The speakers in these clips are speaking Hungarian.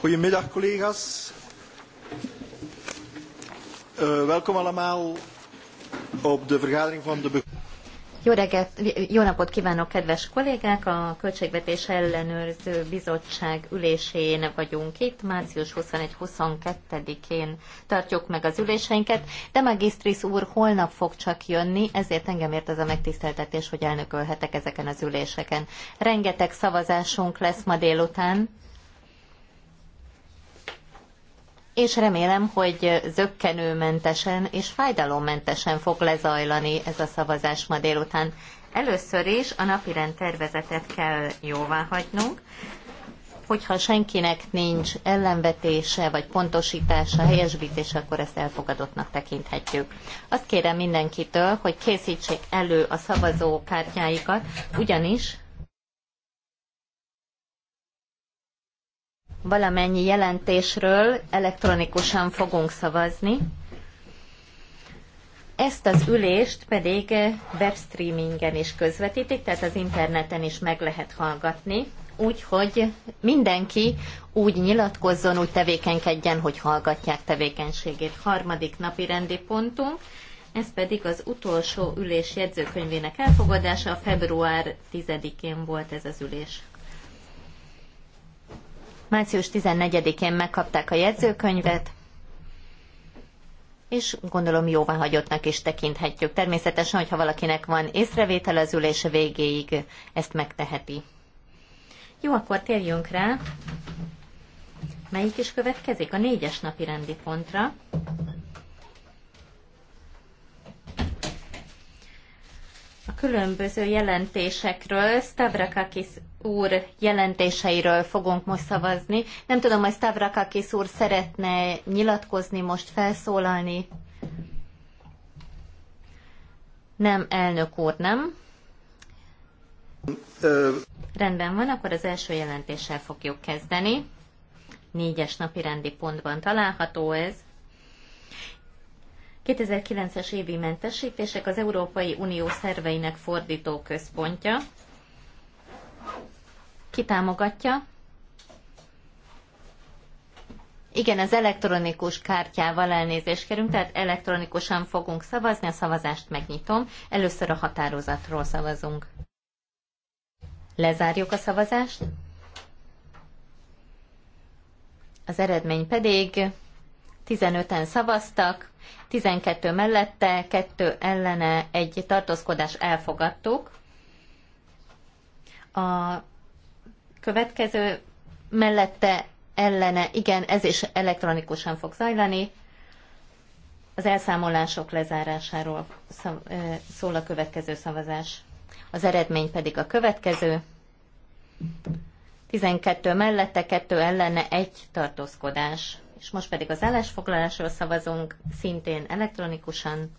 Goedemiddag collega's. Uh, welkom allemaal op de vergadering van de... Jó, reggelt, jó napot kívánok, kedves kollégák! A Költségvetés Ellenőrző Bizottság ülésén vagyunk itt. Március 21-22-én tartjuk meg az üléseinket, de Magisztris úr holnap fog csak jönni, ezért engem ért az a megtiszteltetés, hogy elnökölhetek ezeken az üléseken. Rengeteg szavazásunk lesz ma délután és remélem, hogy zöggenőmentesen és fájdalommentesen fog lezajlani ez a szavazás ma délután. Először is a napirend tervezetet kell jóvá hagynunk, hogyha senkinek nincs ellenvetése vagy pontosítása, helyesbítése, akkor ezt elfogadottnak tekinthetjük. Azt kérem mindenkitől, hogy készítsék elő a szavazókártyáikat, ugyanis valamennyi jelentésről elektronikusan fogunk szavazni. Ezt az ülést pedig webstreamingen is közvetítik, tehát az interneten is meg lehet hallgatni, úgyhogy mindenki úgy nyilatkozzon, úgy tevékenykedjen, hogy hallgatják tevékenységét. Harmadik napi rendi pontunk, ez pedig az utolsó ülés jegyzőkönyvének elfogadása, a február 10-én volt ez az ülés. Március 14-én megkapták a jegyzőkönyvet, és gondolom jóvá hagyottnak is tekinthetjük. Természetesen, hogyha valakinek van észrevétel az ülés végéig, ezt megteheti. Jó, akkor térjünk rá. Melyik is következik? A négyes napi rendi pontra. különböző jelentésekről, Stavrakakis úr jelentéseiről fogunk most szavazni. Nem tudom, hogy Stavrakakis úr szeretne nyilatkozni, most felszólalni. Nem, elnök úr, nem. Rendben van, akkor az első jelentéssel fogjuk kezdeni. Négyes napi rendi pontban található ez. 2009-es évi mentesítések az Európai Unió szerveinek fordító központja. Ki támogatja? Igen, az elektronikus kártyával elnézést kerünk, tehát elektronikusan fogunk szavazni, a szavazást megnyitom. Először a határozatról szavazunk. Lezárjuk a szavazást. Az eredmény pedig 15-en szavaztak, 12 mellette, 2 ellene, egy tartózkodás elfogadtuk. A következő mellette ellene, igen, ez is elektronikusan fog zajlani. Az elszámolások lezárásáról szól a következő szavazás. Az eredmény pedig a következő. 12 mellette, 2 ellene, egy tartózkodás. És most pedig az állásfoglalásról szavazunk, szintén elektronikusan.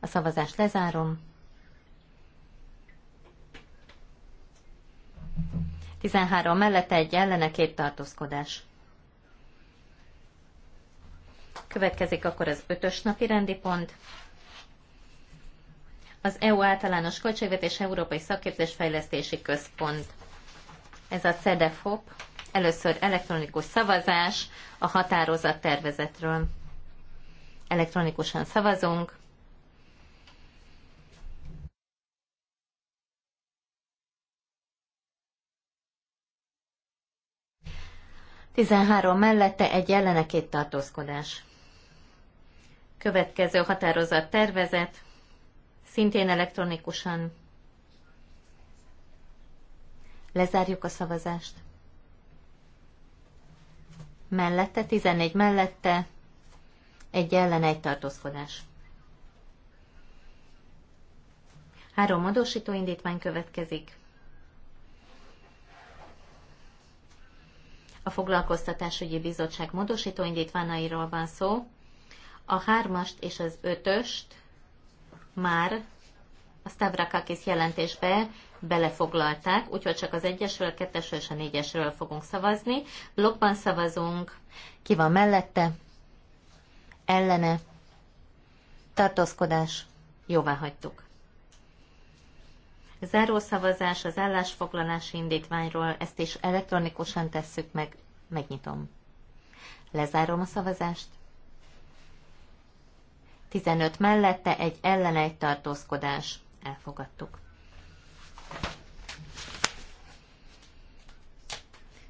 A szavazást lezárom. 13 mellett egy ellene két tartózkodás. Következik akkor az ötös napi rendi pont. Az EU általános költségvetés Európai Fejlesztési Központ. Ez a CEDEFOP, Először elektronikus szavazás a határozat tervezetről. Elektronikusan szavazunk. Tizenhárom mellette egy ellene két tartózkodás. Következő határozat tervezet, szintén elektronikusan. Lezárjuk a szavazást mellette, 14 mellette, egy ellen egy tartózkodás. Három módosító indítvány következik. A foglalkoztatásügyi bizottság módosító indítványairól van szó. A hármast és az ötöst már a Stavrakakis jelentésbe belefoglalták, úgyhogy csak az egyesről, a kettesről és a négyesről fogunk szavazni. Blokkban szavazunk, ki van mellette, ellene, tartózkodás, jóvá hagytuk. Záró szavazás az állásfoglalási indítványról, ezt is elektronikusan tesszük meg, megnyitom. Lezárom a szavazást. 15 mellette egy ellene egy tartózkodás. Elfogadtuk.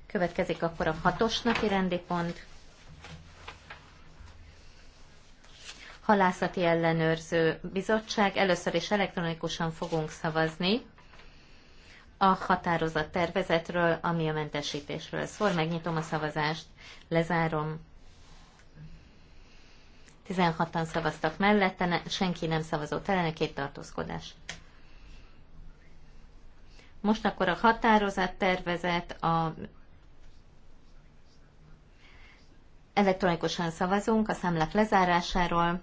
Következik akkor a hatos napi rendi pont. Halászati ellenőrző bizottság. Először is elektronikusan fogunk szavazni a határozat tervezetről, ami a mentesítésről szól. Megnyitom a szavazást, lezárom. 16-an szavaztak mellette, senki nem szavazott ellene, két tartózkodás. Most akkor a határozat tervezet, a elektronikusan szavazunk a számlák lezárásáról.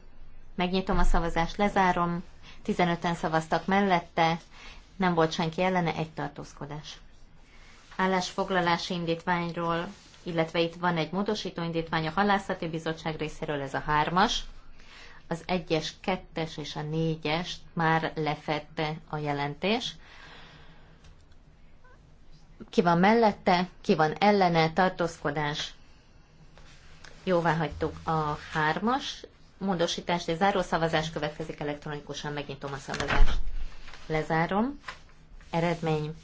Megnyitom a szavazást, lezárom. 15-en szavaztak mellette, nem volt senki ellene, egy tartózkodás. Állásfoglalási indítványról, illetve itt van egy módosító indítvány a halászati bizottság részéről, ez a hármas. Az egyes, kettes és a négyes már lefette a jelentés. Ki van mellette, ki van ellene, tartózkodás. Jóvá hagytuk a hármas módosítást, és záró szavazás következik elektronikusan, megnyitom a szavazást. Lezárom. Eredmény.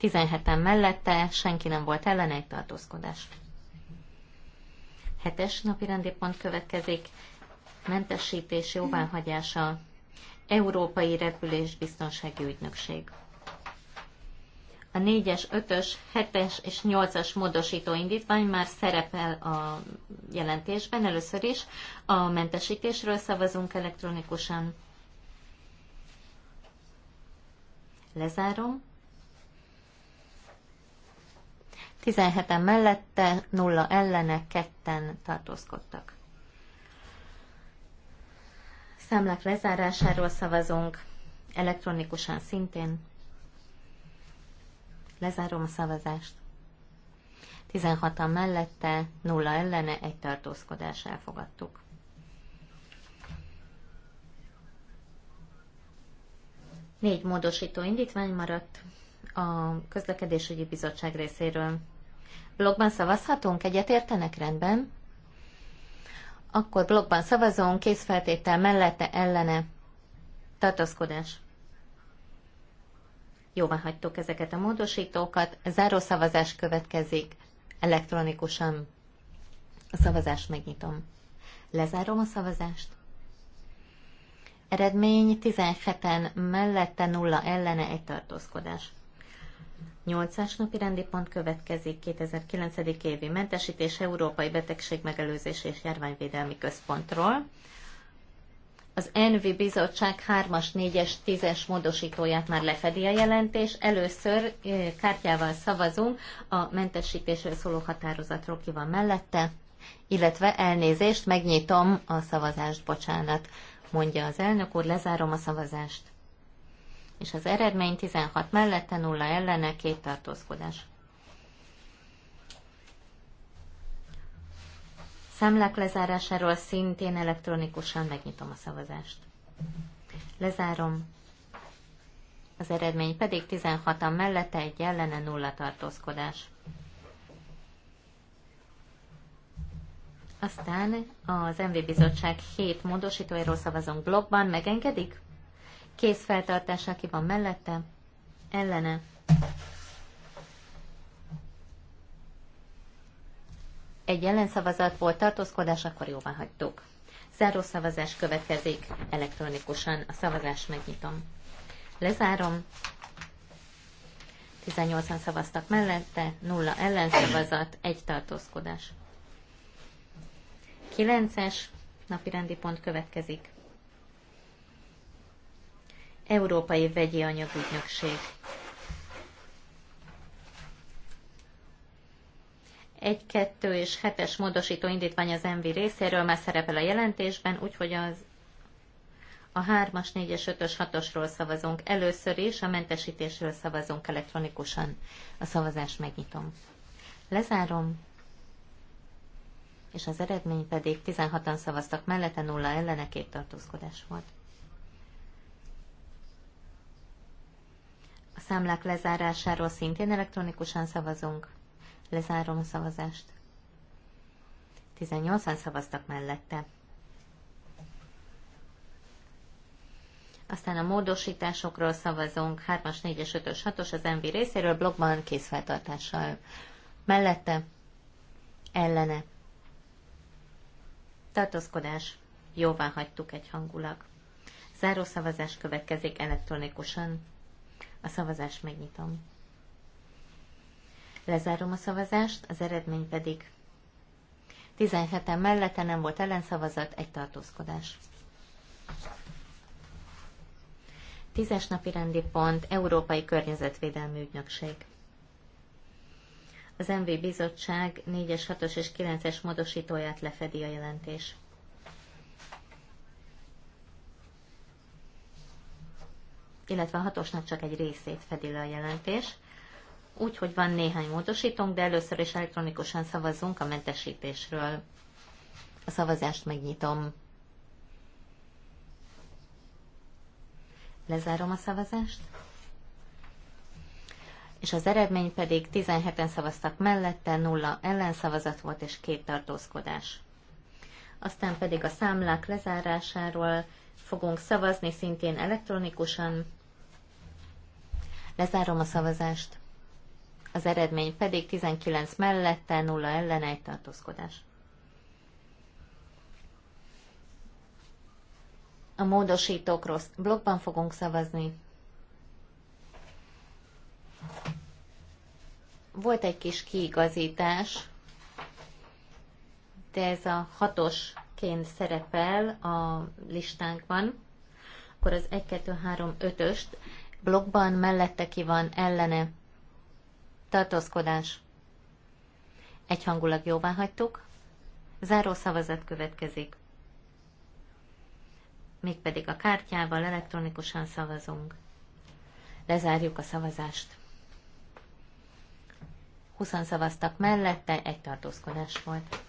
17-en mellette, senki nem volt ellene, egy tartózkodás. Hetes napi rendi pont következik. Mentesítés jóváhagyása. Európai Biztonsági Ügynökség. A 4-es, 5-ös, 7-es és 8-as módosító indítvány már szerepel a jelentésben. Először is a mentesítésről szavazunk elektronikusan. Lezárom. 17-en mellette, 0 ellene, ketten tartózkodtak. Számlák lezárásáról szavazunk, elektronikusan szintén. Lezárom a szavazást. 16-an mellette, nulla ellene, egy tartózkodás elfogadtuk. Négy módosító indítvány maradt a közlekedésügyi bizottság részéről. Blogban szavazhatunk? Egyetértenek rendben? Akkor blogban szavazunk, készfeltétel mellette, ellene, tartózkodás. Jóvá hagytuk ezeket a módosítókat. Záró szavazás következik elektronikusan. A szavazást megnyitom. Lezárom a szavazást. Eredmény 17-en mellette nulla ellene egy tartózkodás. 8-as napi rendi pont következik 2009. évi mentesítés Európai Betegség Megelőzés és Járványvédelmi Központról az Envi Bizottság 3-as, 4-es, 10-es módosítóját már lefedi a jelentés. Először kártyával szavazunk a mentesítésről szóló határozatról ki van mellette, illetve elnézést, megnyitom a szavazást, bocsánat, mondja az elnök úr, lezárom a szavazást. És az eredmény 16 mellette, 0 ellene, két tartózkodás. Szemlek lezárásáról szintén elektronikusan megnyitom a szavazást. Lezárom. Az eredmény pedig 16-an mellette egy ellene nulla tartózkodás. Aztán az MV Bizottság 7 módosítóiról szavazunk blogban. Megengedik? Kész feltartása aki van mellette? Ellene? egy ellenszavazat volt tartózkodás, akkor jóvá hagytuk. Záró szavazás következik elektronikusan. A szavazást megnyitom. Lezárom. 18-an szavaztak mellette, nulla ellenszavazat, egy tartózkodás. 9-es napirendi pont következik. Európai Vegyi Anyagügynökség. 1, 2 és 7-es módosító indítvány az MV részéről már szerepel a jelentésben, úgyhogy az a 3-as, 4-es, 5-ös, 6-osról szavazunk először is, a mentesítésről szavazunk elektronikusan. A szavazást megnyitom. Lezárom, és az eredmény pedig 16-an szavaztak mellette, nulla ellene két tartózkodás volt. A számlák lezárásáról szintén elektronikusan szavazunk. Lezárom a szavazást. 18-an szavaztak mellette. Aztán a módosításokról szavazunk 3-as, 4-es, 5-ös, 6-os az MV részéről blogban készfeltartással. Mellette, ellene. Tartózkodás. Jóvá hagytuk egyhangulag. Záró szavazás következik elektronikusan. A szavazást megnyitom. Lezárom a szavazást, az eredmény pedig 17-en mellette nem volt ellenszavazat, egy tartózkodás. Tízes napi rendi pont, Európai Környezetvédelmi Ügynökség. Az MV Bizottság 4-es, 6-os és 9-es módosítóját lefedi a jelentés. Illetve a hatosnak csak egy részét fedi le a jelentés úgyhogy van néhány módosítónk, de először is elektronikusan szavazunk a mentesítésről. A szavazást megnyitom. Lezárom a szavazást. És az eredmény pedig 17-en szavaztak mellette, nulla ellenszavazat volt és két tartózkodás. Aztán pedig a számlák lezárásáról fogunk szavazni szintén elektronikusan. Lezárom a szavazást az eredmény pedig 19 mellette, 0 ellene egy tartózkodás. A módosítók rossz blokkban fogunk szavazni. Volt egy kis kiigazítás, de ez a hatosként szerepel a listánkban. Akkor az 1, 2, 3, 5-öst blokkban mellette ki van ellene Tartózkodás. Egyhangulag jóvá hagytuk. Záró szavazat következik. Mégpedig a kártyával elektronikusan szavazunk. Lezárjuk a szavazást. 20 szavaztak mellette, egy tartózkodás volt.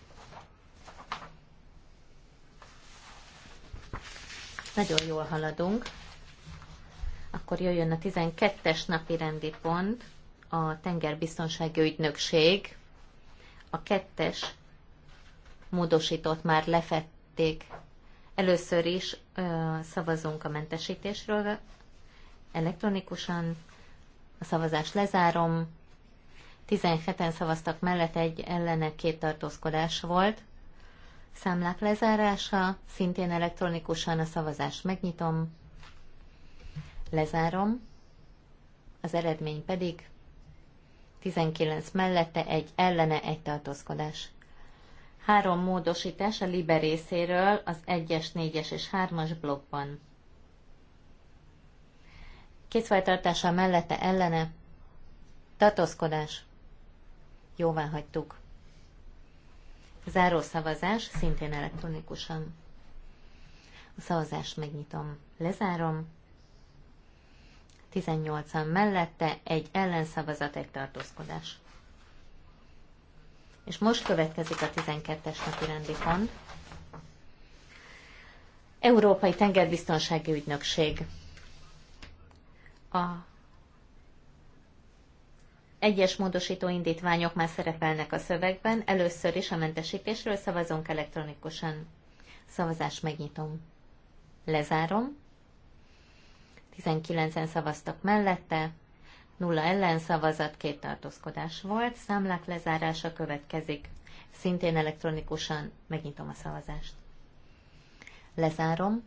Nagyon jól haladunk. Akkor jöjjön a 12-es napi rendi pont a tengerbiztonsági ügynökség a kettes módosított már lefették. Először is ö, szavazunk a mentesítésről elektronikusan. A szavazást lezárom. 17-en szavaztak mellett, egy ellene két tartózkodás volt. Számlák lezárása, szintén elektronikusan a szavazást megnyitom, lezárom, az eredmény pedig 19 mellette, egy ellene, egy tartózkodás. Három módosítás a Liber részéről az 1-es, 4-es és 3-as blokkban. Készfajtartása mellette, ellene, tartózkodás. Jóvá hagytuk. Záró szavazás, szintén elektronikusan. A szavazást megnyitom, lezárom. 18-an mellette, egy ellenszavazat, egy tartózkodás. És most következik a 12-es napi rendi pont. Európai Tengerbiztonsági Ügynökség. A egyes módosító indítványok már szerepelnek a szövegben, először is a mentesítésről szavazunk elektronikusan. Szavazás megnyitom. Lezárom. 19-en szavaztak mellette, nulla ellen szavazat két tartózkodás volt. Számlák lezárása következik. Szintén elektronikusan megnyitom a szavazást. Lezárom.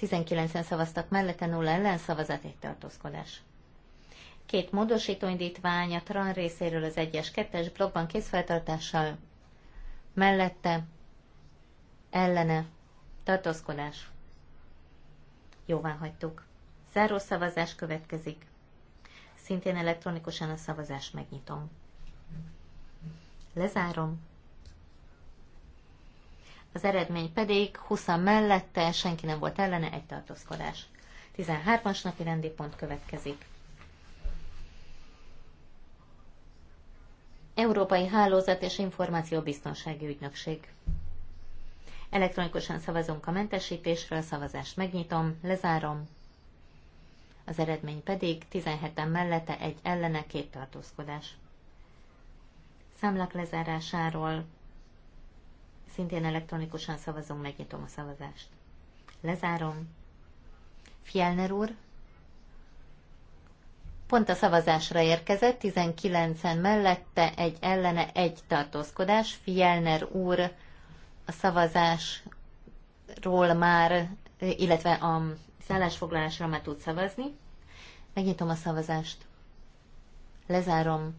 19-en szavaztak mellette, nulla ellen szavazat egy tartózkodás. Két módosítóindítvány a TRAN részéről az 1-es, 2-es blokkban készfeltartással mellette, ellene, tartózkodás. Jóvá hagytuk. Záró szavazás következik. Szintén elektronikusan a szavazást megnyitom. Lezárom. Az eredmény pedig 20 mellette, senki nem volt ellene, egy tartózkodás. 13-as napi rendi pont következik. Európai Hálózat és információ Biztonsági Ügynökség. Elektronikusan szavazunk a mentesítésről, szavazást megnyitom, lezárom. Az eredmény pedig 17-en mellette egy ellene két tartózkodás. Számlák lezárásáról szintén elektronikusan szavazunk, megnyitom a szavazást. Lezárom. Fjellner úr, pont a szavazásra érkezett, 19-en mellette, egy ellene, egy tartózkodás. Fjellner úr a szavazásról már, illetve a szállásfoglalásra már tud szavazni. Megnyitom a szavazást. Lezárom.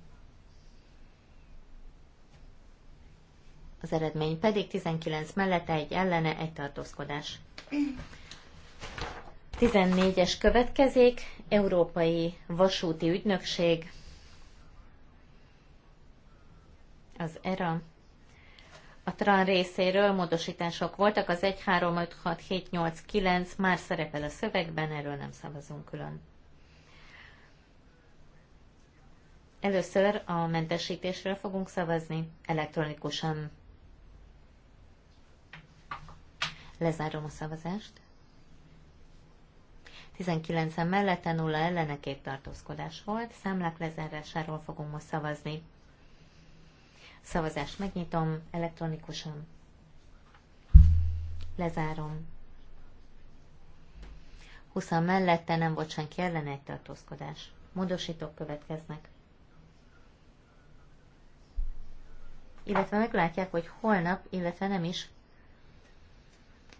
Az eredmény pedig 19 mellette, egy ellene, egy tartózkodás. 14-es következik, Európai Vasúti Ügynökség, az ERA a TRAN részéről módosítások voltak, az 1, 3, 5, 6, 7, 8, 9 már szerepel a szövegben, erről nem szavazunk külön. Először a mentesítésről fogunk szavazni elektronikusan. Lezárom a szavazást. 19 mellette, 0 ellene két tartózkodás volt. Számlák lezárásáról fogunk most szavazni. Szavazást megnyitom elektronikusan. Lezárom. 20 mellette nem volt senki ellen egy tartózkodás. Módosítók következnek. Illetve meglátják, hogy holnap, illetve nem is.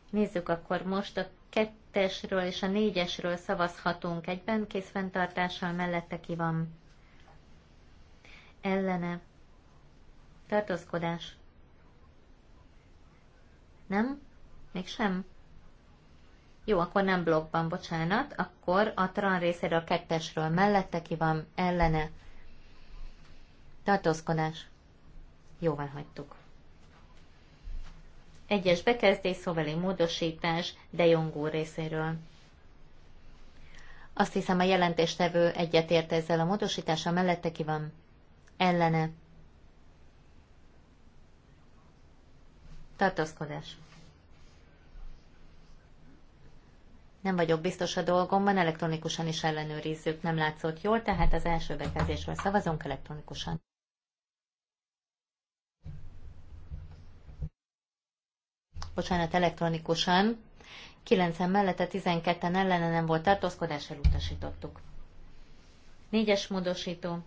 Nézzük akkor most a kettesről és a négyesről szavazhatunk egyben, készfenntartással mellette ki van. Ellene Tartózkodás. Nem? még sem Jó, akkor nem blogban, bocsánat. Akkor a tran részéről kettesről mellette ki van ellene. Tartózkodás. van hagytuk. Egyes bekezdés, szóveli módosítás, de Jongó részéről. Azt hiszem a jelentéstevő egyetért ezzel a módosítása mellette ki van. Ellene. Tartózkodás. Nem vagyok biztos a dolgomban, elektronikusan is ellenőrizzük, nem látszott jól, tehát az első bekezdésről szavazunk elektronikusan. Bocsánat, elektronikusan. 9 mellette 12-en ellene nem volt tartózkodás, elutasítottuk. Négyes módosító.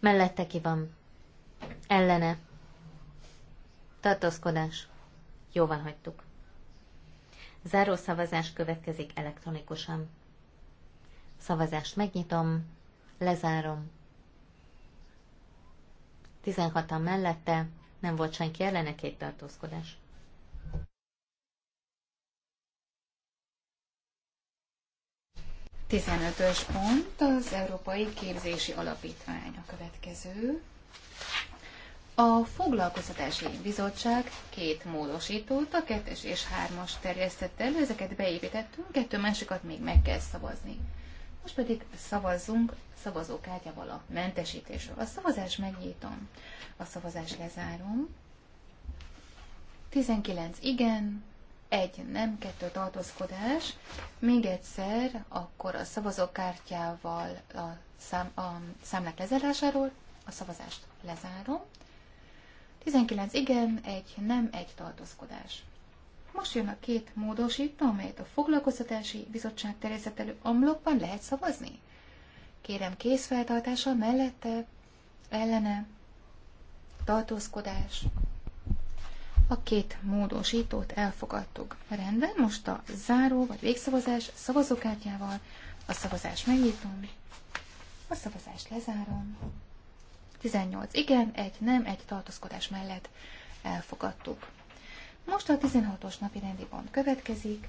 Mellette ki van. Ellene. Tartózkodás. van hagytuk. Záró szavazás következik elektronikusan. Szavazást megnyitom, lezárom. 16-an mellette nem volt senki ellene két tartózkodás. Tizenötös pont az Európai Képzési Alapítvány a következő. A Foglalkoztatási Bizottság két módosítót, a kettes és hármas terjesztett elő, ezeket beépítettünk, kettő másikat még meg kell szavazni. Most pedig szavazzunk szavazókártyával a mentesítésről. A szavazás megnyitom, a szavazás lezárom. 19 igen, egy nem, kettő tartózkodás. Még egyszer, akkor a szavazókártyával a, szám, a számlák lezárásáról a szavazást lezárom. 19 igen, egy nem, egy tartózkodás. Most jön a két módosító, amelyet a Foglalkoztatási Bizottság terjesztetelő amlokban lehet szavazni. Kérem készfeltartása mellette, ellene, tartózkodás. A két módosítót elfogadtuk. Rendben, most a záró vagy végszavazás szavazókártyával. A szavazást megnyitom, a szavazást lezárom. 18 igen, egy nem, egy tartózkodás mellett elfogadtuk. Most a 16-os napi rendi pont következik.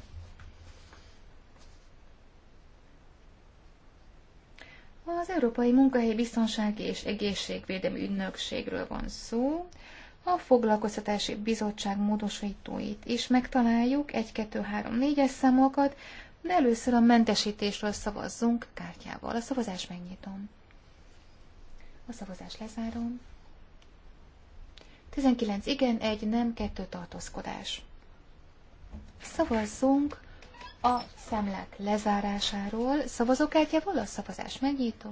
Az Európai Munkahelyi Biztonsági és Egészségvédelmi Ügynökségről van szó. A Foglalkoztatási Bizottság módosítóit is megtaláljuk, 1, 2, 3, 4-es számokat, de először a mentesítésről szavazzunk kártyával. A szavazás megnyitom. A szavazás lezárom. 19 igen, 1 nem, 2 tartózkodás. Szavazzunk a számlák lezárásáról. Szavazókártyával a szavazás megnyitom.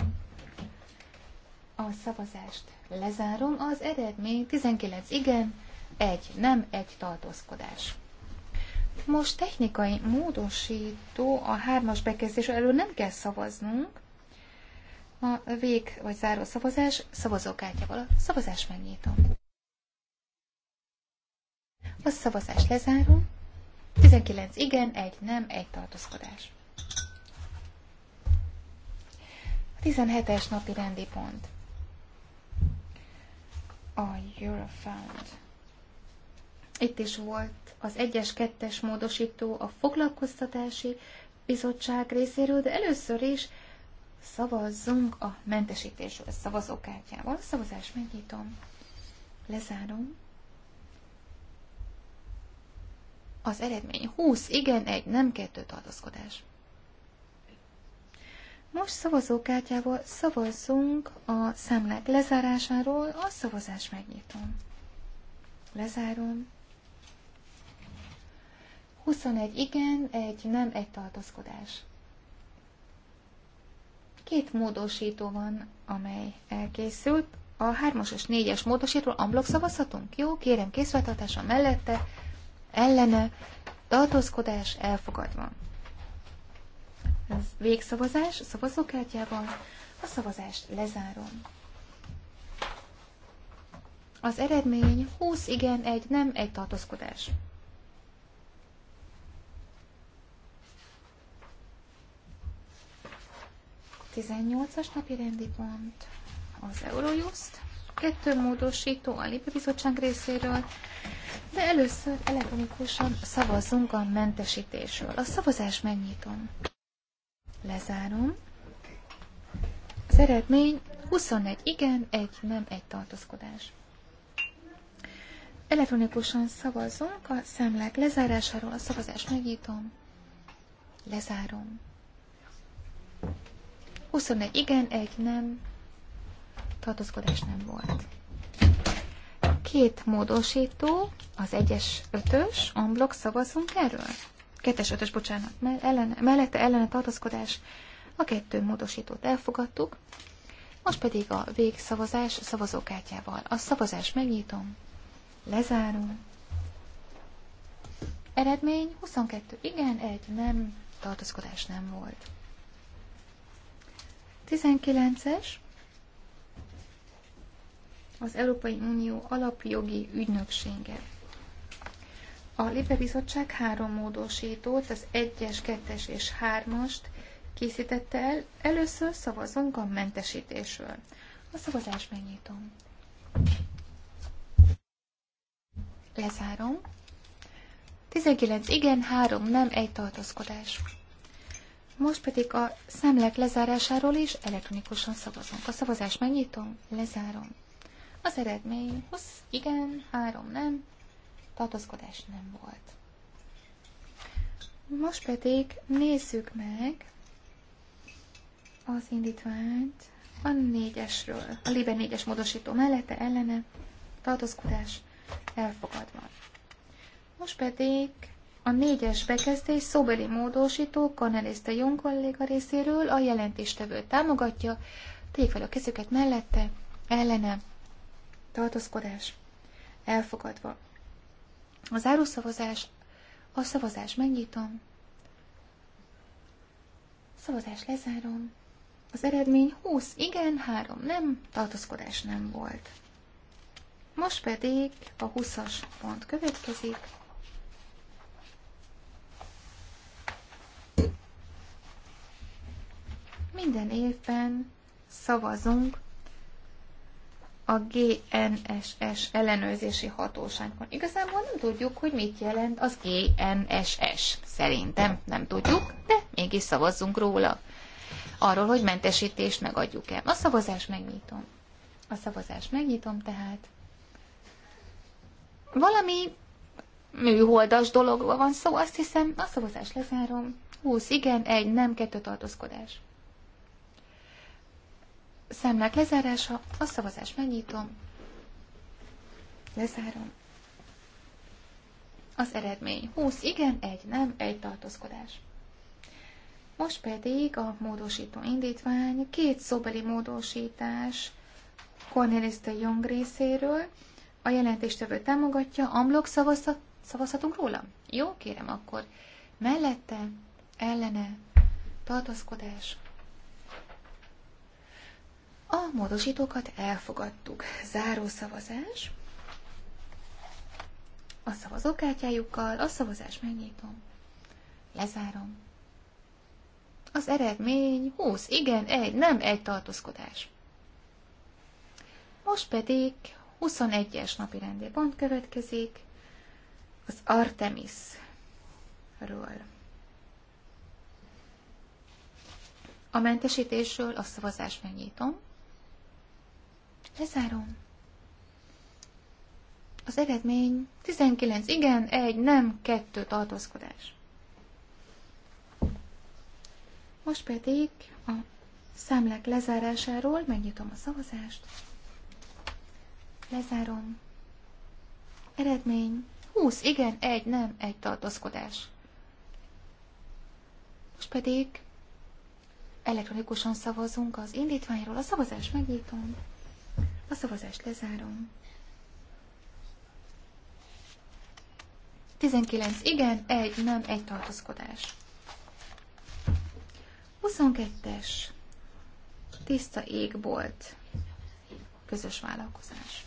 A szavazást lezárom. Az eredmény 19 igen, 1 nem, 1 tartózkodás. Most technikai módosító a hármas bekezdés elől nem kell szavaznunk, a vég vagy záró szavazás szavazókártyával. A szavazás megnyitom. A szavazás lezárom. 19 igen, egy nem, egy tartózkodás. A 17-es napi rendi pont. A Eurofound. Itt is volt az 1-es, 2-es módosító a foglalkoztatási bizottság részéről, de először is Szavazzunk a mentesítésről a szavazókártyával. A szavazás megnyitom, lezárom. Az eredmény 20, igen, egy, nem kettő tartozkodás. Most szavazókártyával szavazzunk a számlák lezárásáról, a szavazás megnyitom. Lezárom. 21 igen, egy nem, egy tartozkodás. Két módosító van, amely elkészült. A 3-as és 4-es módosítóról amblok szavazhatunk? Jó, kérem készfeltartása mellette, ellene, tartózkodás elfogadva. Ez végszavazás a szavazókártyában. A szavazást lezárom. Az eredmény 20 igen, egy nem, egy tartózkodás. 18-as napi rendi pont az Eurojust. Kettő módosító a Libe Bizottság részéről, de először elektronikusan szavazzunk a mentesítésről. A szavazás megnyitom. Lezárom. Az eredmény 21 igen, egy nem, egy tartózkodás. Elektronikusan szavazzunk a számlák lezárásáról, a szavazás megnyitom, lezárom. 21 igen, egy nem, tartózkodás nem volt. Két módosító, az egyes ötös, unblock szavazunk erről? Kettes ötös, bocsánat, ellene, mellette ellene tartózkodás, a kettő módosítót elfogadtuk, most pedig a végszavazás szavazókártyával. A szavazás megnyitom, lezárom. Eredmény 22 igen, egy nem, tartozkodás nem volt. 19-es az Európai Unió alapjogi ügynöksége. A Libe Bizottság három módosítót, az 1-es, 2-es és 3-ast készítette el. Először szavazunk a mentesítésről. A szavazást megnyitom. Lezárom. 19 igen, 3 nem, egy tartózkodás. Most pedig a szemlek lezárásáról is elektronikusan szavazunk. A szavazást megnyitom, lezárom. Az eredmény 20, igen, 3 nem, Tartozkodás nem volt. Most pedig nézzük meg az indítványt a 4-esről. A Liber négyes módosító mellette ellene tartozkodás elfogadva. Most pedig a négyes bekezdés szóbeli módosító Cornelista Jung kolléga részéről a jelentéstevő támogatja, tegyék fel a kezüket mellette, ellene, tartózkodás, elfogadva. A zárószavazás, a szavazás megnyitom, szavazás lezárom, az eredmény 20 igen, 3 nem, tartózkodás nem volt. Most pedig a 20-as pont következik. minden évben szavazunk a GNSS ellenőrzési hatóságban. Igazából nem tudjuk, hogy mit jelent az GNSS. Szerintem nem tudjuk, de mégis szavazzunk róla. Arról, hogy mentesítést megadjuk-e. A szavazás megnyitom. A szavazás megnyitom tehát. Valami műholdas dologról van szó, azt hiszem, a szavazást lezárom. 20 igen, egy nem, kettő tartózkodás. Számlák lezárása, a szavazást megnyitom, lezárom. Az eredmény 20 igen, egy nem, egy tartózkodás. Most pedig a módosító indítvány, két szóbeli módosítás Cornelis de Jong részéről. A jelentéstevő támogatja, amlok szavazhat, szavazhatunk róla? Jó, kérem akkor. Mellette, ellene, tartózkodás, a módosítókat elfogadtuk. Záró szavazás. A szavazókártyájukkal a szavazás megnyitom. Lezárom. Az eredmény 20, igen, egy, nem egy tartózkodás. Most pedig 21-es napi rendi pont következik, az Artemisről. A mentesítésről a szavazást megnyitom. Lezárom. Az eredmény 19 igen, 1 nem, 2 tartózkodás. Most pedig a számlák lezárásáról megnyitom a szavazást. Lezárom. Eredmény 20 igen, 1 nem, 1 tartózkodás. Most pedig elektronikusan szavazunk az indítványról. A szavazást megnyitom. A szavazást lezárom. 19 igen, egy nem, egy tartózkodás. 22-es. Tiszta égbolt. Közös vállalkozás.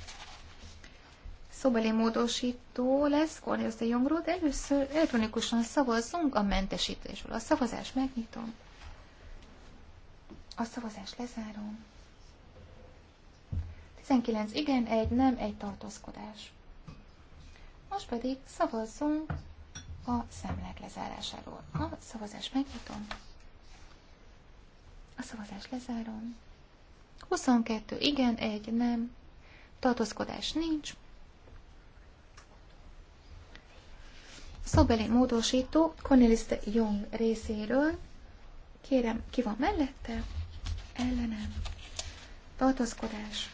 Szobeli módosító lesz, Cornelius de Jongró, de először elektronikusan szavazzunk a mentesítésről. A szavazás megnyitom. A szavazás lezárom. 19 igen, egy nem, egy tartózkodás. Most pedig szavazzunk a szemlek lezárásáról. A szavazás megnyitom. A szavazás lezárom. 22 igen, egy nem. Tartózkodás nincs. Szobeli módosító Corneliste Jung részéről. Kérem, ki van mellette? Ellenem. Tartózkodás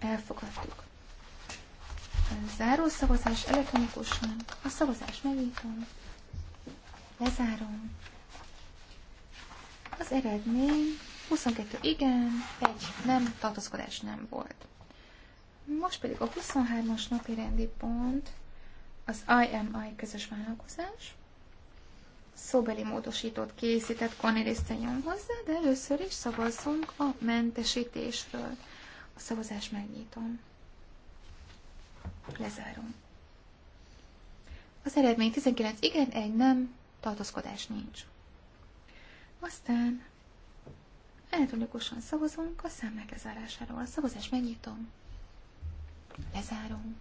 Elfogadtuk. Záró szavazás elektronikusan. A szavazás megnyitom. Lezárom. Az eredmény 22 igen, egy nem, tartozkodás nem volt. Most pedig a 23-as napi rendi pont az IMI közös vállalkozás. Szóbeli módosítót készített Cornelis hozzá, de először is szavazzunk a mentesítésről. A szavazást megnyitom. Lezárom. Az eredmény 19 igen, egy nem, tartozkodás nincs. Aztán elektronikusan szavazunk a szám lezárásáról. A szavazást megnyitom. Lezárom.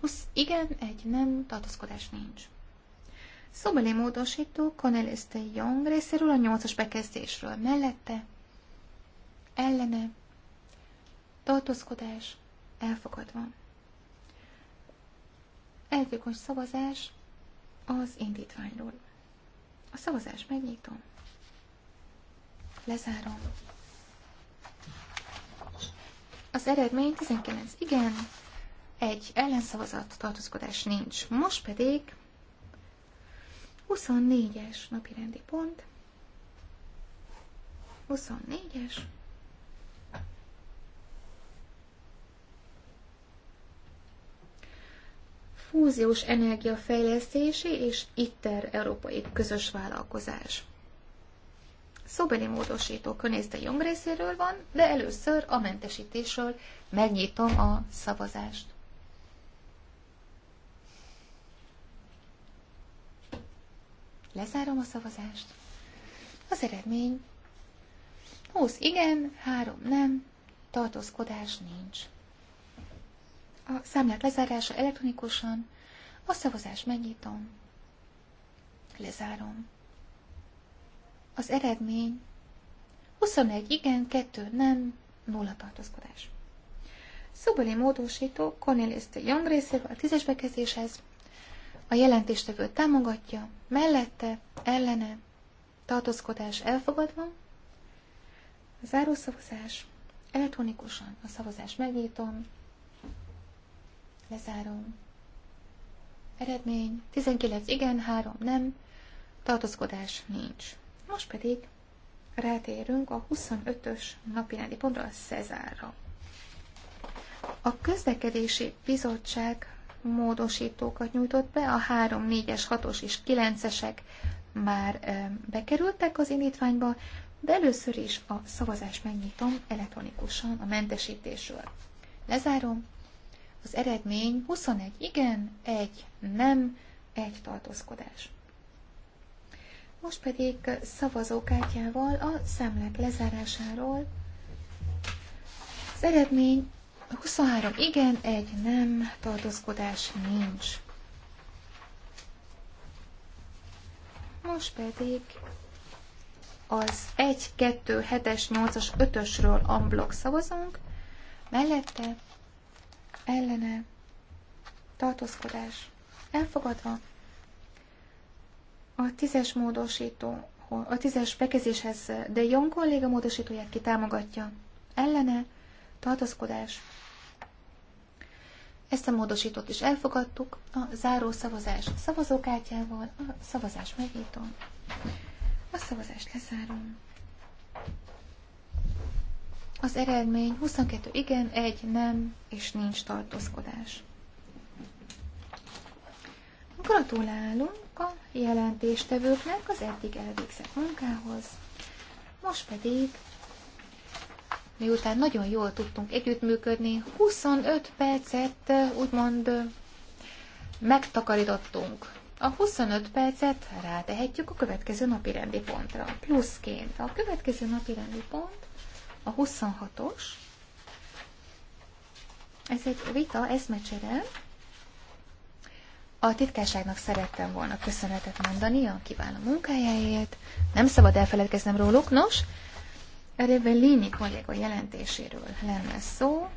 20 igen, egy nem, tartozkodás nincs. Szóbeli módosító Cornelis de Jong részéről a 8-as bekezdésről mellette ellene, tartózkodás, elfogadva. Elvégos szavazás az indítványról. A szavazás megnyitom. Lezárom. Az eredmény 19 igen, egy ellenszavazat tartózkodás nincs. Most pedig 24-es napirendi pont. 24-es fúziós energia fejlesztési és ITER európai közös vállalkozás. Szóbeli módosító könészte Jung részéről van, de először a mentesítésről megnyitom a szavazást. Lezárom a szavazást. Az eredmény 20 igen, 3 nem, tartózkodás nincs a számlát lezárása elektronikusan, a szavazást megnyitom, lezárom. Az eredmény 21 igen, 2 nem, nulla tartozkodás. Szobori módosító Cornelis de Jong részéről a tízes bekezdéshez a jelentéstevő támogatja, mellette, ellene, tartózkodás elfogadva, zárószavazás, elektronikusan a szavazás megnyitom, Lezárom. Eredmény 19 igen, 3 nem, tartozkodás nincs. Most pedig rátérünk a 25-ös napirendi pontra, a Cezárra. A közlekedési bizottság módosítókat nyújtott be, a 3, 4-es, 6-os és 9-esek már bekerültek az indítványba, de először is a szavazást megnyitom elektronikusan a mentesítésről. Lezárom, az eredmény 21 igen, 1 nem, 1 tartózkodás. Most pedig szavazókártyával a szemlek lezárásáról. Az eredmény 23 igen, 1 nem, tartózkodás nincs. Most pedig az 1, 2, 7-es, 8-as, 5-ösről amblok szavazunk, mellette ellene, tartózkodás elfogadva. A tízes módosító, a tízes bekezéshez de Jon kolléga módosítóját ki támogatja. Ellene, tartózkodás. Ezt a módosítót is elfogadtuk a záró szavazás szavazókártyával. A szavazás megnyitom. A szavazást lezárom. Az eredmény 22 igen, 1 nem, és nincs tartózkodás. Gratulálunk a jelentéstevőknek az eddig elvégzett munkához. Most pedig, miután nagyon jól tudtunk együttműködni, 25 percet úgymond megtakarítottunk. A 25 percet rátehetjük a következő napi rendi pontra, pluszként. A következő napi rendi pont a 26-os, ez egy vita, eszmecsere. A titkárságnak szerettem volna köszönetet mondani a kiváló munkájáért. Nem szabad elfeledkeznem róluk. Nos, Revellini kolléga jelentéséről lenne szó.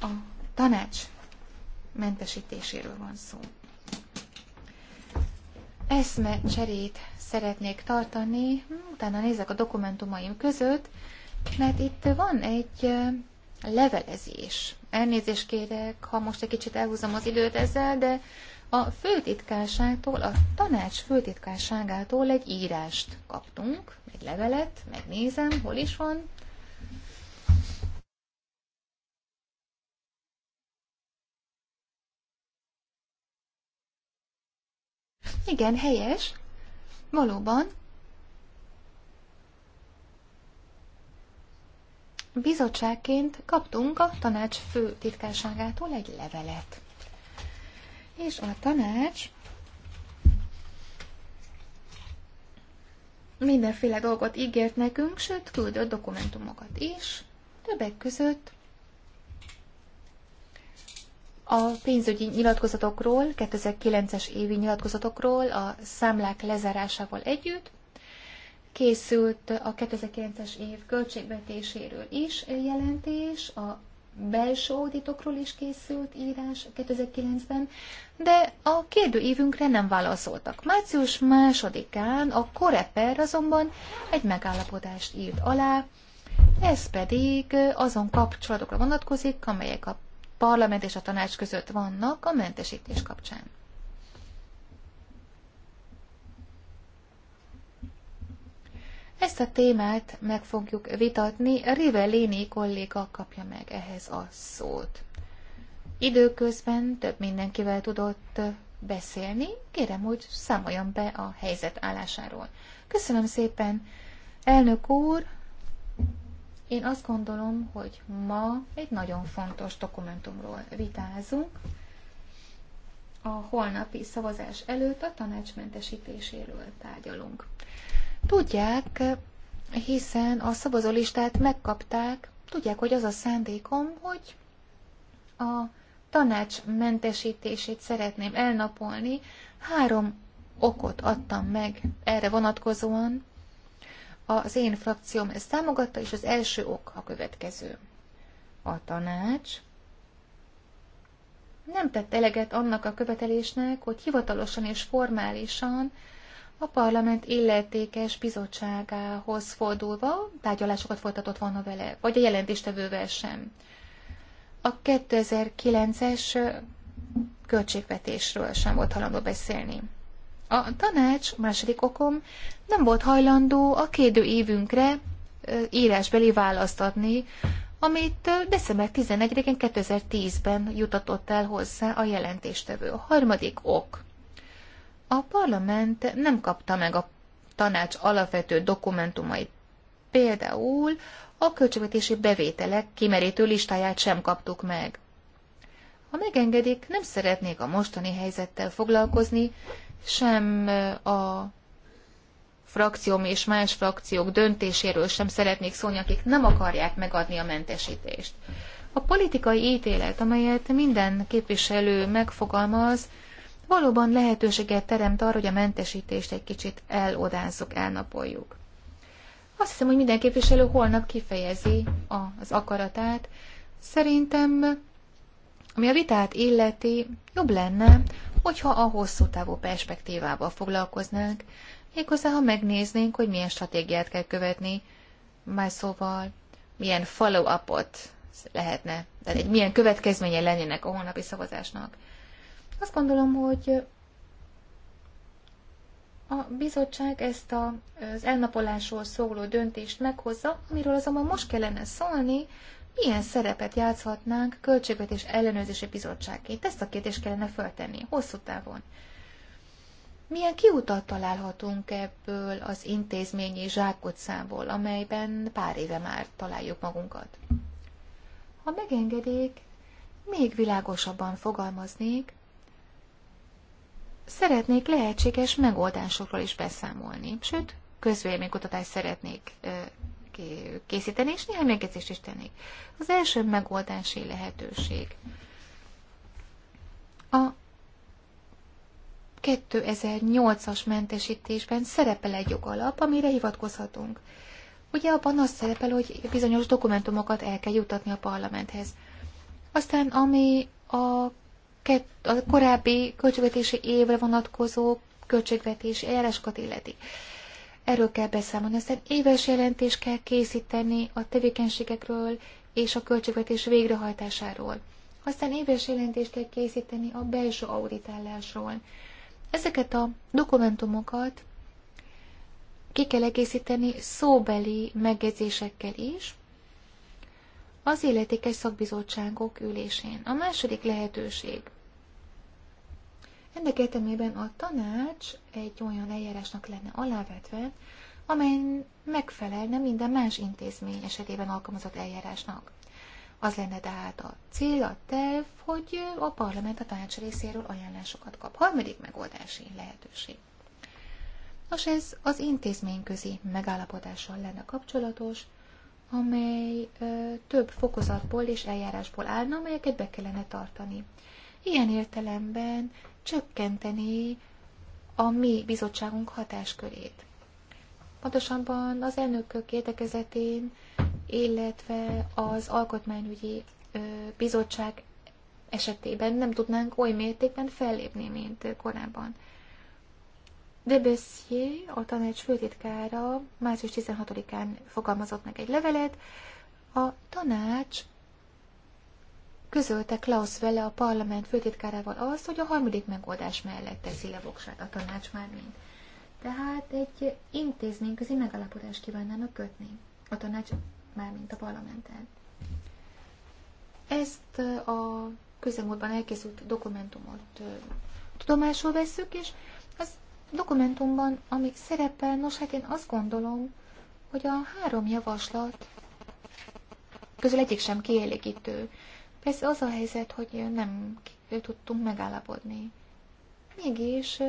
A tanács mentesítéséről van szó. Eszme cserét szeretnék tartani, utána nézek a dokumentumaim között, mert itt van egy levelezés. Elnézést kérek, ha most egy kicsit elhúzom az időt ezzel, de a főtitkárságtól, a tanács főtitkárságától egy írást kaptunk, egy levelet, megnézem, hol is van. Igen, helyes. Valóban bizottságként kaptunk a tanács fő titkárságától egy levelet. És a tanács mindenféle dolgot ígért nekünk, sőt küldött dokumentumokat is, többek között a pénzügyi nyilatkozatokról, 2009-es évi nyilatkozatokról, a számlák lezárásával együtt, Készült a 2009-es év költségvetéséről is jelentés, a belső auditokról is készült írás 2009-ben, de a kérdőívünkre nem válaszoltak. Március másodikán a Koreper azonban egy megállapodást írt alá, ez pedig azon kapcsolatokra vonatkozik, amelyek a parlament és a tanács között vannak a mentesítés kapcsán. Ezt a témát meg fogjuk vitatni. Rivellini kolléga kapja meg ehhez a szót. Időközben több mindenkivel tudott beszélni. Kérem, hogy számoljon be a helyzet állásáról. Köszönöm szépen, elnök úr! Én azt gondolom, hogy ma egy nagyon fontos dokumentumról vitázunk. A holnapi szavazás előtt a tanácsmentesítéséről tárgyalunk. Tudják, hiszen a szavazólistát megkapták, tudják, hogy az a szándékom, hogy a tanács mentesítését szeretném elnapolni. Három okot adtam meg erre vonatkozóan. Az én frakcióm ezt támogatta, és az első ok a következő. A tanács nem tett eleget annak a követelésnek, hogy hivatalosan és formálisan a parlament illetékes bizottságához fordulva tárgyalásokat folytatott volna vele, vagy a jelentéstevővel sem. A 2009-es költségvetésről sem volt hajlandó beszélni. A tanács, második okom, nem volt hajlandó a kérdő évünkre írásbeli választ adni, amit december 11-én 2010-ben jutatott el hozzá a jelentéstevő. A harmadik ok. A parlament nem kapta meg a tanács alapvető dokumentumait. Például a költségvetési bevételek kimerítő listáját sem kaptuk meg. Ha megengedik, nem szeretnék a mostani helyzettel foglalkozni, sem a frakcióm és más frakciók döntéséről sem szeretnék szólni, akik nem akarják megadni a mentesítést. A politikai ítélet, amelyet minden képviselő megfogalmaz, valóban lehetőséget teremt arra, hogy a mentesítést egy kicsit elodázzuk, elnapoljuk. Azt hiszem, hogy minden képviselő holnap kifejezi az akaratát. Szerintem, ami a vitát illeti, jobb lenne, hogyha a hosszú távú perspektívával foglalkoznánk, méghozzá, ha megnéznénk, hogy milyen stratégiát kell követni, más szóval, milyen follow-upot lehetne, tehát egy milyen következménye lennének a holnapi szavazásnak. Azt gondolom, hogy a bizottság ezt a, az elnapolásról szóló döntést meghozza, amiről azonban most kellene szólni, milyen szerepet játszhatnánk költségvetés ellenőrzési bizottságként. Ezt a kérdést kellene föltenni hosszú távon. Milyen kiutat találhatunk ebből az intézményi zsákutcából, amelyben pár éve már találjuk magunkat? Ha megengedik, még világosabban fogalmaznék, szeretnék lehetséges megoldásokról is beszámolni, sőt, közvéleménykutatást szeretnék készíteni, és néhány megjegyzést is tennék. Az első megoldási lehetőség. A 2008-as mentesítésben szerepel egy jogalap, amire hivatkozhatunk. Ugye abban az szerepel, hogy bizonyos dokumentumokat el kell jutatni a parlamenthez. Aztán ami a a korábbi költségvetési évre vonatkozó költségvetési eljáráskat illeti. Erről kell beszámolni, aztán éves jelentést kell készíteni a tevékenységekről és a költségvetés végrehajtásáról. Aztán éves jelentést kell készíteni a belső auditálásról. Ezeket a dokumentumokat ki kell egészíteni szóbeli megjegyzésekkel is, az életékes szakbizottságok ülésén. A második lehetőség. Ennek értelmében a tanács egy olyan eljárásnak lenne alávetve, amely megfelelne minden más intézmény esetében alkalmazott eljárásnak. Az lenne tehát a cél, a terv, hogy a parlament a tanács részéről ajánlásokat kap. Harmadik megoldási lehetőség. Nos, ez az intézményközi megállapodással lenne kapcsolatos, amely ö, több fokozatból és eljárásból állna, amelyeket be kellene tartani. Ilyen értelemben csökkenteni a mi bizottságunk hatáskörét. Pontosabban az elnökök érdekezetén, illetve az alkotmányügyi ö, bizottság esetében nem tudnánk oly mértékben fellépni, mint korábban de a tanács főtitkára március 16-án fogalmazott meg egy levelet. A tanács közölte Klaus vele a parlament főtitkárával azt, hogy a harmadik megoldás mellett teszi le voksát a tanács már mind. Tehát egy intézményközi megalapodást kívánnának kötni a tanács már mint a parlamenten. Ezt a közelmúltban elkészült dokumentumot tudomásul veszük, és dokumentumban, ami szerepel, nos hát én azt gondolom, hogy a három javaslat közül egyik sem kielégítő. Persze az a helyzet, hogy nem tudtunk megállapodni. Mégis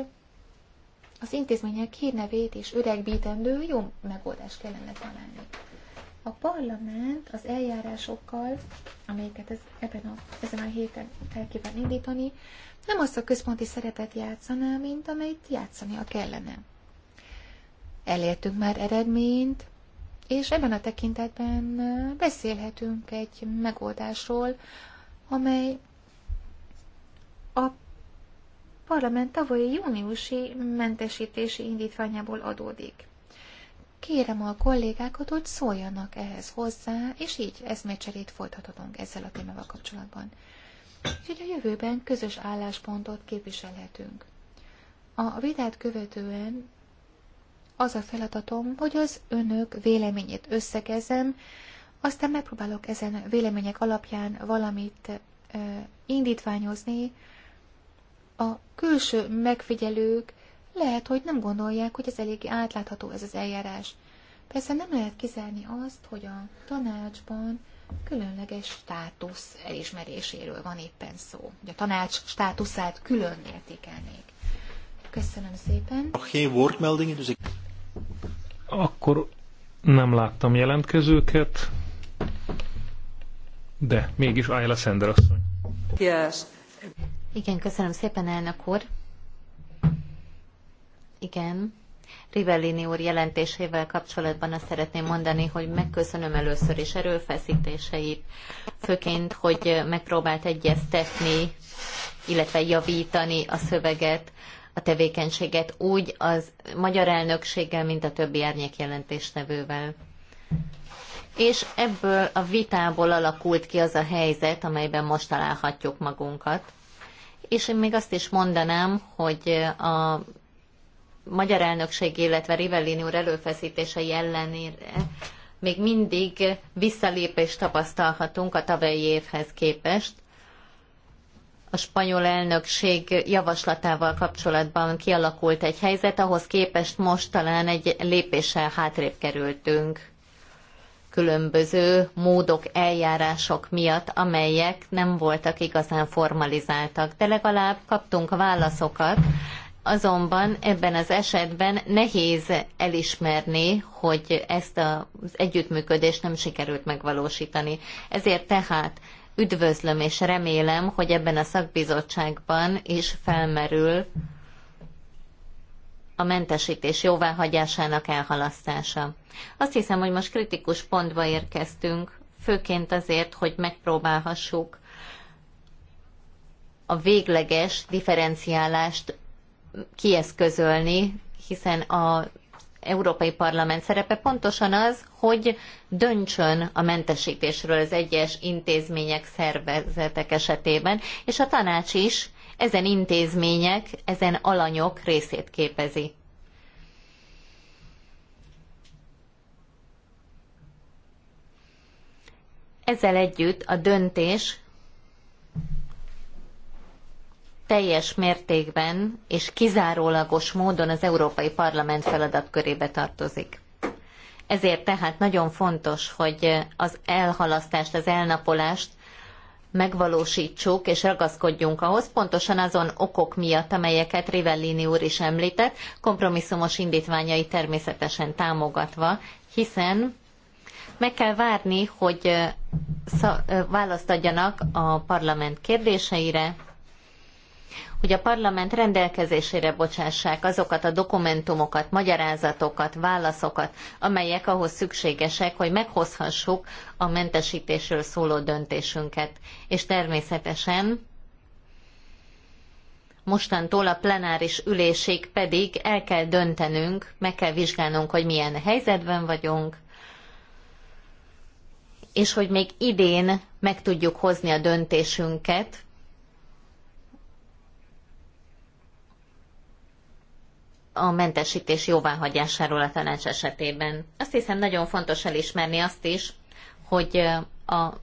az intézmények hírnevét és öregbítendő jó megoldást kellene találni. A parlament az eljárásokkal, amelyeket ez, ebben a, ezen a héten el kíván indítani, nem azt a központi szerepet játszaná, mint amelyet játszania kellene. Elértünk már eredményt, és ebben a tekintetben beszélhetünk egy megoldásról, amely a parlament tavalyi júniusi mentesítési indítványából adódik. Kérem a kollégákat, hogy szóljanak ehhez hozzá, és így ezt cserét folytathatunk ezzel a témával kapcsolatban és hogy a jövőben közös álláspontot képviselhetünk. A vitát követően az a feladatom, hogy az önök véleményét összegezem, aztán megpróbálok ezen vélemények alapján valamit ö, indítványozni. A külső megfigyelők lehet, hogy nem gondolják, hogy ez eléggé átlátható ez az eljárás. Persze nem lehet kizárni azt, hogy a tanácsban különleges státusz elismeréséről van éppen szó. Hogy a tanács státuszát külön értékelnék. Köszönöm szépen. Akkor nem láttam jelentkezőket, de mégis Ayla Sender asszony. Yes. Igen, köszönöm szépen, elnök úr. Igen, Rivellini úr jelentésével kapcsolatban azt szeretném mondani, hogy megköszönöm először is erőfeszítéseit, főként, hogy megpróbált egyeztetni, illetve javítani a szöveget, a tevékenységet úgy az magyar elnökséggel, mint a többi árnyék jelentéstevővel. És ebből a vitából alakult ki az a helyzet, amelyben most találhatjuk magunkat. És én még azt is mondanám, hogy a magyar elnökség, illetve Rivellini úr előfeszítései ellenére még mindig visszalépést tapasztalhatunk a tavalyi évhez képest. A spanyol elnökség javaslatával kapcsolatban kialakult egy helyzet, ahhoz képest most talán egy lépéssel hátrébb kerültünk különböző módok, eljárások miatt, amelyek nem voltak igazán formalizáltak, de legalább kaptunk válaszokat azonban ebben az esetben nehéz elismerni, hogy ezt az együttműködést nem sikerült megvalósítani. Ezért tehát üdvözlöm és remélem, hogy ebben a szakbizottságban is felmerül a mentesítés jóváhagyásának elhalasztása. Azt hiszem, hogy most kritikus pontba érkeztünk, főként azért, hogy megpróbálhassuk a végleges differenciálást kieszközölni, hiszen a Európai Parlament szerepe pontosan az, hogy döntsön a mentesítésről az egyes intézmények, szervezetek esetében, és a tanács is ezen intézmények, ezen alanyok részét képezi. Ezzel együtt a döntés teljes mértékben és kizárólagos módon az Európai Parlament feladatkörébe tartozik. Ezért tehát nagyon fontos, hogy az elhalasztást, az elnapolást megvalósítsuk és ragaszkodjunk ahhoz, pontosan azon okok miatt, amelyeket Rivellini úr is említett, kompromisszumos indítványai természetesen támogatva, hiszen meg kell várni, hogy választ adjanak a parlament kérdéseire, hogy a parlament rendelkezésére bocsássák azokat a dokumentumokat, magyarázatokat, válaszokat, amelyek ahhoz szükségesek, hogy meghozhassuk a mentesítésről szóló döntésünket. És természetesen mostantól a plenáris ülésig pedig el kell döntenünk, meg kell vizsgálnunk, hogy milyen helyzetben vagyunk, és hogy még idén meg tudjuk hozni a döntésünket, a mentesítés jóváhagyásáról a tanács esetében. Azt hiszem nagyon fontos elismerni azt is, hogy a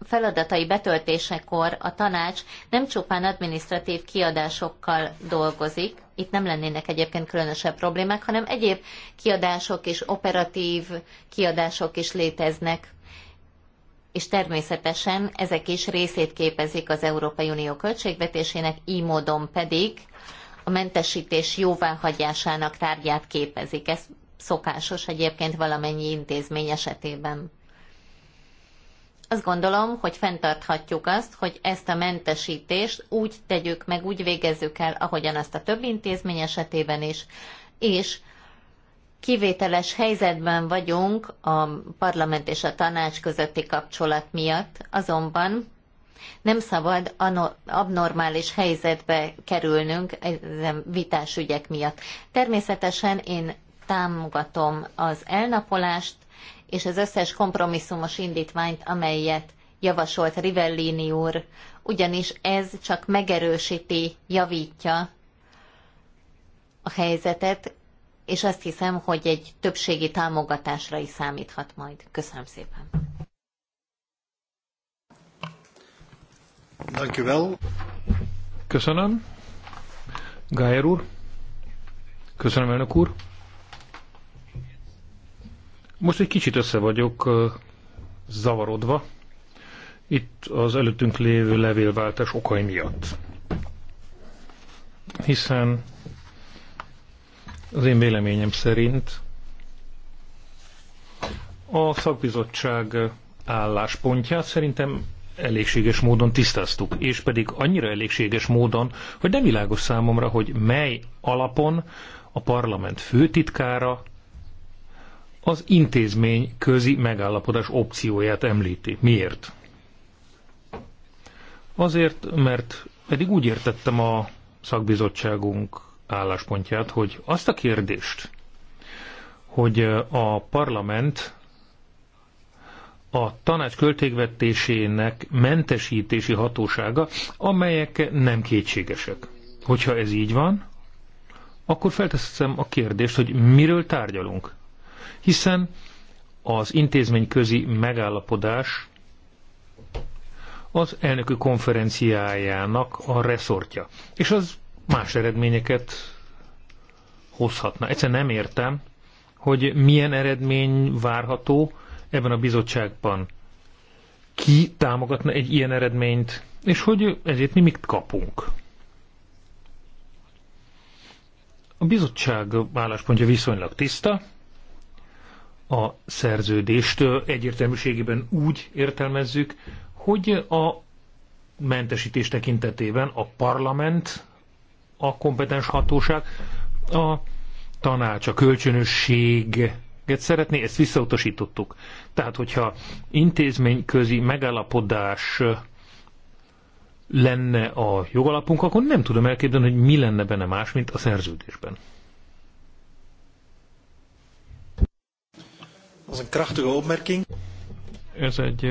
feladatai betöltésekor a tanács nem csupán adminisztratív kiadásokkal dolgozik, itt nem lennének egyébként különösebb problémák, hanem egyéb kiadások és operatív kiadások is léteznek, és természetesen ezek is részét képezik az Európai Unió költségvetésének, így módon pedig a mentesítés jóváhagyásának tárgyát képezik. Ez szokásos egyébként valamennyi intézmény esetében. Azt gondolom, hogy fenntarthatjuk azt, hogy ezt a mentesítést úgy tegyük meg, úgy végezzük el, ahogyan azt a több intézmény esetében is, és kivételes helyzetben vagyunk a parlament és a tanács közötti kapcsolat miatt, azonban nem szabad abnormális helyzetbe kerülnünk ezen vitás ügyek miatt. Természetesen én támogatom az elnapolást és az összes kompromisszumos indítványt, amelyet javasolt Rivellini úr, ugyanis ez csak megerősíti, javítja a helyzetet, és azt hiszem, hogy egy többségi támogatásra is számíthat majd. Köszönöm szépen. Dank u wel. Köszönöm. Gájer úr. Köszönöm, elnök úr. Most egy kicsit össze vagyok zavarodva. Itt az előttünk lévő levélváltás okai miatt. Hiszen az én véleményem szerint a szakbizottság álláspontját szerintem elégséges módon tisztáztuk, és pedig annyira elégséges módon, hogy nem világos számomra, hogy mely alapon a parlament főtitkára az intézmény közi megállapodás opcióját említi. Miért? Azért, mert pedig úgy értettem a szakbizottságunk álláspontját, hogy azt a kérdést, hogy a parlament a tanács költségvetésének mentesítési hatósága, amelyek nem kétségesek. Hogyha ez így van, akkor felteszem a kérdést, hogy miről tárgyalunk. Hiszen az intézményközi megállapodás az elnökű konferenciájának a reszortja. És az más eredményeket hozhatna. Egyszerűen nem értem, hogy milyen eredmény várható, ebben a bizottságban. Ki támogatna egy ilyen eredményt, és hogy ezért mi mit kapunk? A bizottság álláspontja viszonylag tiszta, a szerződést egyértelműségében úgy értelmezzük, hogy a mentesítés tekintetében a parlament a kompetens hatóság, a tanács, a kölcsönösség szeretné, ezt visszautasítottuk. Tehát, hogyha intézményközi megállapodás lenne a jogalapunk, akkor nem tudom elképzelni, hogy mi lenne benne más, mint a szerződésben. Az egy krachtige opmerking. Ez egy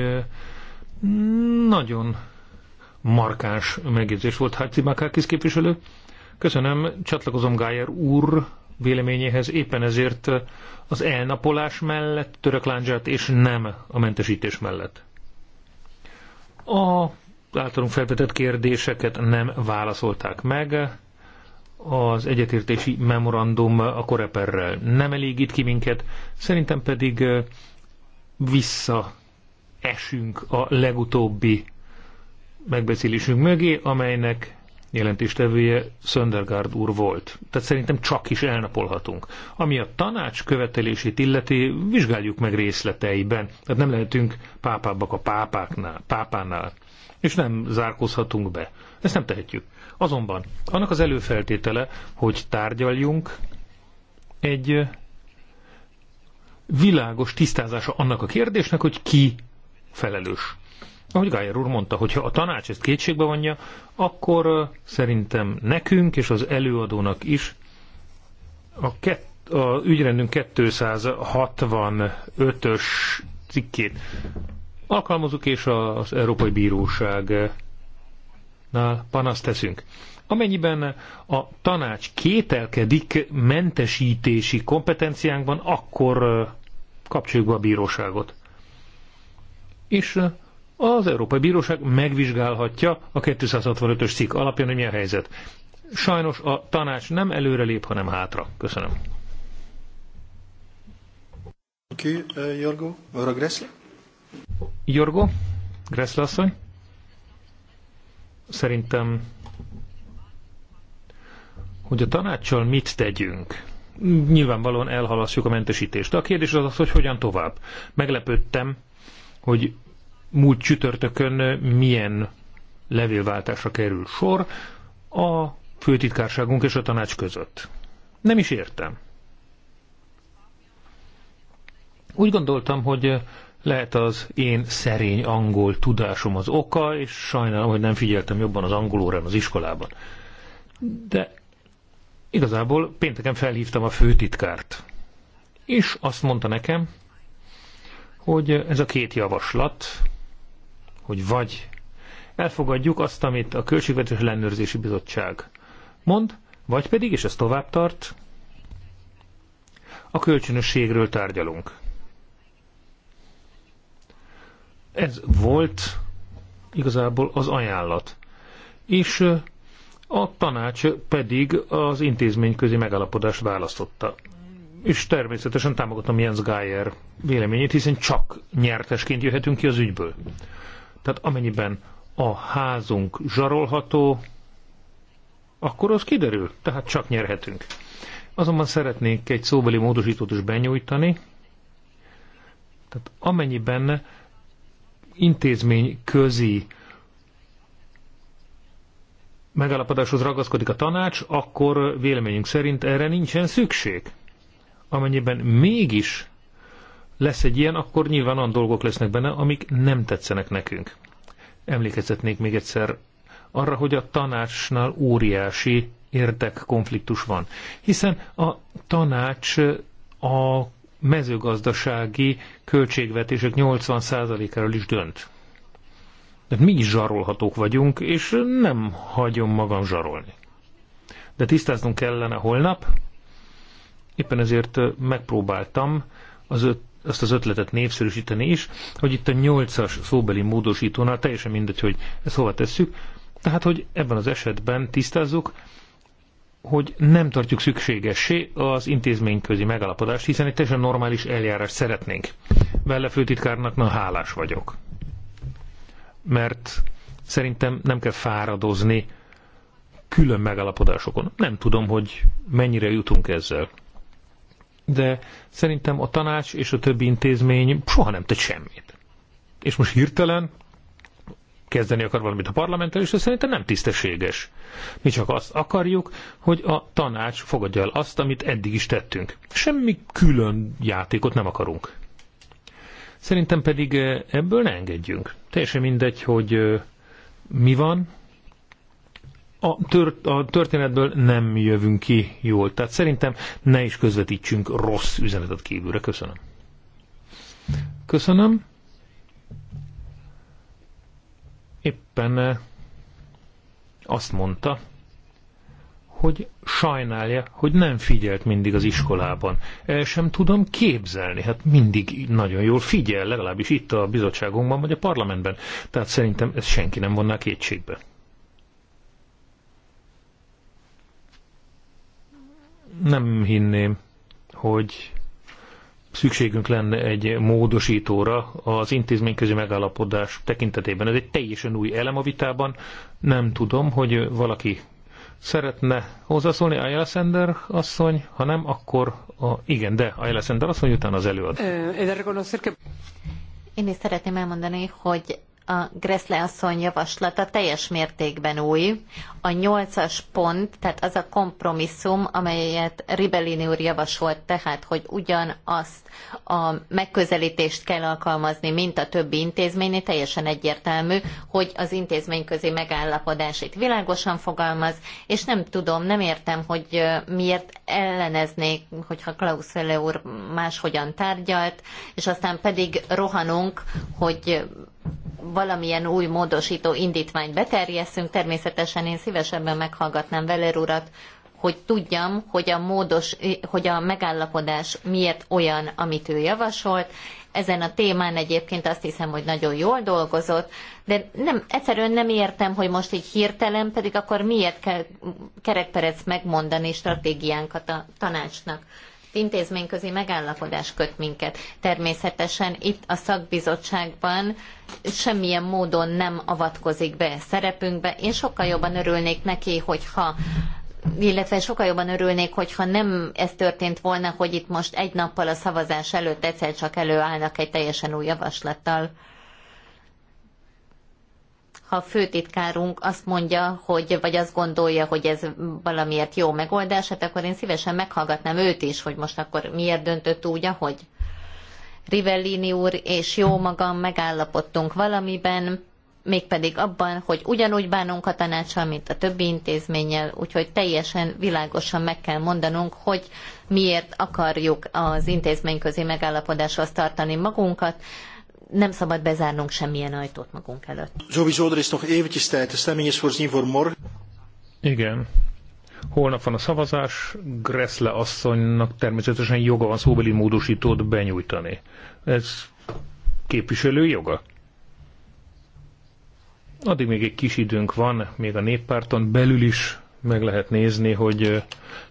nagyon markáns megjegyzés volt Hácimákákis képviselő. Köszönöm, csatlakozom Gájer úr véleményéhez, éppen ezért az elnapolás mellett, lándzsát, és nem a mentesítés mellett. A általunk felvetett kérdéseket nem válaszolták meg. Az egyetértési memorandum a koreperrel nem elégít ki minket, szerintem pedig vissza esünk a legutóbbi megbeszélésünk mögé, amelynek jelentéstevője Söndergaard úr volt. Tehát szerintem csak is elnapolhatunk. Ami a tanács követelését illeti, vizsgáljuk meg részleteiben. Tehát nem lehetünk pápábbak a pápáknál, pápánál. És nem zárkózhatunk be. Ezt nem tehetjük. Azonban annak az előfeltétele, hogy tárgyaljunk egy világos tisztázása annak a kérdésnek, hogy ki felelős ahogy Gájer úr mondta, hogyha a tanács ezt kétségbe vonja, akkor szerintem nekünk és az előadónak is a, kett, a ügyrendünk 265-ös cikkét alkalmazunk, és az Európai Bíróságnál panaszt teszünk. Amennyiben a tanács kételkedik mentesítési kompetenciánkban, akkor kapcsoljuk be a bíróságot. És az Európai Bíróság megvizsgálhatja a 265-ös cikk alapján, hogy milyen helyzet. Sajnos a tanács nem előre lép, hanem hátra. Köszönöm. Eh, Jorgo, Gressle? Jorgo, Gressle asszony? Szerintem, hogy a tanácssal mit tegyünk? Nyilvánvalóan elhalasztjuk a mentesítést. De a kérdés az az, hogy hogyan tovább. Meglepődtem, hogy múlt csütörtökön milyen levélváltásra kerül sor a főtitkárságunk és a tanács között. Nem is értem. Úgy gondoltam, hogy lehet az én szerény angol tudásom az oka, és sajnálom, hogy nem figyeltem jobban az angol órán az iskolában. De igazából pénteken felhívtam a főtitkárt, és azt mondta nekem, hogy ez a két javaslat, hogy vagy elfogadjuk azt, amit a Költségvetés Ellenőrzési Bizottság mond, vagy pedig, és ez tovább tart, a kölcsönösségről tárgyalunk. Ez volt igazából az ajánlat. És a tanács pedig az intézményközi megállapodást választotta. És természetesen támogatom Jens Geyer véleményét, hiszen csak nyertesként jöhetünk ki az ügyből. Tehát amennyiben a házunk zsarolható, akkor az kiderül, tehát csak nyerhetünk. Azonban szeretnék egy szóbeli módosítót is benyújtani. Tehát amennyiben intézmény közi megállapodáshoz ragaszkodik a tanács, akkor véleményünk szerint erre nincsen szükség. Amennyiben mégis lesz egy ilyen, akkor nyilván olyan dolgok lesznek benne, amik nem tetszenek nekünk. Emlékezhetnék még egyszer arra, hogy a tanácsnál óriási érdekkonfliktus van. Hiszen a tanács a mezőgazdasági költségvetések 80%-áról is dönt. De mi is zsarolhatók vagyunk, és nem hagyom magam zsarolni. De tisztáznunk kellene holnap, éppen ezért megpróbáltam az öt azt az ötletet népszerűsíteni is, hogy itt a nyolcas szóbeli módosítónál teljesen mindegy, hogy ezt hova tesszük, tehát, hogy ebben az esetben tisztázzuk, hogy nem tartjuk szükségessé az intézményközi megalapodást, hiszen egy teljesen normális eljárás szeretnénk. Velle főtitkárnak na hálás vagyok. Mert szerintem nem kell fáradozni külön megalapodásokon. Nem tudom, hogy mennyire jutunk ezzel de szerintem a tanács és a többi intézmény soha nem tett semmit. És most hirtelen kezdeni akar valamit a parlamenttel, és ez szerintem nem tisztességes. Mi csak azt akarjuk, hogy a tanács fogadja el azt, amit eddig is tettünk. Semmi külön játékot nem akarunk. Szerintem pedig eh, ebből ne engedjünk. Teljesen mindegy, hogy eh, mi van, a, tör, a történetből nem jövünk ki jól. Tehát szerintem ne is közvetítsünk rossz üzenetet kívülre. Köszönöm. Köszönöm. Éppen eh, azt mondta, hogy sajnálja, hogy nem figyelt mindig az iskolában. El sem tudom képzelni, hát mindig nagyon jól figyel, legalábbis itt a bizottságunkban vagy a parlamentben. Tehát szerintem ezt senki nem vonná kétségbe. nem hinném, hogy szükségünk lenne egy módosítóra az intézményközi megállapodás tekintetében. Ez egy teljesen új elem a vitában. Nem tudom, hogy valaki szeretne hozzászólni Ayala Sender asszony, ha nem, akkor a, igen, de Ayala Sender asszony után az előad. Én is szeretném elmondani, hogy a Gressle asszony javaslata teljes mértékben új. A nyolcas pont, tehát az a kompromisszum, amelyet Ribellini úr javasolt, tehát, hogy ugyanazt a megközelítést kell alkalmazni, mint a többi intézményi, teljesen egyértelmű, hogy az intézményközi megállapodás itt világosan fogalmaz, és nem tudom, nem értem, hogy miért elleneznék, hogyha Klaus Welle úr máshogyan tárgyalt, és aztán pedig rohanunk, hogy valamilyen új módosító indítványt beterjesszünk, természetesen én szívesebben meghallgatnám Veler urat, hogy tudjam, hogy a, módos, hogy a megállapodás miért olyan, amit ő javasolt. Ezen a témán egyébként azt hiszem, hogy nagyon jól dolgozott, de nem, egyszerűen nem értem, hogy most így hirtelen, pedig akkor miért kell kerekperec megmondani stratégiánkat a tanácsnak intézményközi megállapodás köt minket. Természetesen itt a szakbizottságban semmilyen módon nem avatkozik be szerepünkbe. Én sokkal jobban örülnék neki, hogyha illetve sokkal jobban örülnék, hogyha nem ez történt volna, hogy itt most egy nappal a szavazás előtt egyszer csak előállnak egy teljesen új javaslattal ha a főtitkárunk azt mondja, hogy, vagy azt gondolja, hogy ez valamiért jó megoldás, hát akkor én szívesen meghallgatnám őt is, hogy most akkor miért döntött úgy, ahogy Rivellini úr és jó magam megállapodtunk valamiben, mégpedig abban, hogy ugyanúgy bánunk a tanácssal, mint a többi intézménnyel, úgyhogy teljesen világosan meg kell mondanunk, hogy miért akarjuk az intézményközi megállapodáshoz tartani magunkat, nem szabad bezárnunk semmilyen ajtót magunk előtt. Sowieso, er is eventjes tijd. A stemming is Igen. Holnap van a szavazás, Gressle asszonynak természetesen joga van szóbeli módosítót benyújtani. Ez képviselő joga? Addig még egy kis időnk van, még a néppárton belül is meg lehet nézni, hogy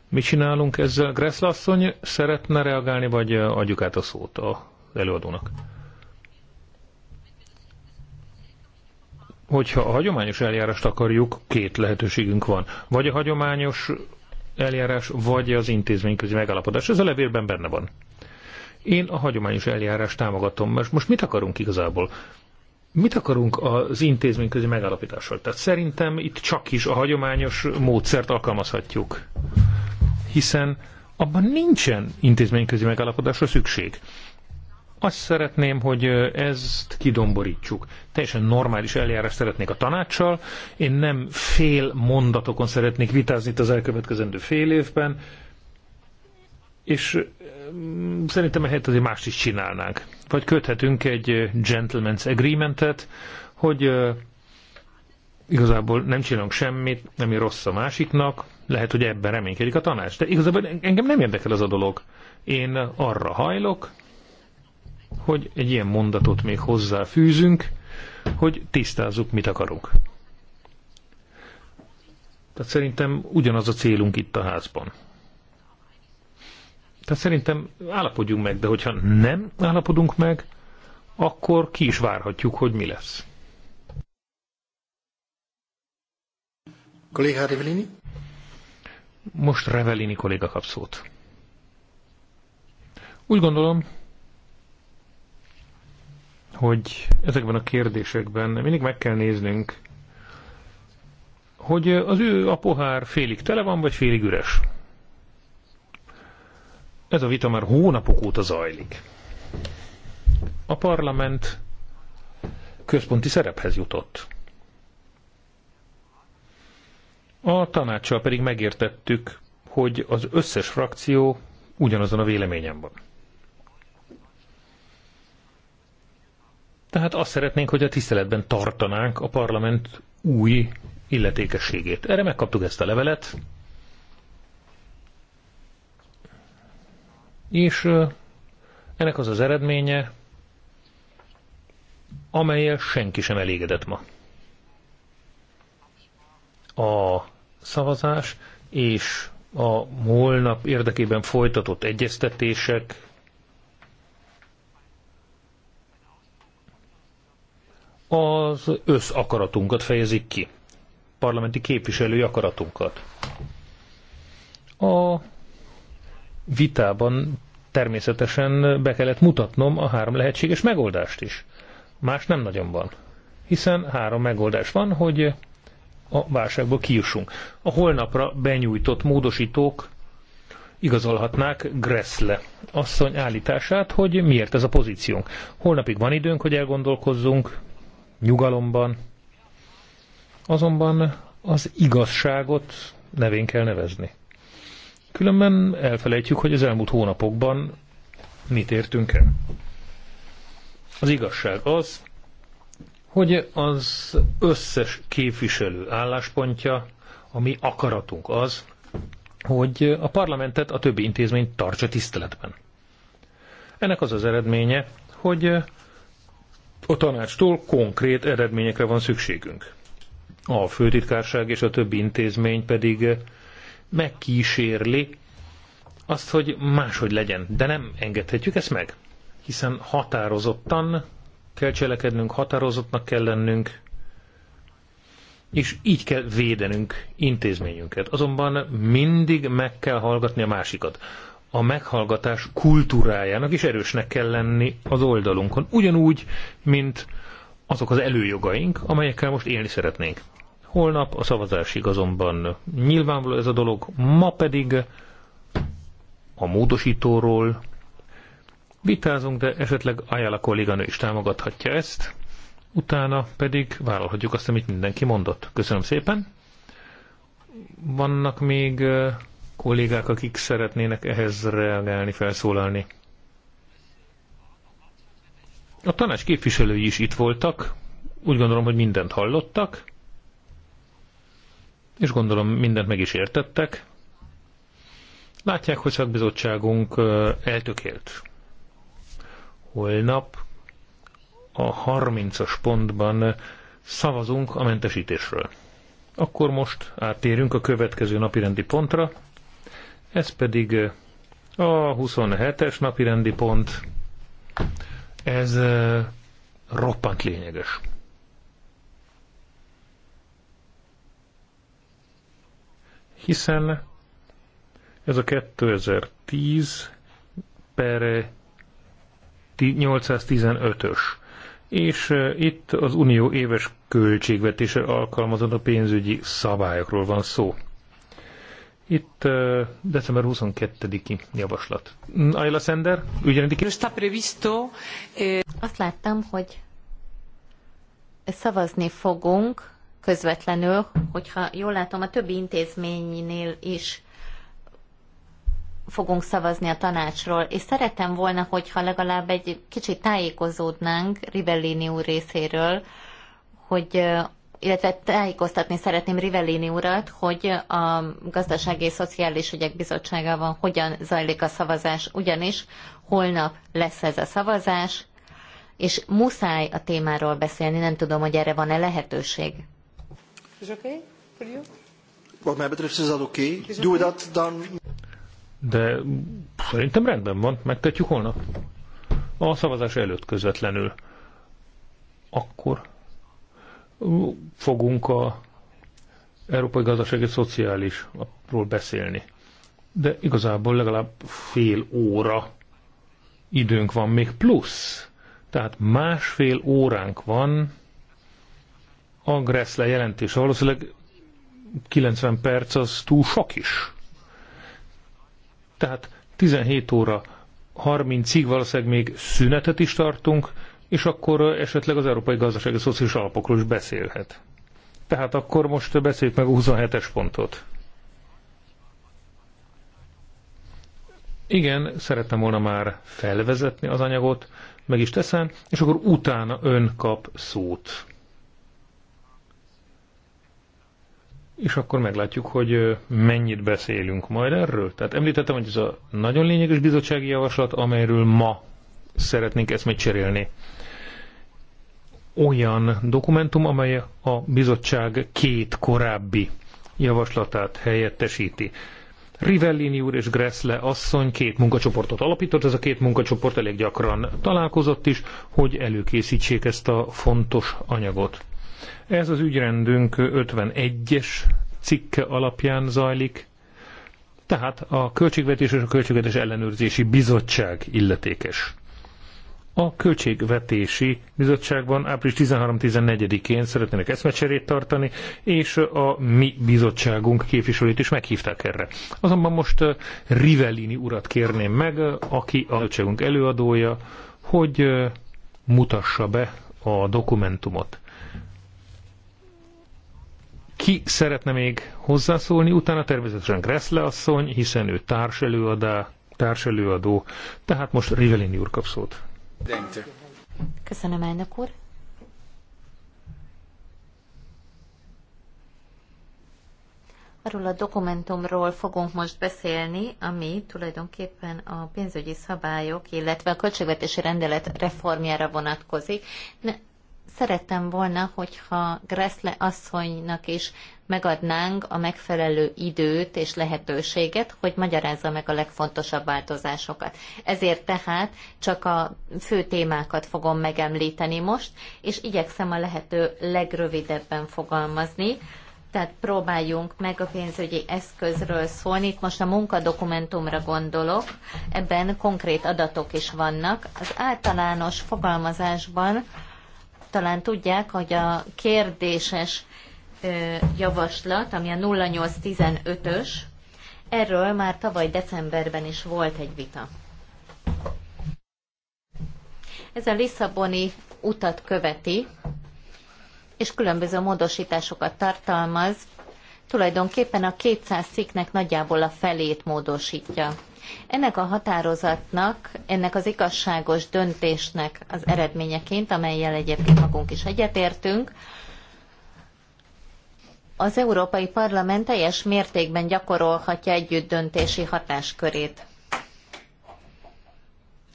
mit csinálunk ezzel. Gressle asszony szeretne reagálni, vagy adjuk át a szót a előadónak? hogyha a hagyományos eljárást akarjuk, két lehetőségünk van. Vagy a hagyományos eljárás, vagy az intézményközi megállapodás. Ez a levélben benne van. Én a hagyományos eljárást támogatom, mert most mit akarunk igazából? Mit akarunk az intézményközi megállapítással? Tehát szerintem itt csak is a hagyományos módszert alkalmazhatjuk. Hiszen abban nincsen intézményközi megállapodásra szükség. Azt szeretném, hogy ezt kidomborítsuk. Teljesen normális eljárás szeretnék a tanácssal. Én nem fél mondatokon szeretnék vitázni itt az elkövetkezendő fél évben, és szerintem ehelyett azért mást is csinálnánk. Vagy köthetünk egy gentleman's agreementet, hogy igazából nem csinálunk semmit, nem ír rossz a másiknak, lehet, hogy ebben reménykedik a tanács. De igazából engem nem érdekel ez a dolog. Én arra hajlok, hogy egy ilyen mondatot még hozzáfűzünk, hogy tisztázzuk, mit akarunk. Tehát szerintem ugyanaz a célunk itt a házban. Tehát szerintem állapodjunk meg, de hogyha nem állapodunk meg, akkor ki is várhatjuk, hogy mi lesz. Kolléga Revelini? Most Revelini kolléga kap szót. Úgy gondolom, hogy ezekben a kérdésekben mindig meg kell néznünk, hogy az ő a pohár félig tele van, vagy félig üres. Ez a vita már hónapok óta zajlik. A parlament központi szerephez jutott. A tanácssal pedig megértettük, hogy az összes frakció ugyanazon a véleményen van. Tehát azt szeretnénk, hogy a tiszteletben tartanánk a parlament új illetékességét. Erre megkaptuk ezt a levelet. És ennek az az eredménye, amelyel senki sem elégedett ma. A szavazás és a holnap érdekében folytatott egyeztetések az összakaratunkat fejezik ki, parlamenti képviselői akaratunkat. A vitában természetesen be kellett mutatnom a három lehetséges megoldást is. Más nem nagyon van. Hiszen három megoldás van, hogy a válságból kijussunk. A holnapra benyújtott módosítók igazolhatnák Gressle asszony állítását, hogy miért ez a pozíciónk. Holnapig van időnk, hogy elgondolkozzunk, nyugalomban, azonban az igazságot nevén kell nevezni. Különben elfelejtjük, hogy az elmúlt hónapokban mit értünk el. Az igazság az, hogy az összes képviselő álláspontja, ami akaratunk az, hogy a parlamentet a többi intézmény tartsa tiszteletben. Ennek az az eredménye, hogy a tanácstól konkrét eredményekre van szükségünk. A főtitkárság és a többi intézmény pedig megkísérli azt, hogy máshogy legyen. De nem engedhetjük ezt meg, hiszen határozottan kell cselekednünk, határozottnak kell lennünk, és így kell védenünk intézményünket. Azonban mindig meg kell hallgatni a másikat a meghallgatás kultúrájának is erősnek kell lenni az oldalunkon. Ugyanúgy, mint azok az előjogaink, amelyekkel most élni szeretnénk. Holnap a szavazásig azonban nyilvánvaló ez a dolog, ma pedig a módosítóról vitázunk, de esetleg Ajala kolléganő is támogathatja ezt, utána pedig vállalhatjuk azt, amit mindenki mondott. Köszönöm szépen! Vannak még kollégák, akik szeretnének ehhez reagálni, felszólalni. A tanács képviselői is itt voltak, úgy gondolom, hogy mindent hallottak, és gondolom mindent meg is értettek. Látják, hogy szakbizottságunk eltökélt. Holnap a 30-as pontban szavazunk a mentesítésről. Akkor most áttérünk a következő napirendi pontra, ez pedig eh, a 27-es napi rendi pont. Ez eh, roppant lényeges. Hiszen ez a 2010 per 815-ös. És eh, itt az unió éves költségvetése alkalmazott a pénzügyi szabályokról van szó. Itt december 22-i javaslat. Ayla Sender, ügyrendi eh, Azt láttam, hogy szavazni fogunk közvetlenül, hogyha jól látom, a többi intézménynél is fogunk szavazni a tanácsról, és szeretem volna, hogyha legalább egy kicsit tájékozódnánk Ribellini úr részéről, hogy illetve tájékoztatni szeretném Rivellini urat, hogy a Gazdasági és Szociális Ügyek Bizottságában hogyan zajlik a szavazás, ugyanis holnap lesz ez a szavazás, és muszáj a témáról beszélni, nem tudom, hogy erre van-e lehetőség. oké. De szerintem rendben van, megtetjük holnap. A szavazás előtt közvetlenül. Akkor fogunk a Európai Gazdasági Szociálisról beszélni. De igazából legalább fél óra időnk van még plusz. Tehát másfél óránk van a Gressle jelentése. Valószínűleg 90 perc az túl sok is. Tehát 17 óra 30-ig valószínűleg még szünetet is tartunk, és akkor esetleg az Európai Gazdasági Szociális Alapokról is beszélhet. Tehát akkor most beszéljük meg a 27-es pontot. Igen, szerettem volna már felvezetni az anyagot, meg is teszem, és akkor utána ön kap szót. És akkor meglátjuk, hogy mennyit beszélünk majd erről. Tehát említettem, hogy ez a nagyon lényeges bizottsági javaslat, amelyről ma szeretnénk még cserélni. Olyan dokumentum, amely a bizottság két korábbi javaslatát helyettesíti. Rivellini úr és Gressle asszony két munkacsoportot alapított, ez a két munkacsoport elég gyakran találkozott is, hogy előkészítsék ezt a fontos anyagot. Ez az ügyrendünk 51-es cikke alapján zajlik, tehát a Költségvetés és a Költségvetés Ellenőrzési Bizottság illetékes. A Költségvetési Bizottságban április 13-14-én szeretnének eszmecserét tartani, és a mi bizottságunk képviselőt is meghívták erre. Azonban most uh, Rivellini urat kérném meg, uh, aki a költségünk előadója, hogy uh, mutassa be a dokumentumot. Ki szeretne még hozzászólni? Utána természetesen Gressle asszony, hiszen ő társelőadá, társelőadó. Tehát most Rivellini úr kap szót. Köszönöm, elnök úr. Arról a dokumentumról fogunk most beszélni, ami tulajdonképpen a pénzügyi szabályok, illetve a költségvetési rendelet reformjára vonatkozik szerettem volna, hogyha Gressle asszonynak is megadnánk a megfelelő időt és lehetőséget, hogy magyarázza meg a legfontosabb változásokat. Ezért tehát csak a fő témákat fogom megemlíteni most, és igyekszem a lehető legrövidebben fogalmazni. Tehát próbáljunk meg a pénzügyi eszközről szólni. Itt most a munkadokumentumra gondolok, ebben konkrét adatok is vannak. Az általános fogalmazásban talán tudják, hogy a kérdéses javaslat, ami a 0815-ös, erről már tavaly decemberben is volt egy vita. Ez a Lisszaboni utat követi, és különböző módosításokat tartalmaz, tulajdonképpen a 200 cikknek nagyjából a felét módosítja. Ennek a határozatnak, ennek az igazságos döntésnek az eredményeként, amelyel egyébként magunk is egyetértünk, az Európai Parlament teljes mértékben gyakorolhatja együtt döntési hatáskörét,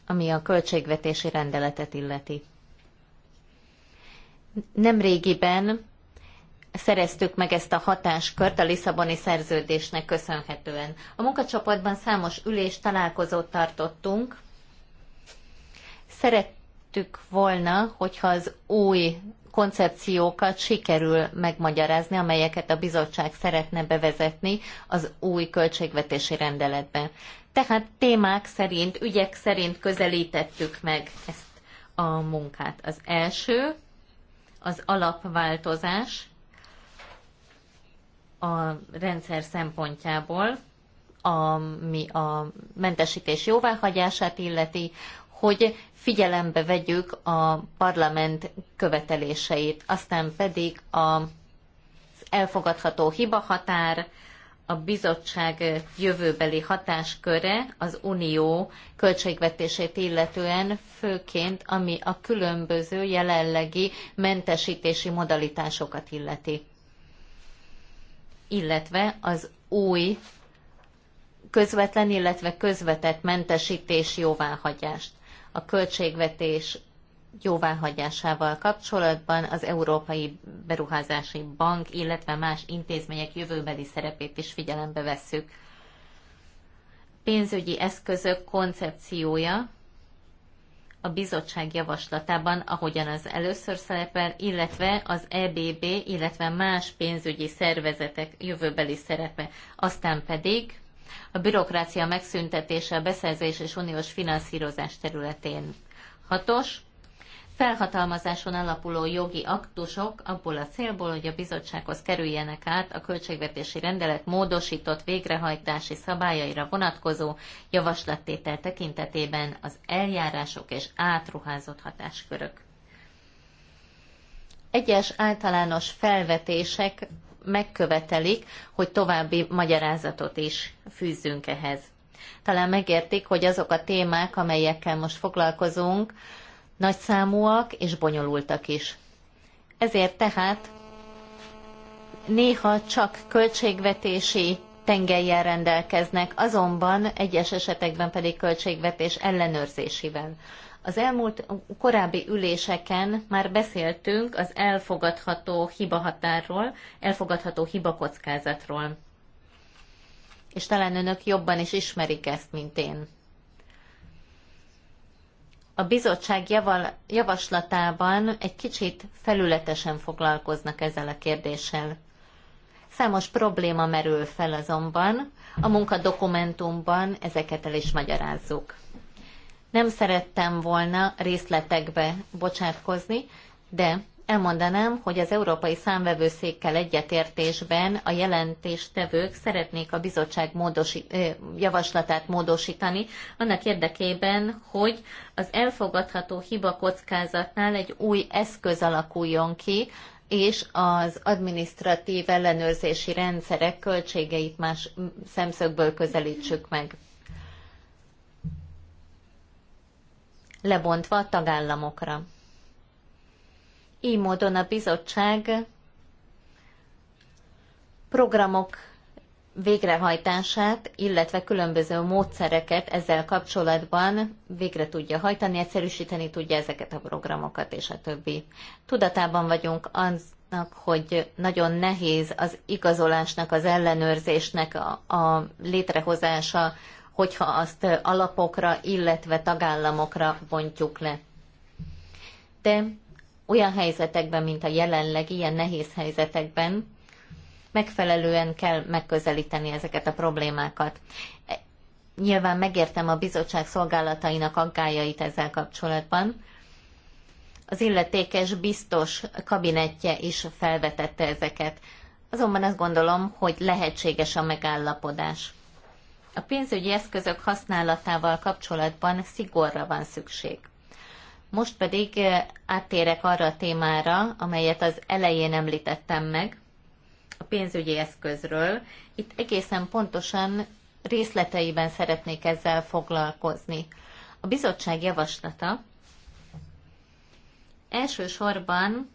ami a költségvetési rendeletet illeti. Nemrégiben szereztük meg ezt a hatáskört a Lisszaboni szerződésnek köszönhetően. A munkacsoportban számos ülés találkozót tartottunk. Szerettük volna, hogyha az új koncepciókat sikerül megmagyarázni, amelyeket a bizottság szeretne bevezetni az új költségvetési rendeletbe. Tehát témák szerint, ügyek szerint közelítettük meg ezt a munkát. Az első az alapváltozás, a rendszer szempontjából, ami a mentesítés jóváhagyását illeti, hogy figyelembe vegyük a parlament követeléseit, aztán pedig a elfogadható hibahatár, a bizottság jövőbeli hatásköre az unió költségvetését illetően, főként ami a különböző jelenlegi mentesítési modalitásokat illeti illetve az új közvetlen, illetve közvetett mentesítés jóváhagyást. A költségvetés jóváhagyásával kapcsolatban az Európai Beruházási Bank, illetve más intézmények jövőbeli szerepét is figyelembe vesszük. Pénzügyi eszközök koncepciója a bizottság javaslatában, ahogyan az először szerepel, illetve az EBB, illetve más pénzügyi szervezetek jövőbeli szerepe. Aztán pedig a bürokrácia megszüntetése a beszerzés és uniós finanszírozás területén. Hatos, felhatalmazáson alapuló jogi aktusok abból a célból, hogy a bizottsághoz kerüljenek át a költségvetési rendelet módosított végrehajtási szabályaira vonatkozó javaslattétel tekintetében az eljárások és átruházott hatáskörök. Egyes általános felvetések megkövetelik, hogy további magyarázatot is fűzzünk ehhez. Talán megértik, hogy azok a témák, amelyekkel most foglalkozunk, nagyszámúak és bonyolultak is. Ezért tehát néha csak költségvetési tengelyen rendelkeznek, azonban egyes esetekben pedig költségvetés ellenőrzésével. Az elmúlt korábbi üléseken már beszéltünk az elfogadható hibahatárról, elfogadható hibakockázatról. És talán önök jobban is ismerik ezt, mint én a bizottság javaslatában egy kicsit felületesen foglalkoznak ezzel a kérdéssel. Számos probléma merül fel azonban, a munkadokumentumban ezeket el is magyarázzuk. Nem szerettem volna részletekbe bocsátkozni, de elmondanám, hogy az Európai Számvevőszékkel egyetértésben a jelentéstevők szeretnék a bizottság módosi, javaslatát módosítani, annak érdekében, hogy az elfogadható hiba kockázatnál egy új eszköz alakuljon ki, és az administratív ellenőrzési rendszerek költségeit más szemszögből közelítsük meg. Lebontva a tagállamokra. Így módon a bizottság programok végrehajtását, illetve különböző módszereket ezzel kapcsolatban végre tudja hajtani, egyszerűsíteni tudja ezeket a programokat és a többi. Tudatában vagyunk annak, hogy nagyon nehéz az igazolásnak, az ellenőrzésnek a, a létrehozása, hogyha azt alapokra, illetve tagállamokra bontjuk le. De olyan helyzetekben, mint a jelenleg, ilyen nehéz helyzetekben megfelelően kell megközelíteni ezeket a problémákat. E, nyilván megértem a bizottság szolgálatainak aggájait ezzel kapcsolatban. Az illetékes biztos kabinetje is felvetette ezeket. Azonban azt gondolom, hogy lehetséges a megállapodás. A pénzügyi eszközök használatával kapcsolatban szigorra van szükség. Most pedig eh, áttérek arra a témára, amelyet az elején említettem meg, a pénzügyi eszközről. Itt egészen pontosan részleteiben szeretnék ezzel foglalkozni. A bizottság javaslata elsősorban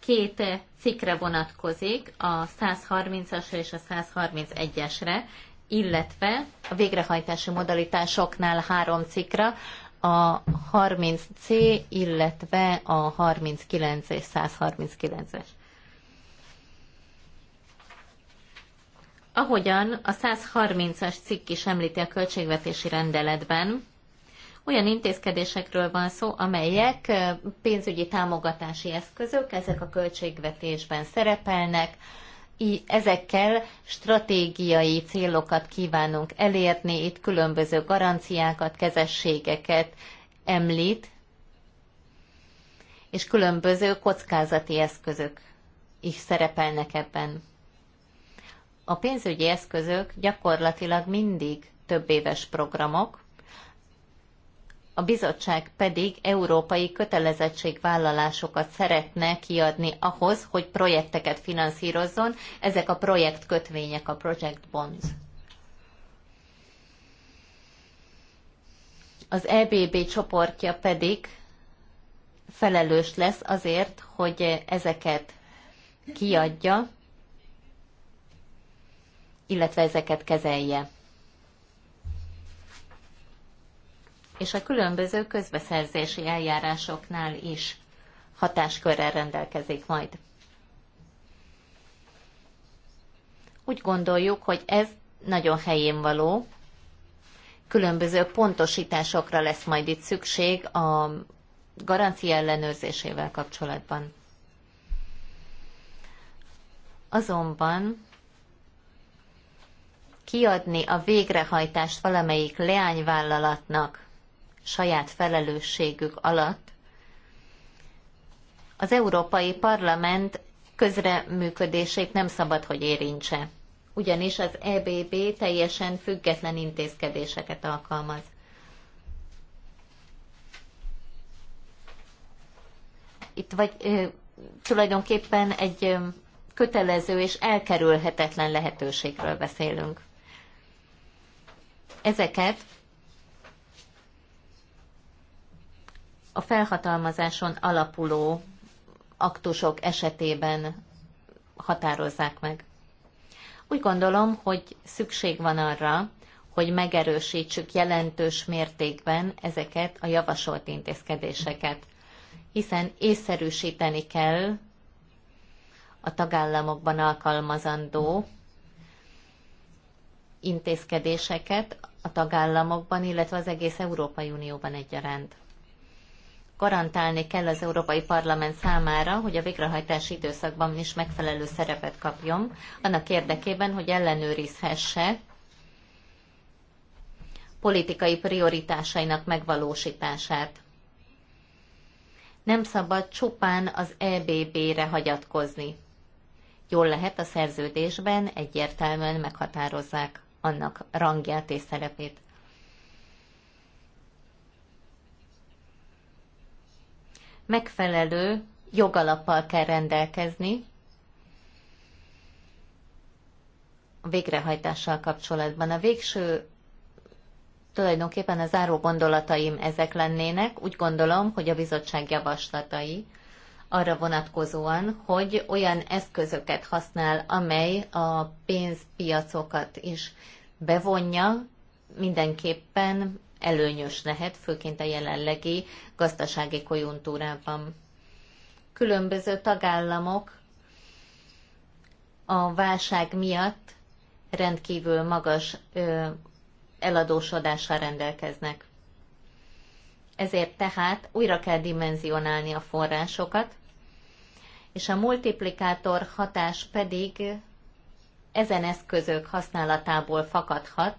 két cikkre vonatkozik, a 130 as és a 131-esre, illetve a végrehajtási modalitásoknál három cikkra, a 30C, illetve a 39 és 139-es. Ahogyan a 130-as cikk is említi a költségvetési rendeletben, olyan intézkedésekről van szó, amelyek pénzügyi támogatási eszközök, ezek a költségvetésben szerepelnek, ezekkel stratégiai célokat kívánunk elérni, itt különböző garanciákat, kezességeket említ, és különböző kockázati eszközök is szerepelnek ebben. A pénzügyi eszközök gyakorlatilag mindig több éves programok, a bizottság pedig európai kötelezettségvállalásokat szeretne kiadni ahhoz, hogy projekteket finanszírozzon. Ezek a projektkötvények, a project bonds. Az EBB csoportja pedig felelős lesz azért, hogy ezeket kiadja, illetve ezeket kezelje. és a különböző közbeszerzési eljárásoknál is hatáskörrel rendelkezik majd. Úgy gondoljuk, hogy ez nagyon helyén való, különböző pontosításokra lesz majd itt szükség a garancia ellenőrzésével kapcsolatban. Azonban kiadni a végrehajtást valamelyik leányvállalatnak saját felelősségük alatt az Európai Parlament közreműködését nem szabad, hogy érintse. Ugyanis az EBB teljesen független intézkedéseket alkalmaz. Itt vagy ö, tulajdonképpen egy ö, kötelező és elkerülhetetlen lehetőségről beszélünk. Ezeket a felhatalmazáson alapuló aktusok esetében határozzák meg. Úgy gondolom, hogy szükség van arra, hogy megerősítsük jelentős mértékben ezeket a javasolt intézkedéseket, hiszen észszerűsíteni kell a tagállamokban alkalmazandó intézkedéseket a tagállamokban, illetve az egész Európai Unióban egyaránt garantálni kell az Európai Parlament számára, hogy a végrehajtási időszakban is megfelelő szerepet kapjon, annak érdekében, hogy ellenőrizhesse politikai prioritásainak megvalósítását. Nem szabad csupán az EBB-re hagyatkozni. Jól lehet a szerződésben egyértelműen meghatározzák annak rangját és szerepét. megfelelő jogalappal kell rendelkezni a végrehajtással kapcsolatban. A végső tulajdonképpen a záró gondolataim ezek lennének. Úgy gondolom, hogy a bizottság javaslatai arra vonatkozóan, hogy olyan eszközöket használ, amely a pénzpiacokat is bevonja, mindenképpen előnyös lehet, főként a jelenlegi gazdasági konjunktúrában. Különböző tagállamok a válság miatt rendkívül magas eladósodással rendelkeznek. Ezért tehát újra kell dimenzionálni a forrásokat, és a multiplikátor hatás pedig ezen eszközök használatából fakadhat,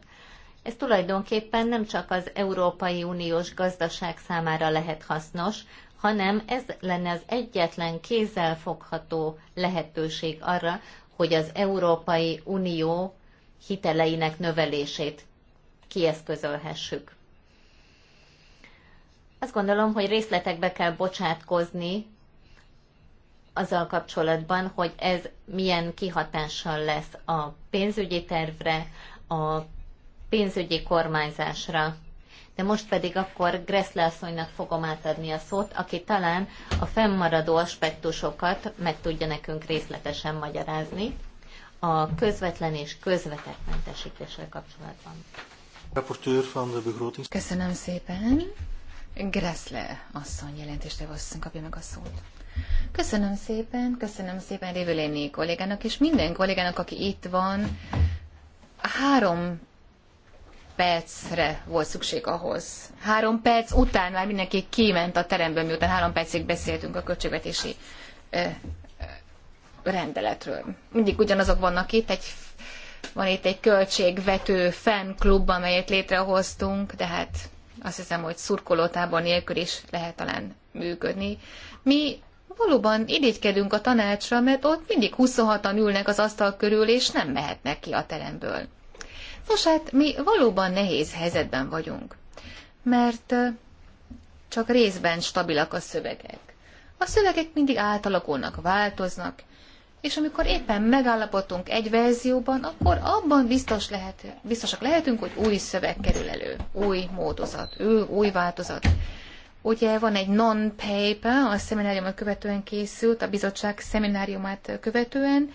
ez tulajdonképpen nem csak az Európai Uniós gazdaság számára lehet hasznos, hanem ez lenne az egyetlen kézzelfogható lehetőség arra, hogy az Európai Unió hiteleinek növelését kieszközölhessük. Azt gondolom, hogy részletekbe kell bocsátkozni azzal kapcsolatban, hogy ez milyen kihatással lesz a pénzügyi tervre, a pénzügyi kormányzásra. De most pedig akkor Gressle asszonynak fogom átadni a szót, aki talán a fennmaradó aspektusokat meg tudja nekünk részletesen magyarázni a közvetlen és közvetett mentesítéssel kapcsolatban. Köszönöm szépen. Gressle asszony jelentéstevő asszony kapja meg a szót. Köszönöm szépen, köszönöm szépen Révüléni kollégának és minden kollégának, aki itt van. Három percre volt szükség ahhoz. Három perc után már mindenki kiment a teremből, miután három percig beszéltünk a költségvetési rendeletről. Mindig ugyanazok vannak itt, egy, van itt egy költségvető klub, amelyet létrehoztunk, de hát azt hiszem, hogy szurkolótábor nélkül is lehet talán működni. Mi valóban irigykedünk a tanácsra, mert ott mindig 26-an ülnek az asztal körül, és nem mehetnek ki a teremből. Nos hát, mi valóban nehéz helyzetben vagyunk, mert csak részben stabilak a szövegek. A szövegek mindig átalakulnak, változnak, és amikor éppen megállapodtunk egy verzióban, akkor abban biztos lehet, biztosak lehetünk, hogy új szöveg kerül elő, új módozat, ő, új változat. Ugye van egy non-paper, a szemináriumot követően készült, a bizottság szemináriumát követően,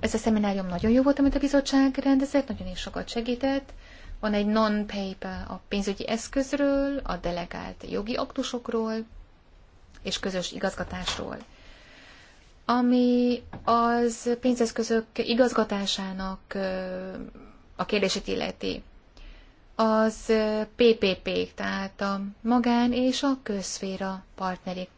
ez a szeminárium nagyon jó volt, amit a bizottság rendezett, nagyon is sokat segített. Van egy non-paper a pénzügyi eszközről, a delegált jogi aktusokról és közös igazgatásról ami az pénzeszközök igazgatásának a kérdését illeti. Az PPP, tehát a magán és a közszféra partnerik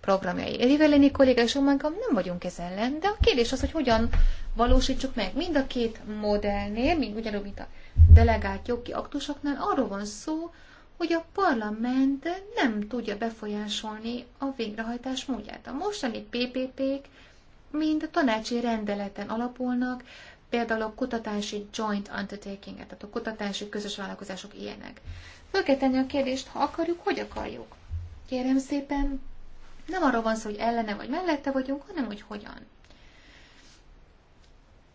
programjai. Riveleni kolléga és nem vagyunk ez ellen, de a kérdés az, hogy hogyan valósítsuk meg. Mind a két modellnél, mind ugyanúgy, mint a delegált jogi aktusoknál, arról van szó, hogy a parlament nem tudja befolyásolni a végrehajtás módját. A mostani PPP-k mind a tanácsi rendeleten alapulnak, például a kutatási joint undertaking, tehát a kutatási közös vállalkozások ilyenek. Föl kell tenni a kérdést, ha akarjuk, hogy akarjuk. Kérem szépen, nem arról van szó, hogy ellene vagy mellette vagyunk, hanem hogy hogyan.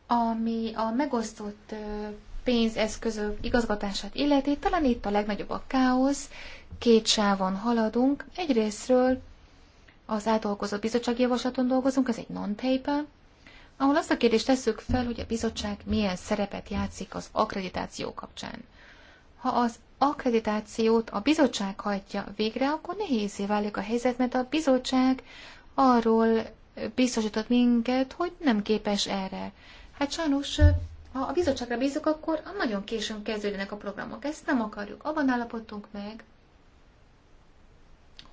Ami a megosztott pénzeszközök igazgatását illeti, talán itt a legnagyobb a káosz, két sávon haladunk. Egyrésztről az átdolgozott bizottsági javaslaton dolgozunk, ez egy non-paper, ahol azt a kérdést tesszük fel, hogy a bizottság milyen szerepet játszik az akkreditáció kapcsán. Ha az akkreditációt a bizottság hajtja végre, akkor nehézé válik a helyzet, mert a bizottság arról biztosított minket, hogy nem képes erre. Hát sajnos, ha a bizottságra bízok, akkor nagyon későn kezdődnek a programok. Ezt nem akarjuk. Abban állapodtunk meg,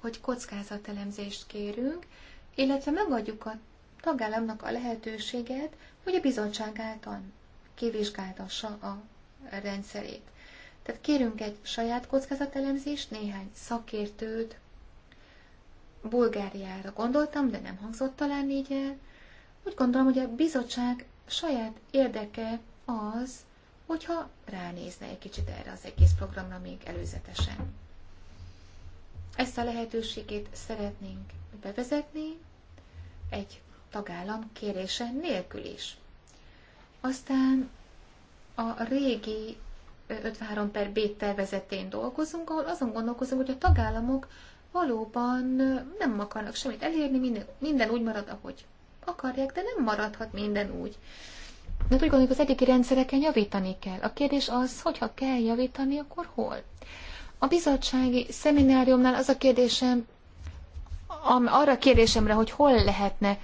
hogy kockázatelemzést kérünk, illetve megadjuk a tagállamnak a lehetőséget, hogy a bizottság által kivizsgáltassa a rendszerét. Tehát kérünk egy saját kockázatelemzést, néhány szakértőt. Bulgáriára gondoltam, de nem hangzott talán így el. Úgy gondolom, hogy a bizottság saját érdeke az, hogyha ránézne egy kicsit erre az egész programra még előzetesen. Ezt a lehetőségét szeretnénk bevezetni egy tagállam kérése nélkül is. Aztán a régi 53 per B tervezetén dolgozunk, ahol azon gondolkozunk, hogy a tagállamok valóban nem akarnak semmit elérni, minden, minden úgy marad, ahogy akarják, de nem maradhat minden úgy. De úgy gondoljuk, az eddigi rendszereken javítani kell. A kérdés az, hogyha kell javítani, akkor hol? A bizottsági szemináriumnál az a kérdésem, arra a kérdésemre, hogy hol lehetne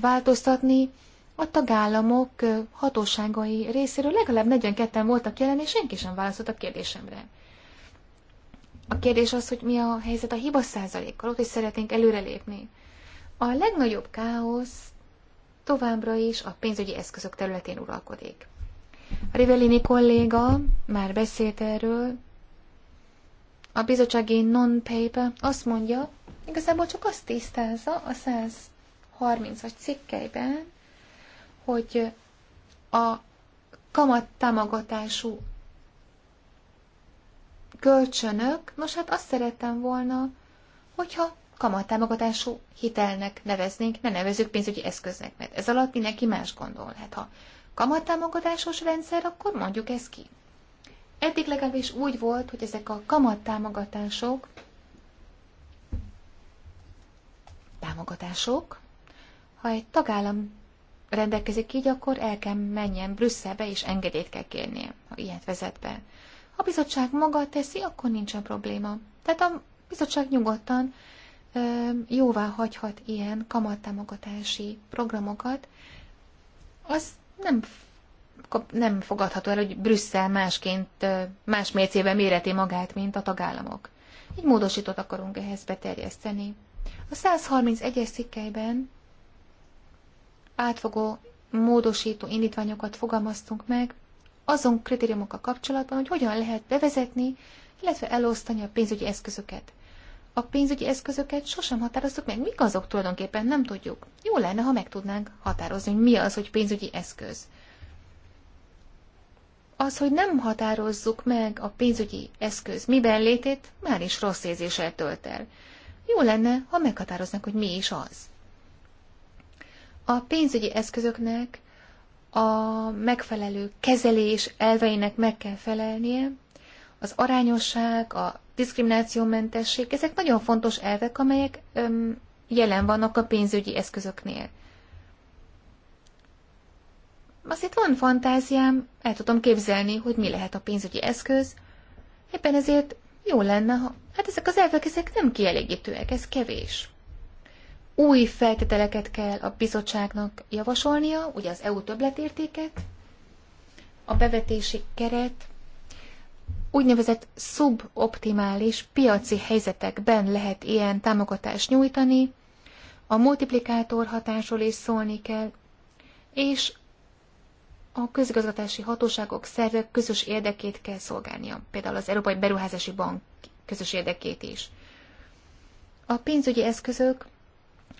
változtatni, a tagállamok hatóságai részéről legalább 42-en voltak jelen, és senki sem válaszolt a kérdésemre. A kérdés az, hogy mi a helyzet a hiba százalékkal, ott is szeretnénk előrelépni. A legnagyobb káosz továbbra is a pénzügyi eszközök területén uralkodik. A Rivellini kolléga már beszélt erről. A bizottsági non-paper azt mondja, igazából csak azt tisztázza a 130-as cikkeiben, hogy a kamat támogatású kölcsönök, nos hát azt szerettem volna, hogyha kamattámogatású hitelnek neveznénk, ne nevezzük pénzügyi eszköznek, mert ez alatt mindenki más gondolhat. Ha kamattámogatásos rendszer, akkor mondjuk ezt ki. Eddig legalábbis úgy volt, hogy ezek a kamattámogatások támogatások, ha egy tagállam rendelkezik így, akkor el kell menjen Brüsszelbe, és engedélyt kell kérnie, ha ilyet vezet be. Ha a bizottság maga teszi, akkor nincsen probléma. Tehát a bizottság nyugodtan ö, jóvá hagyhat ilyen kamattámogatási programokat. Az nem, nem fogadható el, hogy Brüsszel másként, más mércében méreti magát, mint a tagállamok. Így módosítót akarunk ehhez beterjeszteni. A 131-es cikkelyben átfogó módosító indítványokat fogalmaztunk meg azon kritériumokkal kapcsolatban, hogy hogyan lehet bevezetni, illetve elosztani a pénzügyi eszközöket. A pénzügyi eszközöket sosem határoztuk meg, mik azok tulajdonképpen, nem tudjuk. Jó lenne, ha meg tudnánk határozni, hogy mi az, hogy pénzügyi eszköz. Az, hogy nem határozzuk meg a pénzügyi eszköz miben létét, már is rossz érzéssel tölt el. Jó lenne, ha meghatároznak, hogy mi is az a pénzügyi eszközöknek a megfelelő kezelés elveinek meg kell felelnie, az arányosság, a diszkriminációmentesség, ezek nagyon fontos elvek, amelyek öm, jelen vannak a pénzügyi eszközöknél. Azt itt van fantáziám, el tudom képzelni, hogy mi lehet a pénzügyi eszköz, éppen ezért jó lenne, ha... Hát ezek az elvek, ezek nem kielégítőek, ez kevés új feltételeket kell a bizottságnak javasolnia, ugye az EU többletértéket, a bevetési keret, úgynevezett szuboptimális piaci helyzetekben lehet ilyen támogatást nyújtani, a multiplikátor hatásról is szólni kell, és a közigazgatási hatóságok szervek közös érdekét kell szolgálnia, például az Európai Beruházási Bank közös érdekét is. A pénzügyi eszközök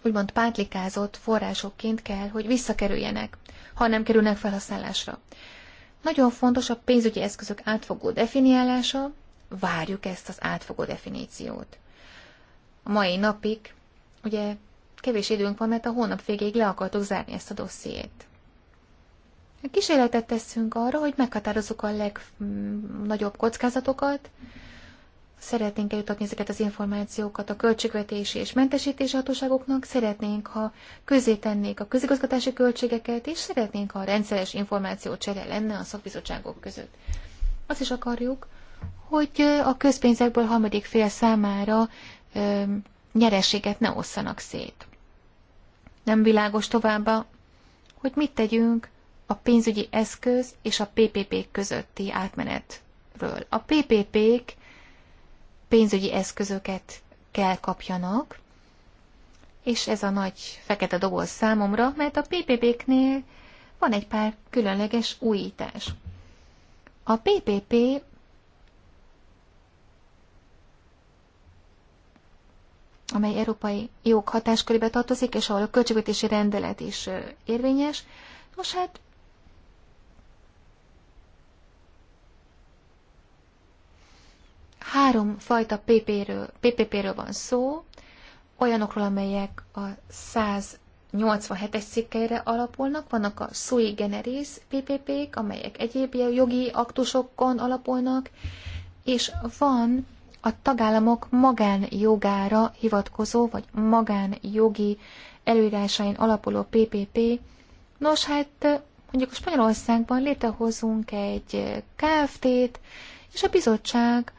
úgymond pántlikázott forrásokként kell, hogy visszakerüljenek, ha nem kerülnek felhasználásra. Nagyon fontos a pénzügyi eszközök átfogó definiálása, várjuk ezt az átfogó definíciót. A mai napig, ugye kevés időnk van, mert a hónap végéig le akartuk zárni ezt a dossziét. Kísérletet teszünk arra, hogy meghatározzuk a legnagyobb kockázatokat, szeretnénk eljutatni ezeket az információkat a költségvetési és mentesítési hatóságoknak, szeretnénk, ha közé tennék a közigazgatási költségeket, és szeretnénk, ha rendszeres csere lenne a szakbizottságok között. Azt is akarjuk, hogy a közpénzekből harmadik fél számára ö, nyereséget ne osszanak szét. Nem világos továbbá, hogy mit tegyünk a pénzügyi eszköz és a PPP közötti átmenetről. A PPP-k pénzügyi eszközöket kell kapjanak, és ez a nagy fekete doboz számomra, mert a PPP-knél van egy pár különleges újítás. A PPP amely európai jog hatáskörébe tartozik, és ahol a költségvetési rendelet is érvényes. Nos hát Három fajta PP-ről, PPP-ről van szó, olyanokról, amelyek a 187-es cikkeire alapulnak, vannak a sui generis PPP-k, amelyek egyéb jogi aktusokon alapulnak, és van a tagállamok magánjogára hivatkozó, vagy magánjogi előírásain alapuló PPP. Nos, hát mondjuk a Spanyolországban létrehozunk egy KFT-t, és a bizottság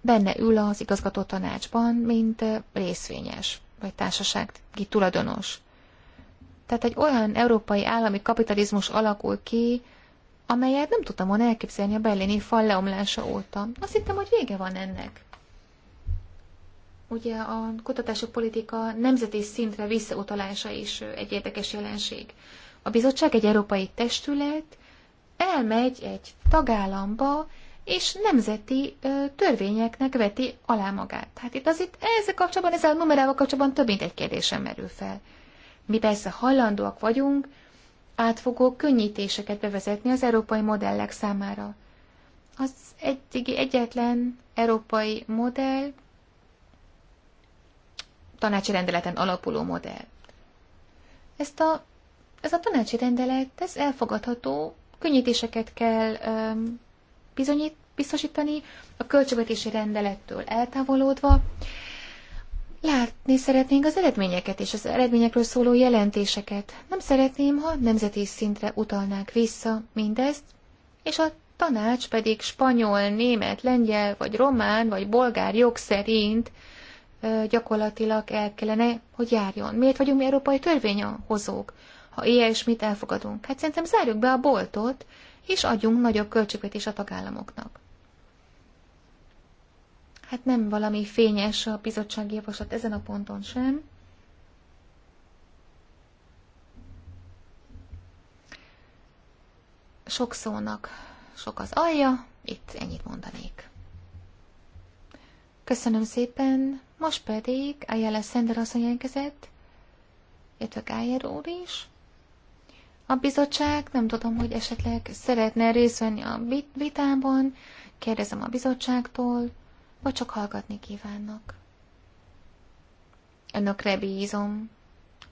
benne ül az igazgató tanácsban, mint részvényes, vagy társasági tulajdonos. Tehát egy olyan európai állami kapitalizmus alakul ki, amelyet nem tudtam volna elképzelni a berlini fal leomlása óta. Azt hittem, hogy vége van ennek. Ugye a kutatási politika nemzeti szintre visszautalása is egy érdekes jelenség. A bizottság egy európai testület elmegy egy tagállamba, és nemzeti ö, törvényeknek veti alá magát. Tehát itt az itt ezzel kapcsolatban, ezzel a numerával kapcsolatban több mint egy kérdésem merül fel. Mi persze hajlandóak vagyunk átfogó könnyítéseket bevezetni az európai modellek számára. Az egyik egyetlen európai modell tanácsi rendeleten alapuló modell. Ezt a, ez a tanácsi rendelet, ez elfogadható, könnyítéseket kell öm, bizonyít, biztosítani, a költségvetési rendelettől eltávolodva. Látni szeretnénk az eredményeket és az eredményekről szóló jelentéseket. Nem szeretném, ha nemzeti szintre utalnák vissza mindezt, és a tanács pedig spanyol, német, lengyel, vagy román, vagy bolgár jog szerint gyakorlatilag el kellene, hogy járjon. Miért vagyunk mi európai törvényhozók, ha ilyesmit elfogadunk? Hát szerintem zárjuk be a boltot, és adjunk nagyobb is a tagállamoknak. Hát nem valami fényes a bizottsági javaslat ezen a ponton sem. Sok szónak sok az alja, itt ennyit mondanék. Köszönöm szépen, most pedig Ayala Szender asszony jelentkezett, illetve Gájer úr is. A bizottság, nem tudom, hogy esetleg szeretne részt venni a vitában, kérdezem a bizottságtól, vagy csak hallgatni kívánnak. Önökre bízom.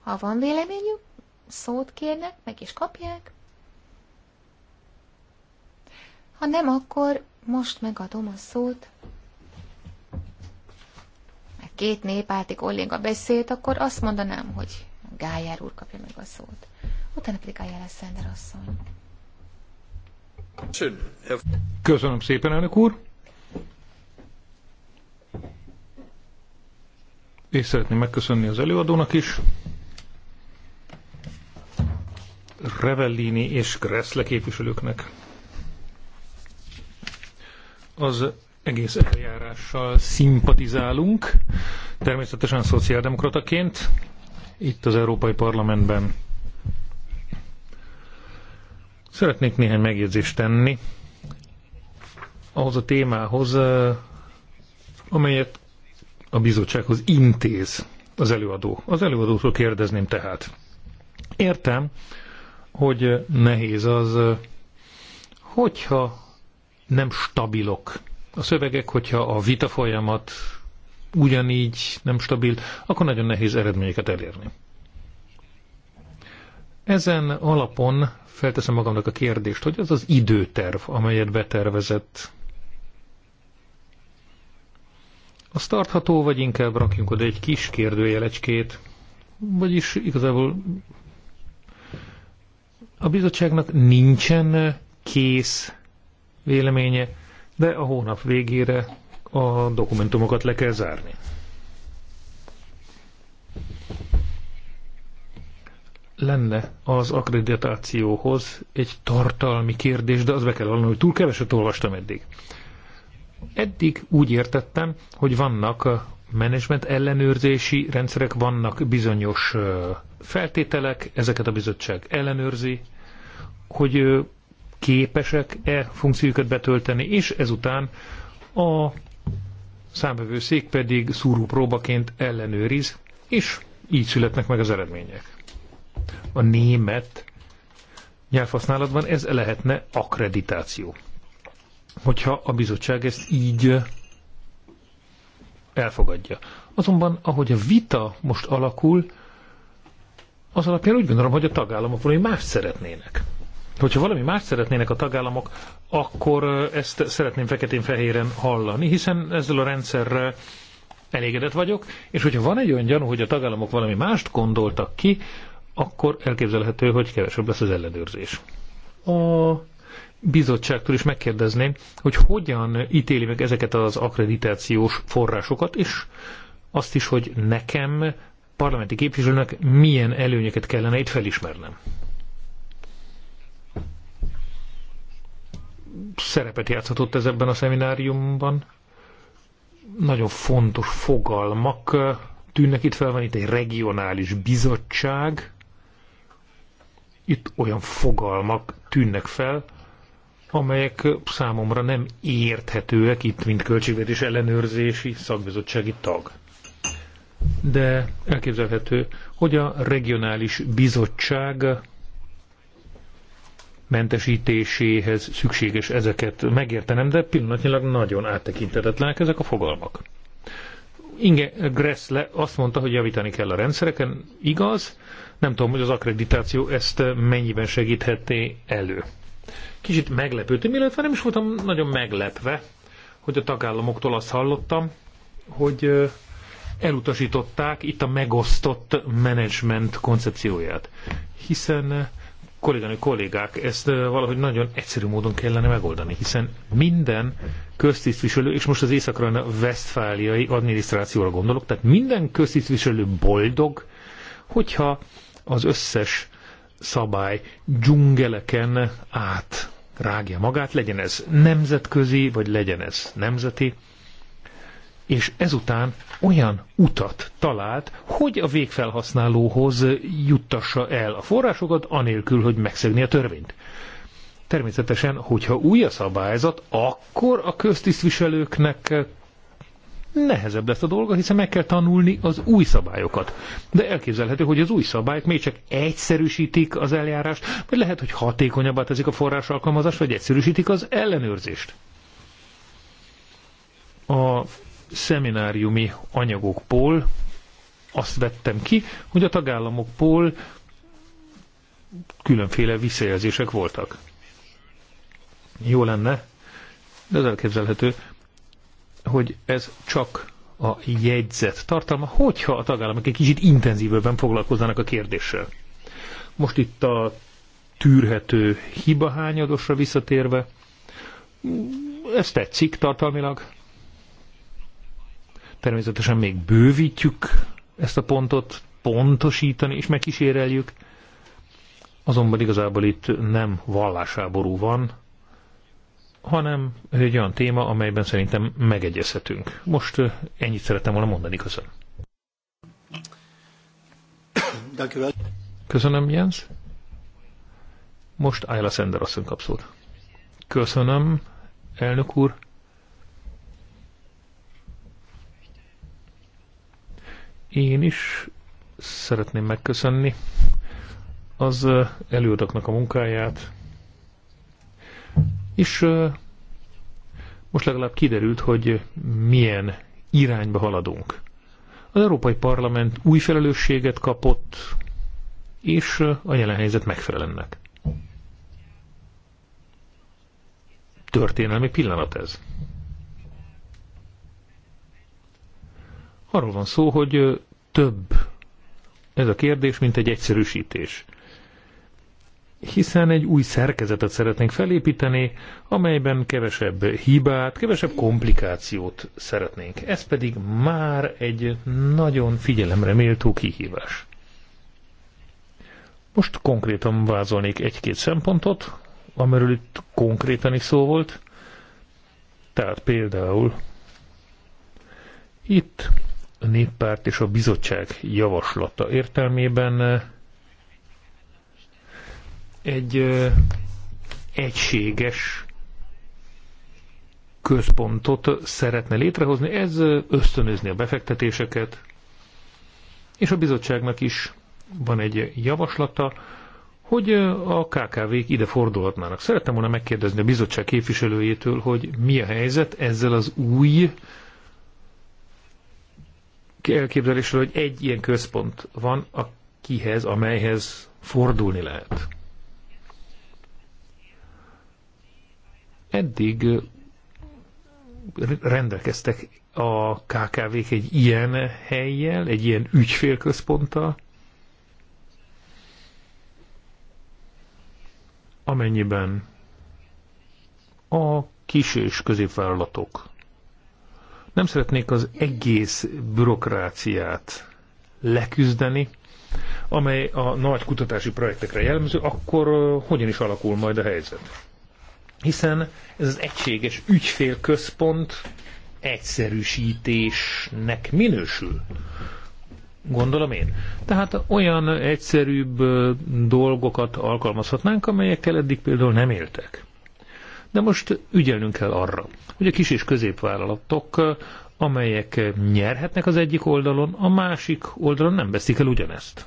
Ha van véleményük, szót kérnek, meg is kapják. Ha nem, akkor most megadom a szót. Mert két népáti kolléga beszélt, akkor azt mondanám, hogy Gájár úr kapja meg a szót utána pedig Szender asszony. Köszönöm szépen, elnök úr! És szeretném megköszönni az előadónak is. Revellini és Kressle képviselőknek. Az egész eljárással szimpatizálunk, természetesen szociáldemokrataként, itt az Európai Parlamentben. Szeretnék néhány megjegyzést tenni ahhoz a témához, amelyet a bizottsághoz intéz az előadó. Az előadótól kérdezném tehát. Értem, hogy nehéz az, hogyha nem stabilok a szövegek, hogyha a vita folyamat ugyanígy nem stabil, akkor nagyon nehéz eredményeket elérni. Ezen alapon felteszem magamnak a kérdést, hogy az az időterv, amelyet betervezett, az tartható, vagy inkább rakjunk oda egy kis kérdőjelecskét, vagyis igazából a bizottságnak nincsen kész véleménye, de a hónap végére a dokumentumokat le kell zárni. lenne az akkreditációhoz egy tartalmi kérdés, de az be kell vallanom, hogy túl keveset olvastam eddig. Eddig úgy értettem, hogy vannak menedzsment ellenőrzési rendszerek, vannak bizonyos feltételek, ezeket a bizottság ellenőrzi, hogy képesek-e funkciókat betölteni, és ezután a számbevőszék pedig próbaként ellenőriz, és így születnek meg az eredmények a német nyelvhasználatban ez lehetne akkreditáció. Hogyha a bizottság ezt így elfogadja. Azonban, ahogy a vita most alakul, az alapján úgy gondolom, hogy a tagállamok valami más szeretnének. Hogyha valami más szeretnének a tagállamok, akkor ezt szeretném feketén-fehéren hallani, hiszen ezzel a rendszerrel elégedett vagyok, és hogyha van egy olyan gyanú, hogy a tagállamok valami mást gondoltak ki, akkor elképzelhető, hogy kevesebb lesz az ellenőrzés. A bizottságtól is megkérdezném, hogy hogyan ítéli meg ezeket az akkreditációs forrásokat, és azt is, hogy nekem, parlamenti képviselőnek milyen előnyeket kellene itt felismernem. Szerepet játszhatott ez ebben a szemináriumban. Nagyon fontos fogalmak tűnnek itt fel, van itt egy regionális bizottság, itt olyan fogalmak tűnnek fel, amelyek számomra nem érthetőek itt, mint költségvetés ellenőrzési szakbizottsági tag. De elképzelhető, hogy a regionális bizottság mentesítéséhez szükséges ezeket megértenem, de pillanatnyilag nagyon áttekintetetlenek ezek a fogalmak. Inge Gressle azt mondta, hogy javítani kell a rendszereken. Igaz? Nem tudom, hogy az akkreditáció ezt mennyiben segítheti elő. Kicsit meglepődtem, illetve nem is voltam nagyon meglepve, hogy a tagállamoktól azt hallottam, hogy elutasították itt a megosztott menedzsment koncepcióját. Hiszen kolléganő kollégák, ezt valahogy nagyon egyszerű módon kellene megoldani, hiszen minden köztisztviselő, és most az észak vesztfáliai adminisztrációra gondolok, tehát minden köztisztviselő boldog, hogyha az összes szabály dzsungeleken át rágja magát, legyen ez nemzetközi, vagy legyen ez nemzeti, és ezután olyan utat talált, hogy a végfelhasználóhoz juttassa el a forrásokat, anélkül, hogy megszegni a törvényt. Természetesen, hogyha új a szabályzat, akkor a köztisztviselőknek nehezebb lesz a dolga, hiszen meg kell tanulni az új szabályokat. De elképzelhető, hogy az új szabályok még csak egyszerűsítik az eljárást, vagy lehet, hogy hatékonyabbá teszik a forrás alkalmazást, vagy egyszerűsítik az ellenőrzést. A szemináriumi anyagokból azt vettem ki, hogy a tagállamokból különféle visszajelzések voltak. Jó lenne, de az elképzelhető, hogy ez csak a jegyzet tartalma, hogyha a tagállamok egy kicsit intenzívebben foglalkoznának a kérdéssel. Most itt a tűrhető hibahányadosra visszatérve, ez tetszik tartalmilag, Természetesen még bővítjük ezt a pontot, pontosítani és megkíséreljük. Azonban igazából itt nem vallásáború van, hanem ez egy olyan téma, amelyben szerintem megegyezhetünk. Most ennyit szerettem volna mondani, köszönöm. Köszönöm, Jens. Most Ayla Sender asszony kapszót. Köszönöm, elnök úr. Én is szeretném megköszönni az előadaknak a munkáját, és most legalább kiderült, hogy milyen irányba haladunk. Az Európai Parlament új felelősséget kapott, és a jelen helyzet megfelel ennek. Történelmi pillanat ez. Arról van szó, hogy több ez a kérdés, mint egy egyszerűsítés. Hiszen egy új szerkezetet szeretnénk felépíteni, amelyben kevesebb hibát, kevesebb komplikációt szeretnénk. Ez pedig már egy nagyon figyelemre méltó kihívás. Most konkrétan vázolnék egy-két szempontot, amiről itt konkrétan is szó volt. Tehát például itt a néppárt és a bizottság javaslata értelmében eh, egy eh, egységes központot szeretne létrehozni, ez eh, ösztönözni a befektetéseket, és a bizottságnak is van egy javaslata, hogy a KKV-k ide fordulhatnának. Szerettem volna megkérdezni a bizottság képviselőjétől, hogy mi a helyzet ezzel az új elképzelésről, hogy egy ilyen központ van, akihez, amelyhez fordulni lehet. Eddig rendelkeztek a KKV-k egy ilyen helyjel, egy ilyen ügyfélközponttal, amennyiben a kis és középvállalatok nem szeretnék az egész bürokráciát leküzdeni, amely a nagy kutatási projektekre jellemző, akkor hogyan is alakul majd a helyzet? Hiszen ez az egységes ügyfélközpont egyszerűsítésnek minősül. Gondolom én. Tehát olyan egyszerűbb dolgokat alkalmazhatnánk, amelyekkel eddig például nem éltek de most ügyelnünk kell arra, hogy a kis és középvállalatok, amelyek nyerhetnek az egyik oldalon, a másik oldalon nem veszik el ugyanezt.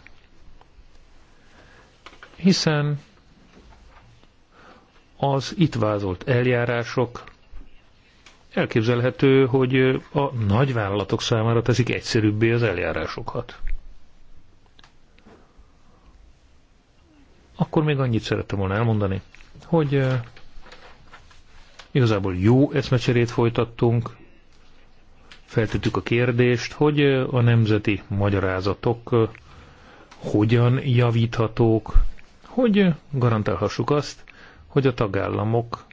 Hiszen az itt vázolt eljárások elképzelhető, hogy a nagyvállalatok számára teszik egyszerűbbé az eljárásokat. Akkor még annyit szerettem volna elmondani, hogy Igazából jó eszmecserét folytattunk, feltettük a kérdést, hogy a nemzeti magyarázatok hogyan javíthatók, hogy garantálhassuk azt, hogy a tagállamok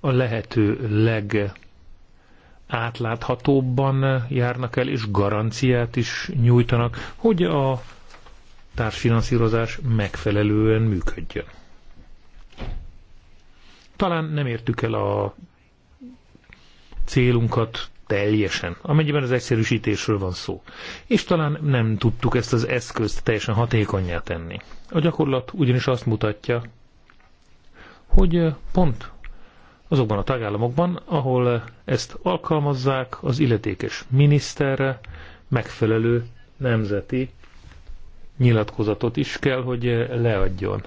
a lehető legátláthatóbban járnak el, és garanciát is nyújtanak, hogy a társfinanszírozás megfelelően működjön. Talán nem értük el a célunkat teljesen, amennyiben az egyszerűsítésről van szó. És talán nem tudtuk ezt az eszközt teljesen hatékonyá tenni. A gyakorlat ugyanis azt mutatja, hogy pont azokban a tagállamokban, ahol ezt alkalmazzák, az illetékes miniszterre megfelelő nemzeti nyilatkozatot is kell, hogy leadjon.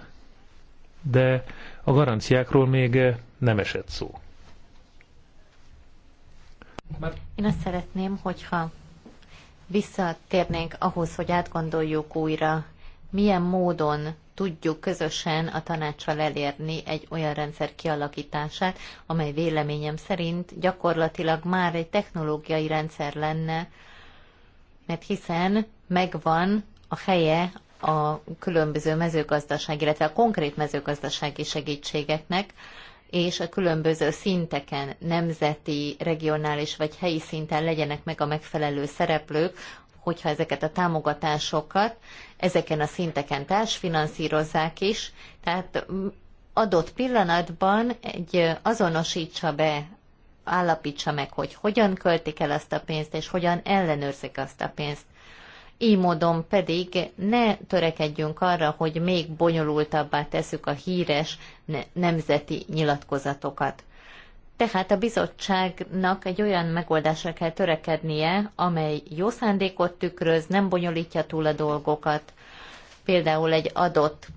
De a garanciákról még eh, nem esett szó. Már... Én azt szeretném, hogyha visszatérnénk ahhoz, hogy átgondoljuk újra, milyen módon tudjuk közösen a tanácssal elérni egy olyan rendszer kialakítását, amely véleményem szerint gyakorlatilag már egy technológiai rendszer lenne, mert hiszen megvan a helye a különböző mezőgazdaság, illetve a konkrét mezőgazdasági segítségeknek, és a különböző szinteken, nemzeti, regionális vagy helyi szinten legyenek meg a megfelelő szereplők, hogyha ezeket a támogatásokat ezeken a szinteken társfinanszírozzák is, tehát adott pillanatban egy azonosítsa be, állapítsa meg, hogy hogyan költik el azt a pénzt, és hogyan ellenőrzik azt a pénzt így módon pedig ne törekedjünk arra, hogy még bonyolultabbá tesszük a híres nemzeti nyilatkozatokat. Tehát a bizottságnak egy olyan megoldásra kell törekednie, amely jó szándékot tükröz, nem bonyolítja túl a dolgokat. Például egy adott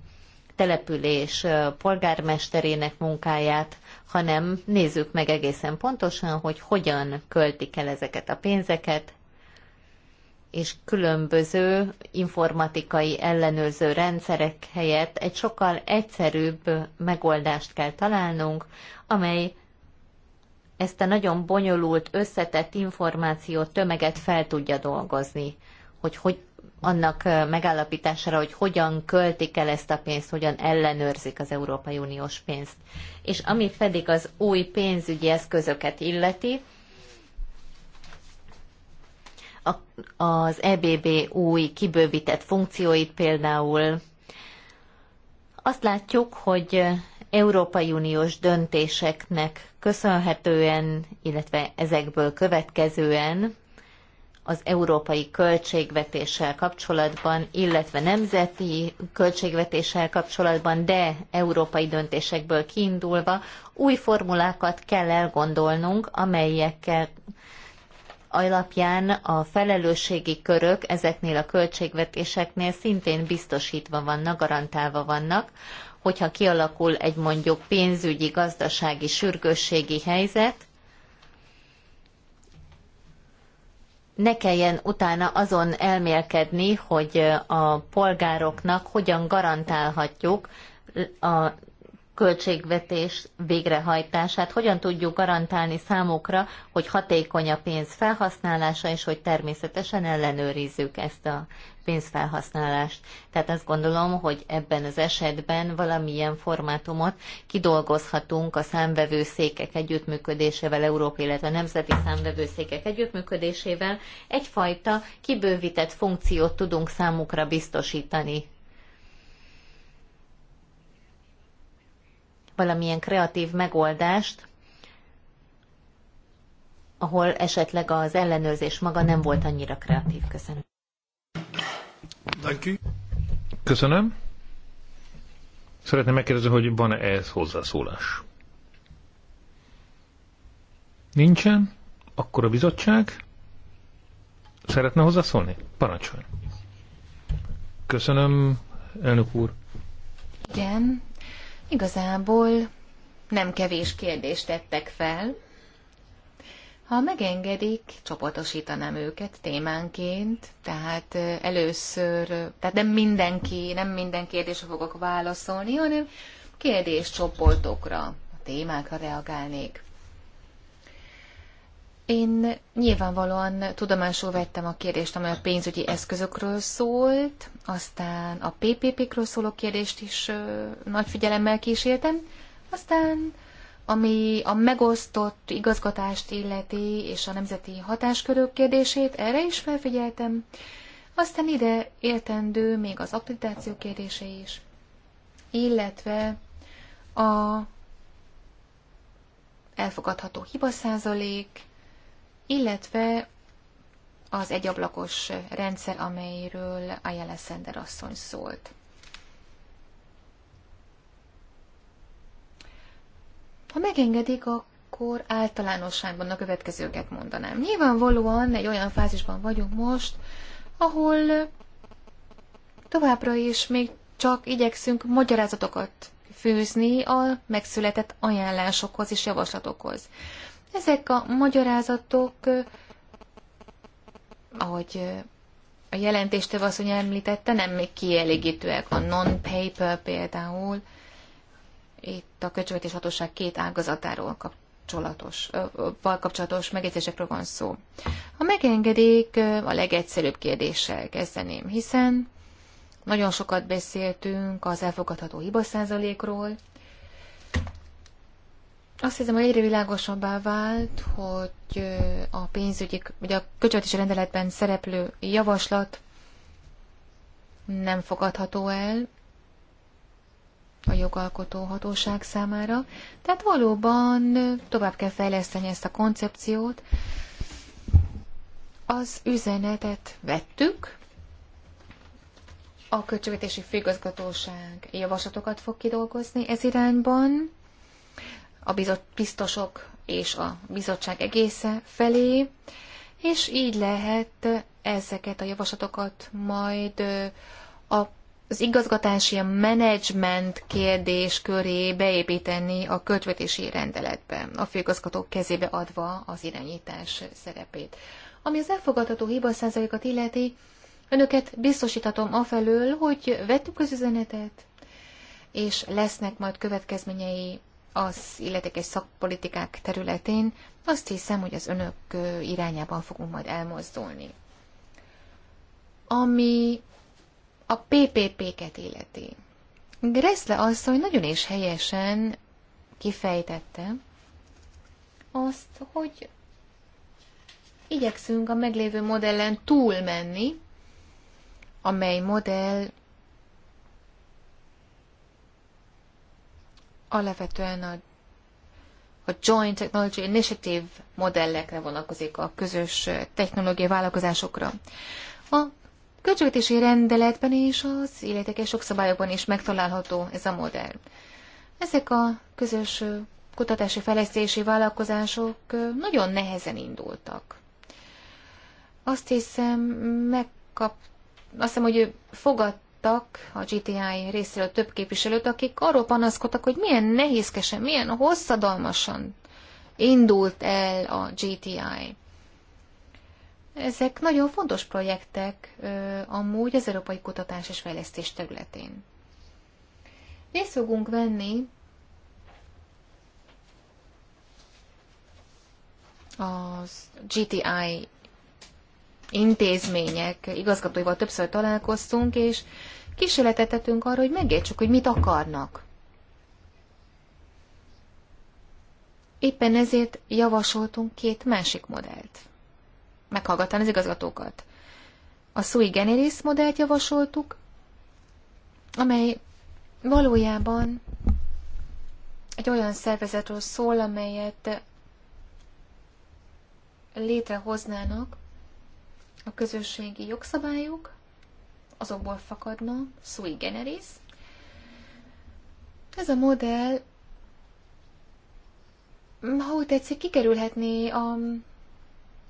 település polgármesterének munkáját, hanem nézzük meg egészen pontosan, hogy hogyan költik el ezeket a pénzeket, és különböző informatikai ellenőrző rendszerek helyett egy sokkal egyszerűbb megoldást kell találnunk, amely ezt a nagyon bonyolult, összetett információ tömeget fel tudja dolgozni, hogy, hogy annak megállapítására, hogy hogyan költik el ezt a pénzt, hogyan ellenőrzik az Európai Uniós pénzt. És ami pedig az új pénzügyi eszközöket illeti, az EBB új kibővített funkcióit például. Azt látjuk, hogy Európai Uniós döntéseknek köszönhetően, illetve ezekből következően az európai költségvetéssel kapcsolatban, illetve nemzeti költségvetéssel kapcsolatban, de európai döntésekből kiindulva új formulákat kell elgondolnunk, amelyekkel alapján a felelősségi körök ezeknél a költségvetéseknél szintén biztosítva vannak, garantálva vannak, hogyha kialakul egy mondjuk pénzügyi, gazdasági, sürgősségi helyzet, ne kelljen utána azon elmélkedni, hogy a polgároknak hogyan garantálhatjuk a költségvetés végrehajtását, hogyan tudjuk garantálni számukra, hogy hatékony a pénz felhasználása, és hogy természetesen ellenőrizzük ezt a pénzfelhasználást. Tehát azt gondolom, hogy ebben az esetben valamilyen formátumot kidolgozhatunk a számvevőszékek együttműködésével, Európa, illetve a nemzeti számvevőszékek együttműködésével, egyfajta kibővített funkciót tudunk számukra biztosítani valamilyen kreatív megoldást, ahol esetleg az ellenőrzés maga nem volt annyira kreatív. Köszönöm. Köszönöm. Szeretném megkérdezni, hogy van-e ehhez hozzászólás? Nincsen? Akkor a bizottság szeretne hozzászólni? Parancsoljon. Köszönöm, elnök úr. Igen, Igazából nem kevés kérdést tettek fel. Ha megengedik, csoportosítanám őket témánként, tehát először, tehát nem mindenki, nem minden kérdésre fogok válaszolni, hanem kérdéscsoportokra, a témákra reagálnék. Én nyilvánvalóan tudomásul vettem a kérdést, amely a pénzügyi eszközökről szólt, aztán a PPP-kről szóló kérdést is nagy figyelemmel kísértem, aztán ami a megosztott igazgatást illeti és a nemzeti hatáskörök kérdését, erre is felfigyeltem. Aztán ide értendő még az akkreditáció kérdése is, illetve a elfogadható hibaszázalék, illetve az egyablakos rendszer, amelyről Ayala Szender asszony szólt. Ha megengedik, akkor általánosságban a következőket mondanám. Nyilvánvalóan egy olyan fázisban vagyunk most, ahol továbbra is még csak igyekszünk magyarázatokat fűzni a megszületett ajánlásokhoz és javaslatokhoz. Ezek a magyarázatok, ahogy a jelentéstől hogy említette, nem még kielégítőek. A non-paper például, itt a költségvetés hatóság két ágazatáról kapcsolatos, val kapcsolatos megjegyzésekről van szó. A megengedék a legegyszerűbb kérdéssel kezdeném, hiszen nagyon sokat beszéltünk az elfogadható hibaszázalékról, azt hiszem, hogy egyre világosabbá vált, hogy a pénzügyi, vagy a költségvetési rendeletben szereplő javaslat nem fogadható el a jogalkotó hatóság számára. Tehát valóban tovább kell fejleszteni ezt a koncepciót. Az üzenetet vettük, a költségvetési főigazgatóság javaslatokat fog kidolgozni ez irányban, a bizot, biztosok és a bizottság egésze felé, és így lehet ezeket a javaslatokat majd az igazgatási a menedzsment kérdés köré beépíteni a költvetési rendeletbe, a főigazgatók kezébe adva az irányítás szerepét. Ami az elfogadható hibaszázalékat illeti, önöket biztosítatom afelől, hogy vettük az üzenetet, és lesznek majd következményei az illetékes szakpolitikák területén, azt hiszem, hogy az önök irányában fogunk majd elmozdulni. Ami a PPP-ket illeti. azt hogy nagyon és helyesen kifejtette azt, hogy igyekszünk a meglévő modellen túlmenni, amely modell alapvetően a, a Joint Technology Initiative modellekre vonatkozik a közös technológiai vállalkozásokra. A költségvetési rendeletben és az illetékes jogszabályokban is megtalálható ez a modell. Ezek a közös kutatási fejlesztési vállalkozások nagyon nehezen indultak. Azt hiszem, megkap, azt hiszem, hogy fogad, láttak a GTI részéről több képviselőt, akik arról panaszkodtak, hogy milyen nehézkesen, milyen hosszadalmasan indult el a GTI. Ezek nagyon fontos projektek amúgy az európai kutatás és fejlesztés területén. Részt fogunk venni az GTI intézmények igazgatóival többször találkoztunk, és kísérletet tettünk arra, hogy megértsük, hogy mit akarnak. Éppen ezért javasoltunk két másik modellt. Meghallgattam az igazgatókat. A sui generis modellt javasoltuk, amely valójában egy olyan szervezetről szól, amelyet létrehoznának, a közösségi jogszabályok azokból fakadna sui generis. Ez a modell, ha úgy tetszik, kikerülhetné a,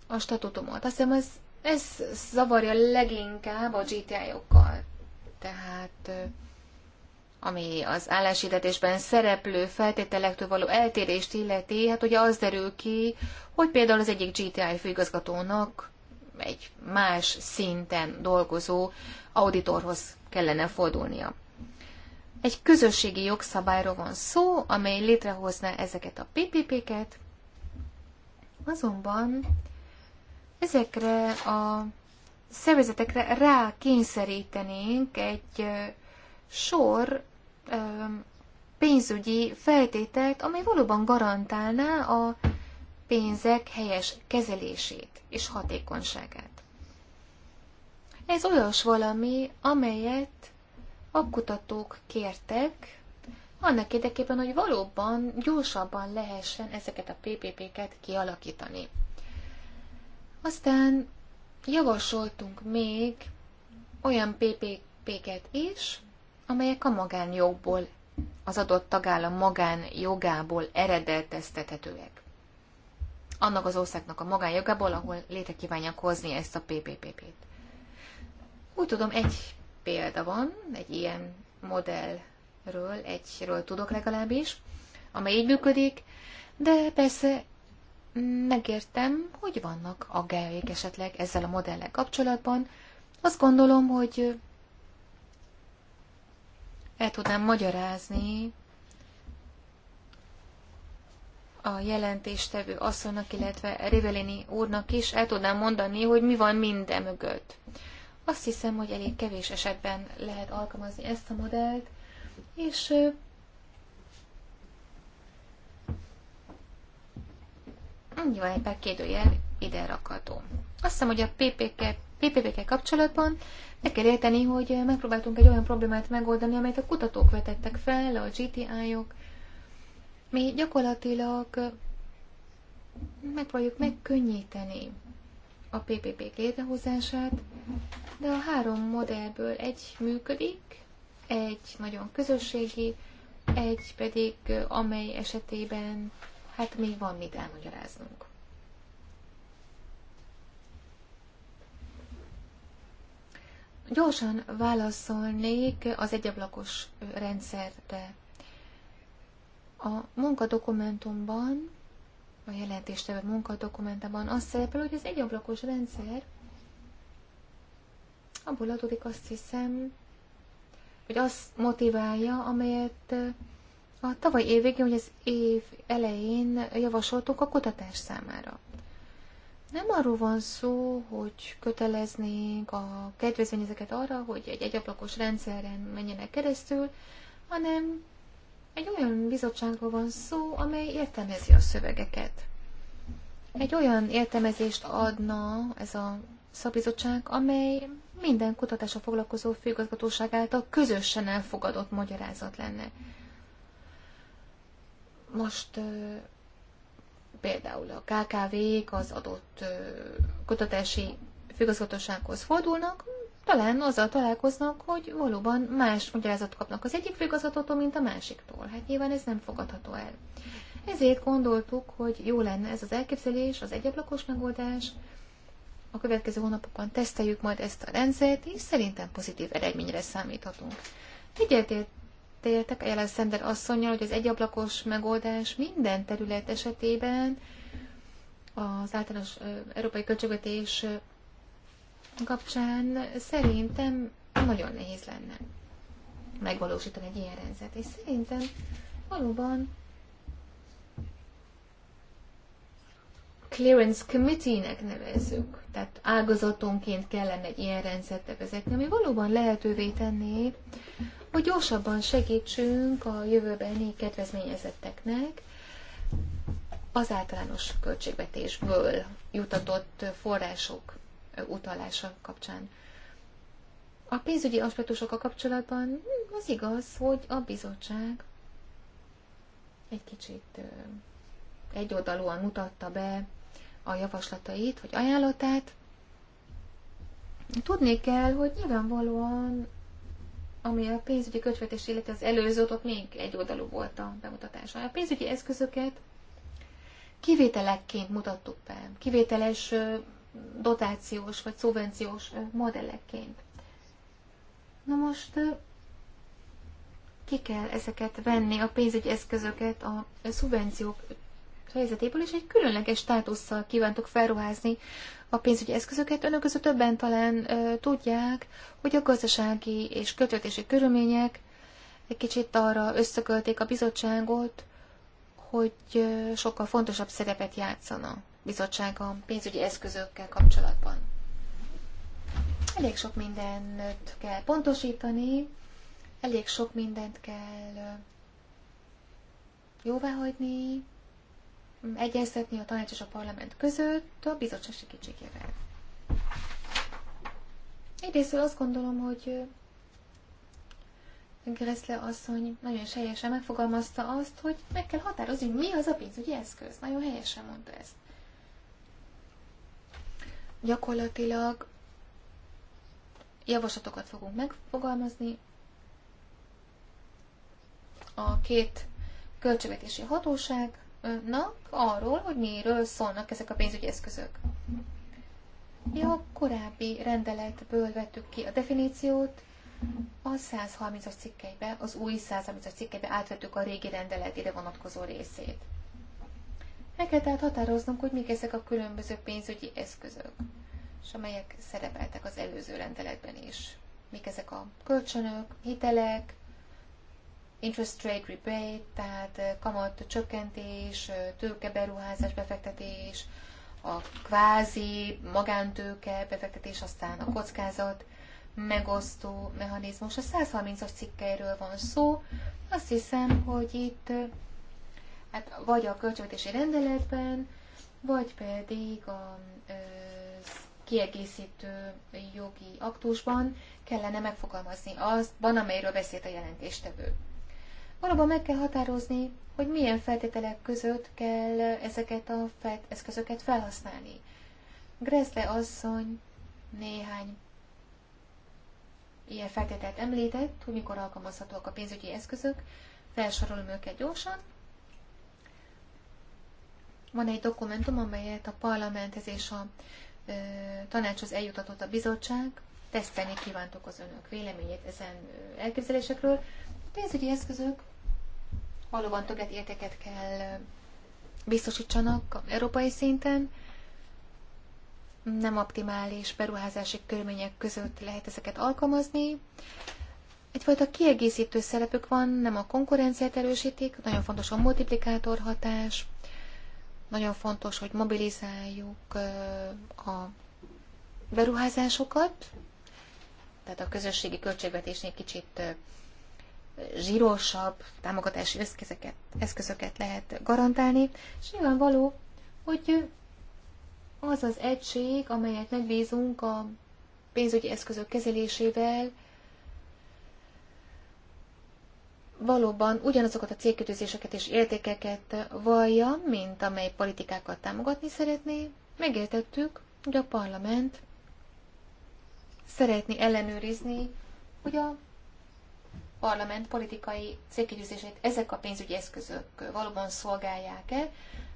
a statutumot. Azt hiszem, ez, ez zavarja leginkább a GTI-okkal. Tehát ami az álláshirdetésben szereplő feltételektől való eltérést illeti, hát ugye az derül ki, hogy például az egyik GTI főigazgatónak egy más szinten dolgozó auditorhoz kellene fordulnia. Egy közösségi jogszabályról van szó, amely létrehozná ezeket a PPP-ket, azonban ezekre a szervezetekre rá kényszerítenénk egy sor pénzügyi feltételt, amely valóban garantálná a pénzek helyes kezelését és hatékonyságát. Ez olyas valami, amelyet a kutatók kértek, annak érdekében, hogy valóban gyorsabban lehessen ezeket a PPP-ket kialakítani. Aztán javasoltunk még olyan PPP-ket is, amelyek a magánjogból, az adott tagállam magánjogából eredeltesztethetőek annak az országnak a magánjogából, ahol létre kívánják hozni ezt a PPPP-t. Úgy tudom, egy példa van, egy ilyen modellről, egyről tudok legalábbis, amely így működik, de persze megértem, hogy vannak aggályaik esetleg ezzel a modellel kapcsolatban. Azt gondolom, hogy el tudnám magyarázni a jelentéstevő asszonynak, illetve Rivelini úrnak is el tudnám mondani, hogy mi van minden mögött. Azt hiszem, hogy elég kevés esetben lehet alkalmazni ezt a modellt, és jó, egy kérdőjel ide rakható. Azt hiszem, hogy a PPK, PPP-kkel kapcsolatban meg kell érteni, hogy megpróbáltunk egy olyan problémát megoldani, amelyet a kutatók vetettek fel, a GTI-ok, -ok, mi gyakorlatilag megpróbáljuk megkönnyíteni a PPP létrehozását, de a három modellből egy működik, egy nagyon közösségi, egy pedig amely esetében hát még van mit elmagyaráznunk. Gyorsan válaszolnék az egyablakos rendszerre. A munkadokumentumban, a jelentéstevő munkadokumentumban az szerepel, hogy ez egy rendszer, abból adódik azt hiszem, hogy az motiválja, amelyet a tavaly év végén, hogy az év elején javasoltuk a kutatás számára. Nem arról van szó, hogy köteleznénk a kedvezményezeket arra, hogy egy egyablakos rendszeren menjenek keresztül, hanem egy olyan bizottságról van szó, amely értelmezi a szövegeket. Egy olyan értelmezést adna ez a szabizottság, amely minden kutatásra foglalkozó főigazgatóság által közösen elfogadott magyarázat lenne. Most például a KKV-k az adott kutatási főigazgatósághoz fordulnak, talán azzal találkoznak, hogy valóban más magyarázatot kapnak az egyik főigazgatótól, mint a másiktól. Hát nyilván ez nem fogadható el. Ezért gondoltuk, hogy jó lenne ez az elképzelés, az egyablakos megoldás. A következő hónapokban teszteljük majd ezt a rendszert, és szerintem pozitív eredményre számíthatunk. Egyetértek a Szender asszonynal, hogy az egyablakos megoldás minden terület esetében az általános európai költségvetés kapcsán szerintem nagyon nehéz lenne megvalósítani egy ilyen rendszert. És szerintem valóban Clearance Committee-nek nevezzük, tehát ágazatonként kellene egy ilyen rendszert bevezetni, ami valóban lehetővé tenné, hogy gyorsabban segítsünk a jövőbeni kedvezményezetteknek az általános költségvetésből jutatott források utalása kapcsán. A pénzügyi aspektusok a kapcsolatban az igaz, hogy a bizottság egy kicsit egyoldalúan mutatta be a javaslatait, vagy ajánlatát. Tudni kell, hogy nyilvánvalóan ami a pénzügyi kötvetés, illetve az előző ott még egy oldalú volt a bemutatása. A pénzügyi eszközöket kivételekként mutattuk be, kivételes dotációs vagy szubvenciós modellekként. Na most ki kell ezeket venni, a pénzügyi eszközöket a szubvenciók helyzetéből, és egy különleges státusszal kívántok felruházni a pénzügyi eszközöket. Önök között többen talán ö, tudják, hogy a gazdasági és költöltési körülmények egy kicsit arra összekölték a bizottságot, hogy ö, sokkal fontosabb szerepet játszana bizottsága pénzügyi eszközökkel kapcsolatban. Elég sok mindent kell pontosítani, elég sok mindent kell jóváhagyni, egyeztetni a tanács és a parlament között a bizottság segítségével. Egyrészt azt gondolom, hogy Greszle asszony nagyon helyesen megfogalmazta azt, hogy meg kell határozni, mi az a pénzügyi eszköz. Nagyon helyesen mondta ezt. Gyakorlatilag javaslatokat fogunk megfogalmazni. A két költségvetési hatóságnak arról, hogy miről szólnak ezek a pénzügyi eszközök. Mi a korábbi rendeletből vettük ki a definíciót, a 130-as cikkeibe, az új 130-as cikkeibe átvettük a régi rendelet ide vonatkozó részét. Meg kell tehát határoznunk, hogy mik ezek a különböző pénzügyi eszközök, és amelyek szerepeltek az előző rendeletben is. Mik ezek a kölcsönök, hitelek, interest rate rebate, tehát eh, kamat csökkentés, eh, tőkeberuházás, befektetés, a kvázi magántőke befektetés, aztán a kockázat megosztó mechanizmus. A 130-as cikkeiről van szó. Azt hiszem, hogy itt eh, hát vagy a költségvetési rendeletben, vagy pedig a ö, kiegészítő jogi aktusban kellene megfogalmazni van amelyről beszélt a jelentéstevő. Valóban meg kell határozni, hogy milyen feltételek között kell ezeket a felt- eszközöket felhasználni. Greszle asszony néhány ilyen feltételt említett, hogy mikor alkalmazhatóak a pénzügyi eszközök, felsorolom őket gyorsan. Van egy dokumentum, amelyet a parlamenthez és a ö, tanácshoz eljutatott a bizottság, tesztelni kívántuk az önök véleményét ezen elképzelésekről. A pénzügyi eszközök valóban többet értéket kell biztosítsanak európai szinten. Nem optimális beruházási körülmények között lehet ezeket alkalmazni. Egyfajta kiegészítő szerepük van, nem a konkurenciát erősítik, nagyon fontos a multiplikátor hatás, nagyon fontos, hogy mobilizáljuk a beruházásokat, tehát a közösségi költségvetésnél kicsit zsírosabb támogatási eszközöket, eszközöket lehet garantálni, és nyilvánvaló, hogy az az egység, amelyet megbízunk a pénzügyi eszközök kezelésével, valóban ugyanazokat a célkötőzéseket és értékeket vallja, mint amely politikákat támogatni szeretné, megértettük, hogy a parlament szeretné ellenőrizni, hogy a parlament politikai célkitűzését ezek a pénzügyi eszközök valóban szolgálják-e.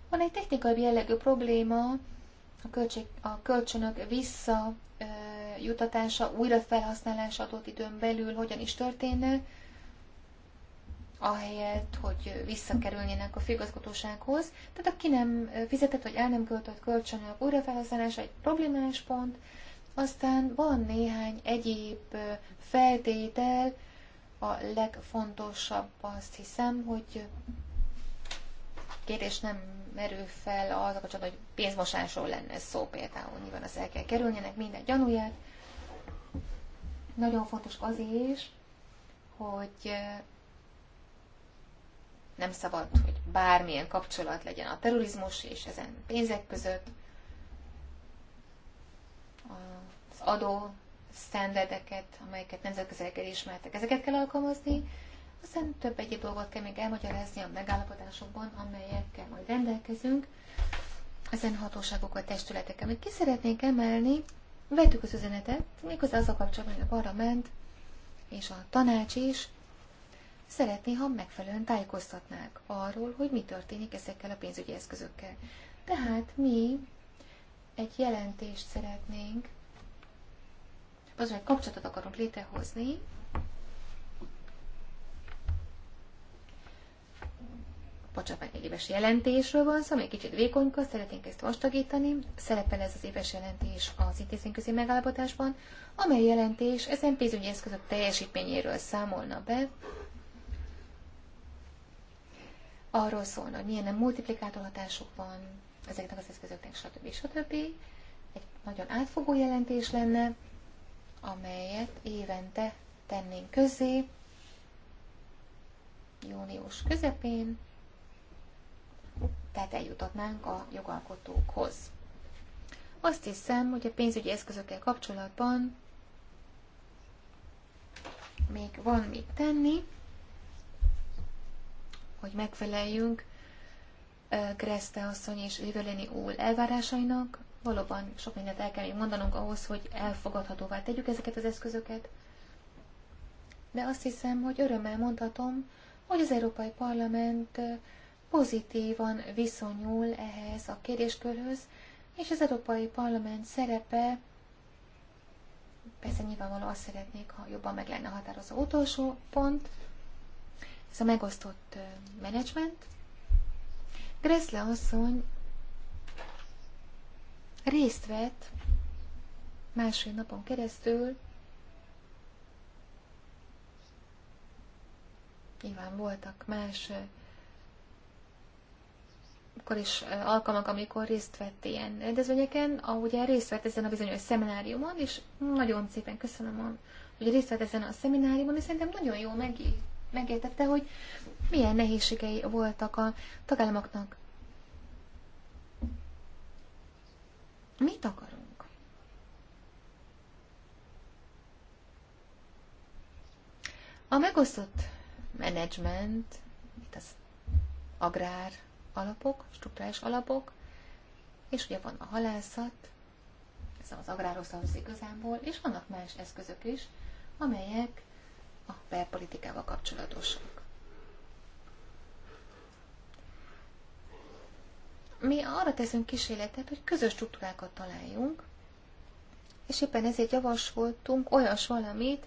Van egy technikai jellegű probléma, a, költség, a kölcsönök visszajutatása, újrafelhasználása adott időn belül hogyan is történne, ahelyett, hogy visszakerülnének a főigazgatósághoz. Tehát aki nem fizetett vagy el nem költött kölcsönök újrafelhasználása egy problémás pont, aztán van néhány egyéb feltétel, a legfontosabb azt hiszem, hogy kérdés nem merül fel az a kapcsolatban, hogy pénzmosásról lenne szó például, nyilván az el kell kerüljenek minden gyanúját. Nagyon fontos az is, hogy nem szabad, hogy bármilyen kapcsolat legyen a terrorizmus és ezen pénzek között. Az adó standardeket, amelyeket nemzetközileg elismertek, ezeket kell alkalmazni. Aztán több egyéb dolgot kell még elmagyarázni a megállapodásokban, amelyekkel majd rendelkezünk. Ezen hatóságokat, testületek, amit ki szeretnénk emelni, vettük az üzenetet, méghozzá az a kapcsolatban, hogy a parlament és a tanács is szeretné, ha megfelelően tájékoztatnák arról, hogy mi történik ezekkel a pénzügyi eszközökkel. Tehát mi egy jelentést szeretnénk, az egy kapcsolatot akarunk létrehozni, bocsánat, egy éves jelentésről van szó, még egy kicsit vékonyka, szeretnénk ezt vastagítani. Szerepel ez az éves jelentés az intézményközi megállapodásban, amely jelentés ezen pénzügyi eszközök teljesítményéről számolna be, arról szólna, hogy milyen multiplikátor hatásuk van ezeknek az eszközöknek, stb. stb. Egy nagyon átfogó jelentés lenne, amelyet évente tennénk közé, június közepén, tehát eljutatnánk a jogalkotókhoz. Azt hiszem, hogy a pénzügyi eszközökkel kapcsolatban még van mit tenni, hogy megfeleljünk Kreszte asszony és Rivelini úr elvárásainak. Valóban sok mindent el kell még mondanunk ahhoz, hogy elfogadhatóvá tegyük ezeket az eszközöket. De azt hiszem, hogy örömmel mondhatom, hogy az Európai Parlament pozitívan viszonyul ehhez a kérdéskörhöz, és az Európai Parlament szerepe, persze nyilvánvalóan azt szeretnék, ha jobban meg lenne határozó utolsó pont, ez a megosztott menedzsment. Gressle asszony részt vett másfél napon keresztül, nyilván voltak más akkor is alkalmak, amikor részt vett ilyen rendezvényeken, ahogy részt vett ezen a bizonyos szemináriumon, és nagyon szépen köszönöm, hogy részt vett ezen a szemináriumon, és szerintem nagyon jól megírt megértette, hogy milyen nehézségei voltak a tagállamoknak. Mit akarunk? A megosztott menedzsment, itt az agrár alapok, struktúrás alapok, és ugye van a halászat, ez az agrárhoz igazából, és vannak más eszközök is, amelyek a belpolitikával kapcsolatosak. Mi arra teszünk kísérletet, hogy közös struktúrákat találjunk, és éppen ezért javasoltunk olyas valamit,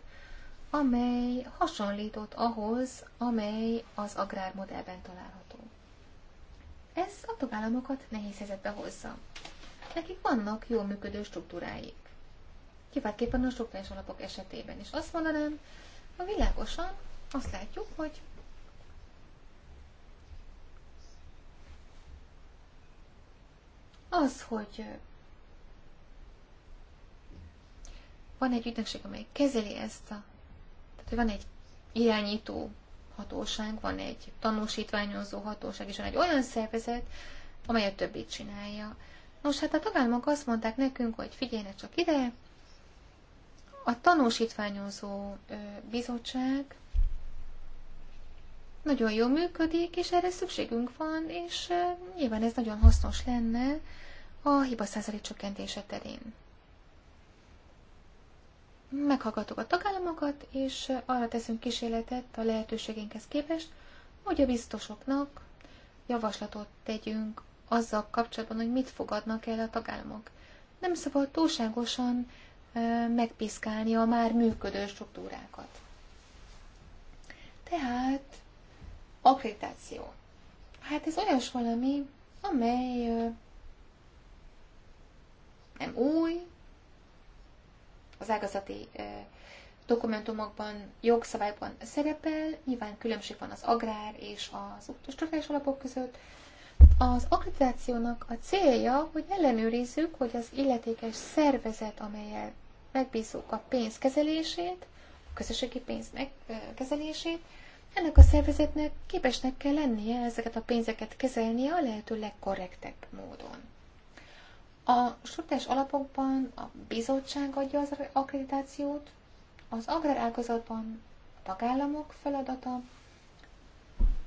amely hasonlított ahhoz, amely az agrármodellben található. Ez a tagállamokat nehéz helyzetbe hozza. Nekik vannak jól működő struktúráik. Kiváltképpen a struktúrás alapok esetében is. Azt mondanám, a világosan azt látjuk, hogy az, hogy van egy ügynökség, amely kezeli ezt a... Tehát, hogy van egy irányító hatóság, van egy tanúsítványozó hatóság, és van egy olyan szervezet, amely a többit csinálja. Nos, hát a tagállamok azt mondták nekünk, hogy figyeljenek csak ide, a tanúsítványozó bizottság nagyon jól működik, és erre szükségünk van, és nyilván ez nagyon hasznos lenne a hiba százalék csökkentése terén. Meghallgatok a tagállamokat, és arra teszünk kísérletet a lehetőségénkhez képest, hogy a biztosoknak javaslatot tegyünk azzal kapcsolatban, hogy mit fogadnak el a tagállamok. Nem szabad túlságosan megpiszkálni a már működő struktúrákat. Tehát akkreditáció. Hát ez olyas valami, amely nem új, az ágazati dokumentumokban, jogszabályban szerepel, nyilván különbség van az agrár és az struktúrás alapok között. Az akkreditációnak a célja, hogy ellenőrizzük, hogy az illetékes szervezet, amelyet megbízunk a pénz kezelését, a közösségi pénz megkezelését, ennek a szervezetnek képesnek kell lennie ezeket a pénzeket kezelnie a lehető legkorrektebb módon. A struktúrás alapokban a bizottság adja az akkreditációt, az agrárágazatban a tagállamok feladata,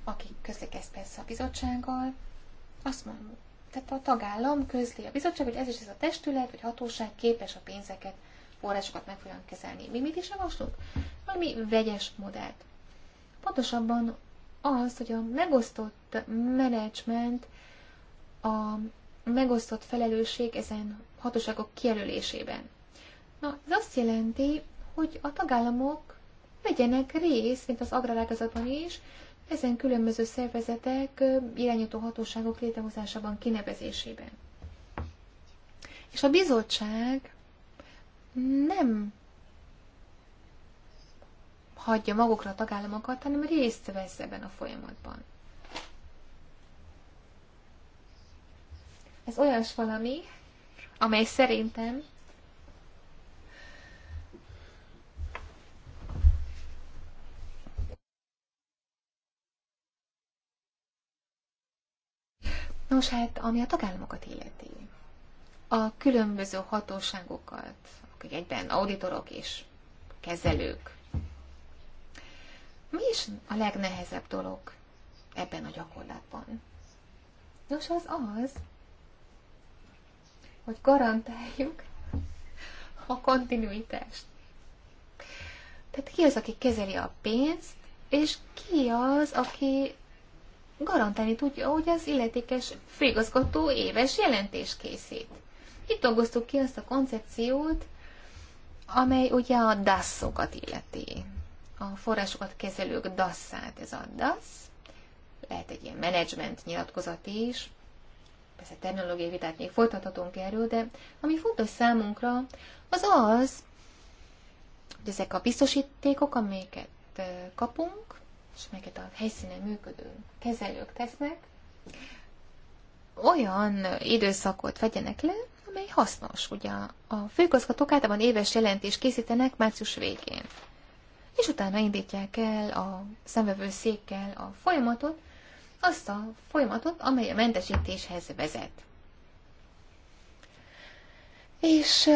akik közlik ezt persze a bizottsággal, azt mondom, tehát a tagállam közli a bizottság, hogy ez is ez a testület vagy hatóság képes a pénzeket forrásokat megfelelően kezelni. Mi mit is javaslunk? Valami vegyes modellt. Pontosabban az, hogy a megosztott menedzsment, a megosztott felelősség ezen hatóságok kijelölésében. Na, ez azt jelenti, hogy a tagállamok vegyenek részt, mint az agrárágazatban is, ezen különböző szervezetek irányító hatóságok létrehozásában, kinevezésében. És a bizottság nem hagyja magukra a tagállamokat, hanem részt vesz ebben a folyamatban. Ez olyas valami, amely szerintem Nos hát, ami a tagállamokat illeti, a különböző hatóságokat, hogy egyben auditorok és kezelők. Mi is a legnehezebb dolog ebben a gyakorlatban? Nos, az az, hogy garantáljuk a kontinuitást. Tehát ki az, aki kezeli a pénzt, és ki az, aki garantálni tudja, hogy az illetékes főigazgató éves jelentés készít. Itt dolgoztuk ki azt a koncepciót, amely ugye a dasszokat illeti. A forrásokat kezelők dasszát, ez a dasz. Lehet egy ilyen menedzsment nyilatkozat is. Persze terminológiai vitát még folytathatunk erről, de ami fontos számunkra, az az, hogy ezek a biztosítékok, amiket kapunk, és amelyeket a helyszínen működő kezelők tesznek, olyan időszakot vegyenek le, amely hasznos. Ugye a főkozgatók általában éves jelentést készítenek március végén, és utána indítják el a székkel a folyamatot, azt a folyamatot, amely a mentesítéshez vezet. És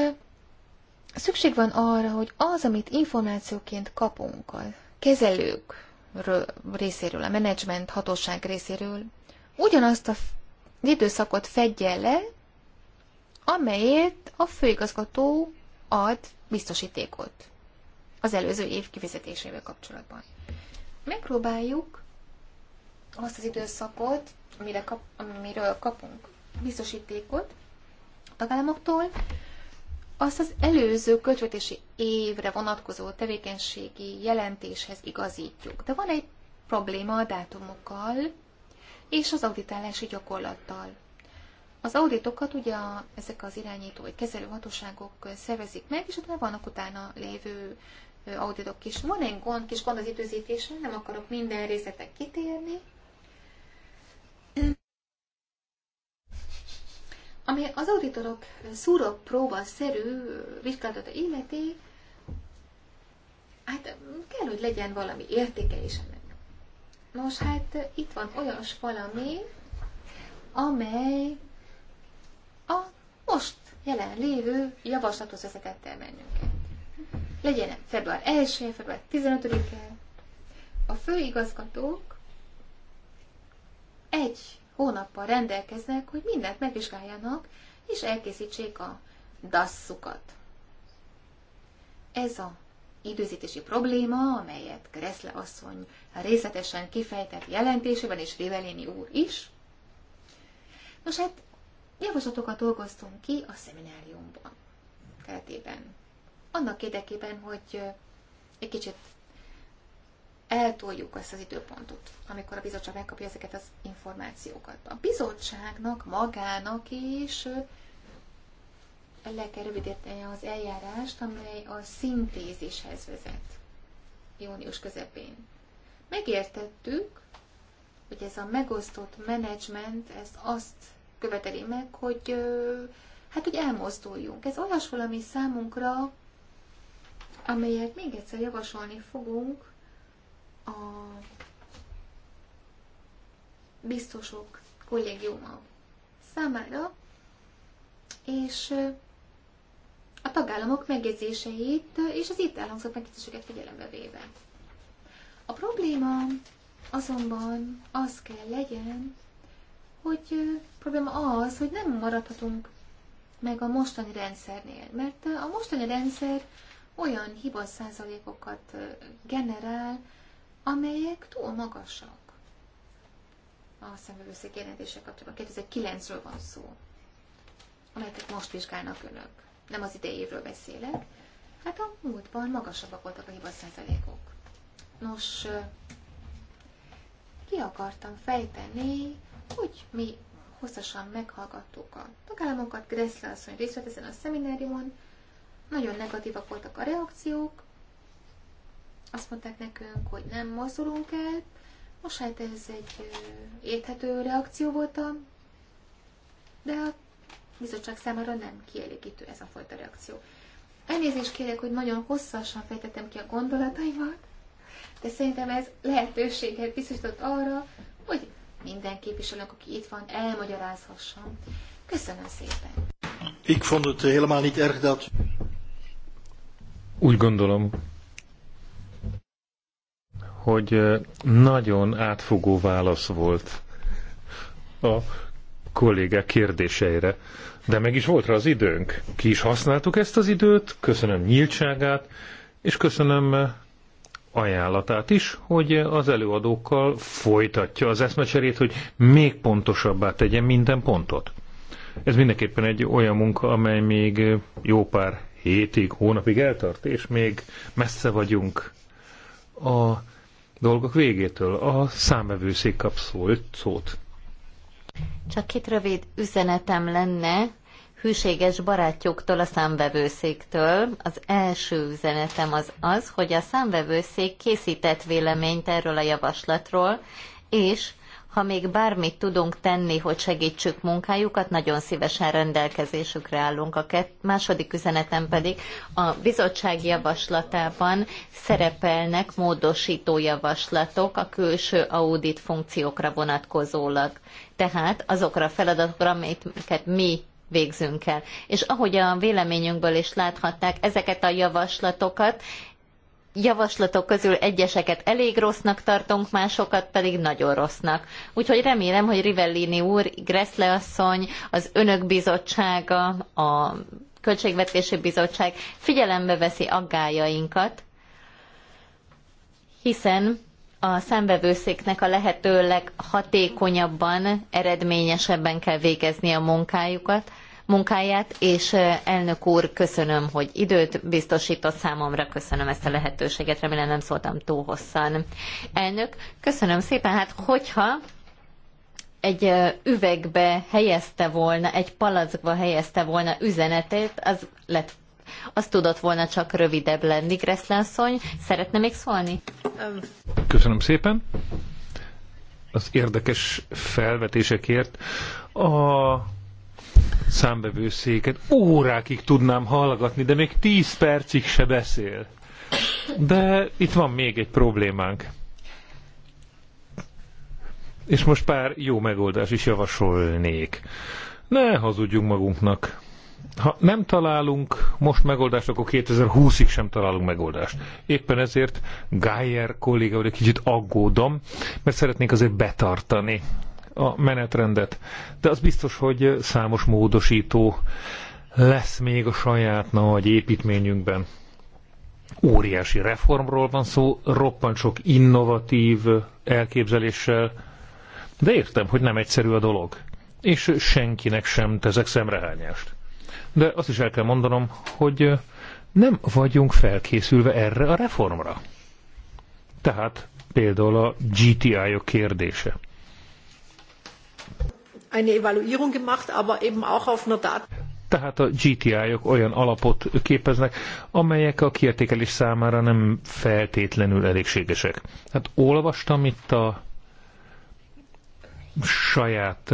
szükség van arra, hogy az, amit információként kapunk a kezelők részéről, a menedzsment hatóság részéről, ugyanazt a időszakot fedje le, amelyet a főigazgató ad biztosítékot az előző év kifizetésével kapcsolatban. Megpróbáljuk azt az időszakot, amire kap, amiről kapunk biztosítékot a tagállamoktól, azt az előző költségvetési évre vonatkozó tevékenységi jelentéshez igazítjuk. De van egy probléma a dátumokkal és az auditálási gyakorlattal. Az auditokat ugye a, ezek az irányító vagy kezelő hatóságok szervezik meg, és utána vannak utána lévő auditok is. Van egy gond, kis gond az időzítésre, nem akarok minden részletek kitérni. Ami az auditorok szúró próba szerű vizsgálatot illeti, hát mm, kell, hogy legyen valami értéke is ennek. Nos, hát itt van olyas valami, amely a most jelen lévő javaslathoz ezeket termeljünk el. Legyen február 1 február 15-e. A főigazgatók egy hónappal rendelkeznek, hogy mindent megvizsgáljanak, és elkészítsék a dasszukat. Ez a időzítési probléma, amelyet Kreszle asszony részletesen kifejtett jelentésében, és Rivelini úr is. Nos hát javaslatokat dolgoztunk ki a szemináriumban keretében. Annak érdekében, hogy egy kicsit eltoljuk ezt az időpontot, amikor a bizottság megkapja ezeket az információkat. A bizottságnak, magának is le kell rövidíteni az eljárást, amely a szintézishez vezet június közepén. Megértettük, hogy ez a megosztott menedzsment, ez azt követeli meg, hogy hát, hogy elmozduljunk. Ez olyas valami számunkra, amelyet még egyszer javasolni fogunk a biztosok kollégiuma számára, és a tagállamok megjegyzéseit és az itt elhangzott megjegyzéseket figyelembe véve. A probléma azonban az kell legyen, hogy probléma az, hogy nem maradhatunk meg a mostani rendszernél, mert a mostani rendszer olyan százalékokat generál, amelyek túl magasak. A szemvevőszék jelentése kapcsolatban 2009-ről van szó, amelyeket most vizsgálnak önök. Nem az idei évről beszélek. Hát a múltban magasabbak voltak a százalékok. Nos, ki akartam fejteni hogy mi hosszasan meghallgattuk a tagállamokat, Gressler asszony részt vett ezen a szemináriumon, nagyon negatívak voltak a reakciók, azt mondták nekünk, hogy nem mozdulunk el, most hát ez egy érthető reakció volt, de a bizottság számára nem kielégítő ez a fajta reakció. Elnézést kérek, hogy nagyon hosszasan fejtettem ki a gondolataimat, de szerintem ez lehetőséget biztosított arra, hogy minden képviselőnek, aki itt van, elmagyarázhassam. Köszönöm szépen. Ik vond het helemaal niet erg dat... Úgy gondolom, hogy eh, nagyon átfogó válasz volt a kollégák kérdéseire. De meg is volt rá az időnk. Ki is használtuk ezt az időt, köszönöm nyíltságát, és köszönöm eh, ajánlatát is, hogy az előadókkal folytatja az eszmecserét, hogy még pontosabbá tegyen minden pontot. Ez mindenképpen egy olyan munka, amely még jó pár hétig, hónapig eltart, és még messze vagyunk a dolgok végétől. A számvevőszék kap szót. Csak két rövid üzenetem lenne hűséges barátjuktól, a számvevőszéktől. Az első üzenetem az az, hogy a számvevőszék készített véleményt erről a javaslatról, és ha még bármit tudunk tenni, hogy segítsük munkájukat, nagyon szívesen rendelkezésükre állunk. A kett, második üzenetem pedig a bizottság javaslatában szerepelnek módosító javaslatok a külső audit funkciókra vonatkozólag. Tehát azokra a feladatokra, amiket mi végzünk el. És ahogy a véleményünkből is láthatták, ezeket a javaslatokat, javaslatok közül egyeseket elég rossznak tartunk, másokat pedig nagyon rossznak. Úgyhogy remélem, hogy Rivellini úr, Gressle asszony, az Önök Bizottsága, a Költségvetési Bizottság figyelembe veszi aggájainkat, hiszen a számvevőszéknek a lehetőleg hatékonyabban, eredményesebben kell végezni a munkájukat, munkáját, és elnök úr, köszönöm, hogy időt biztosított számomra, köszönöm ezt a lehetőséget, remélem nem szóltam túl hosszan. Elnök, köszönöm szépen, hát hogyha egy üvegbe helyezte volna, egy palackba helyezte volna üzenetét, az lett az tudott volna csak rövidebb lenni, Greszlenszony. Szeretne még szólni? Köszönöm szépen az érdekes felvetésekért. A számbevőszéket órákig tudnám hallgatni, de még tíz percig se beszél. De itt van még egy problémánk. És most pár jó megoldás is javasolnék. Ne hazudjunk magunknak ha nem találunk most megoldást, akkor 2020-ig sem találunk megoldást. Éppen ezért kolléga, vagy egy kicsit aggódom, mert szeretnénk azért betartani a menetrendet. De az biztos, hogy számos módosító lesz még a saját nagy építményünkben. Óriási reformról van szó, roppant sok innovatív elképzeléssel, de értem, hogy nem egyszerű a dolog. És senkinek sem tezek szemrehányást de azt is el kell mondanom, hogy nem vagyunk felkészülve erre a reformra. Tehát például a GTI-ok -ok kérdése. Eine Evaluierung gemacht, aber eben auch auf einer Daten. Tehát a GTI-ok -ok olyan alapot képeznek, amelyek a kiértékelés számára nem feltétlenül elégségesek. Hát olvastam itt a saját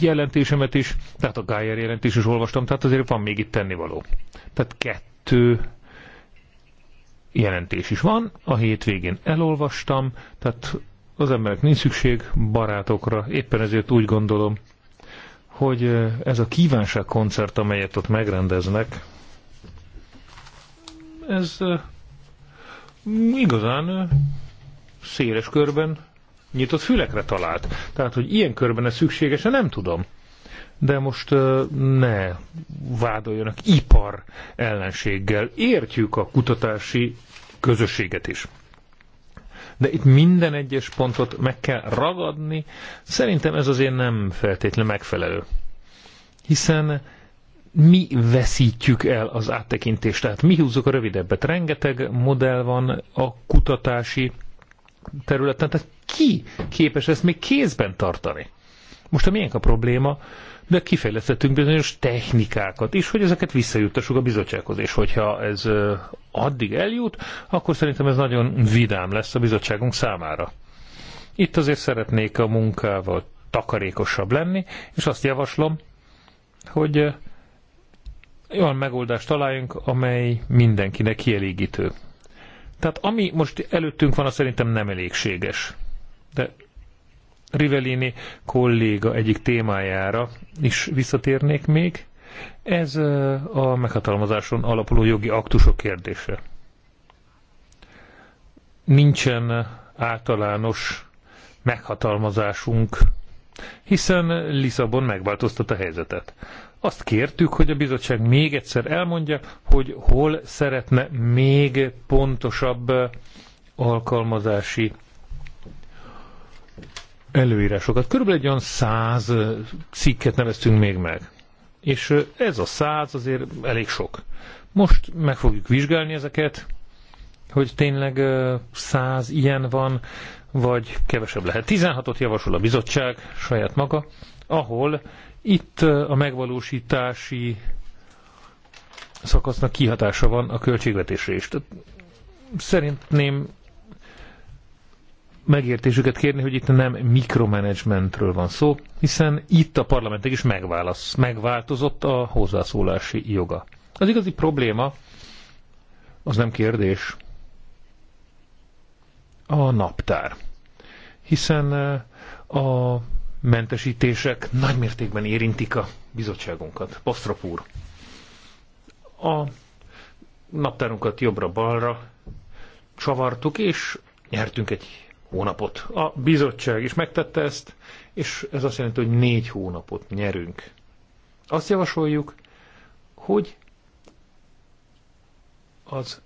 jelentésemet is, tehát a Geyer jelentés is olvastam, tehát azért van még itt tennivaló. Tehát kettő jelentés is van, a hétvégén elolvastam, tehát az emberek nincs szükség barátokra, éppen ezért úgy gondolom, hogy ez a kívánságkoncert, amelyet ott megrendeznek, ez igazán széles körben nyitott fülekre talált. Tehát, hogy ilyen körben ez szükséges, nem tudom. De most ne vádoljanak ipar ellenséggel. Értjük a kutatási közösséget is. De itt minden egyes pontot meg kell ragadni. Szerintem ez azért nem feltétlenül megfelelő. Hiszen mi veszítjük el az áttekintést, tehát mi húzzuk a rövidebbet. Rengeteg modell van a kutatási területen, tehát ki képes ezt még kézben tartani? Most a miénk a probléma, de kifejlesztettünk bizonyos technikákat is, hogy ezeket visszajuttassuk a bizottsághoz, és hogyha ez addig eljut, akkor szerintem ez nagyon vidám lesz a bizottságunk számára. Itt azért szeretnék a munkával takarékosabb lenni, és azt javaslom, hogy olyan megoldást találjunk, amely mindenkinek kielégítő. Tehát ami most előttünk van, az szerintem nem elégséges. De Rivellini kolléga egyik témájára is visszatérnék még. Ez a meghatalmazáson alapuló jogi aktusok kérdése. Nincsen általános meghatalmazásunk, hiszen Lisszabon megváltoztatta a helyzetet. Azt kértük, hogy a bizottság még egyszer elmondja, hogy hol szeretne még pontosabb alkalmazási előírásokat. Körülbelül egy olyan száz cikket neveztünk még meg. És ez a száz azért elég sok. Most meg fogjuk vizsgálni ezeket, hogy tényleg száz ilyen van, vagy kevesebb lehet. 16-ot javasol a bizottság saját maga, ahol itt a megvalósítási szakasznak kihatása van a költségvetésre is. Tehát szerintem megértésüket kérni, hogy itt nem mikromanagementről van szó, hiszen itt a parlamentek is megválasz, megváltozott a hozzászólási joga. Az igazi probléma az nem kérdés, a naptár. Hiszen eh, a mentesítések nagymértékben érintik a bizottságunkat. Basztrop úr. A naptárunkat jobbra-balra csavartuk, és nyertünk egy hónapot. A bizottság is megtette ezt, és ez azt jelenti, hogy négy hónapot nyerünk. Azt javasoljuk, hogy az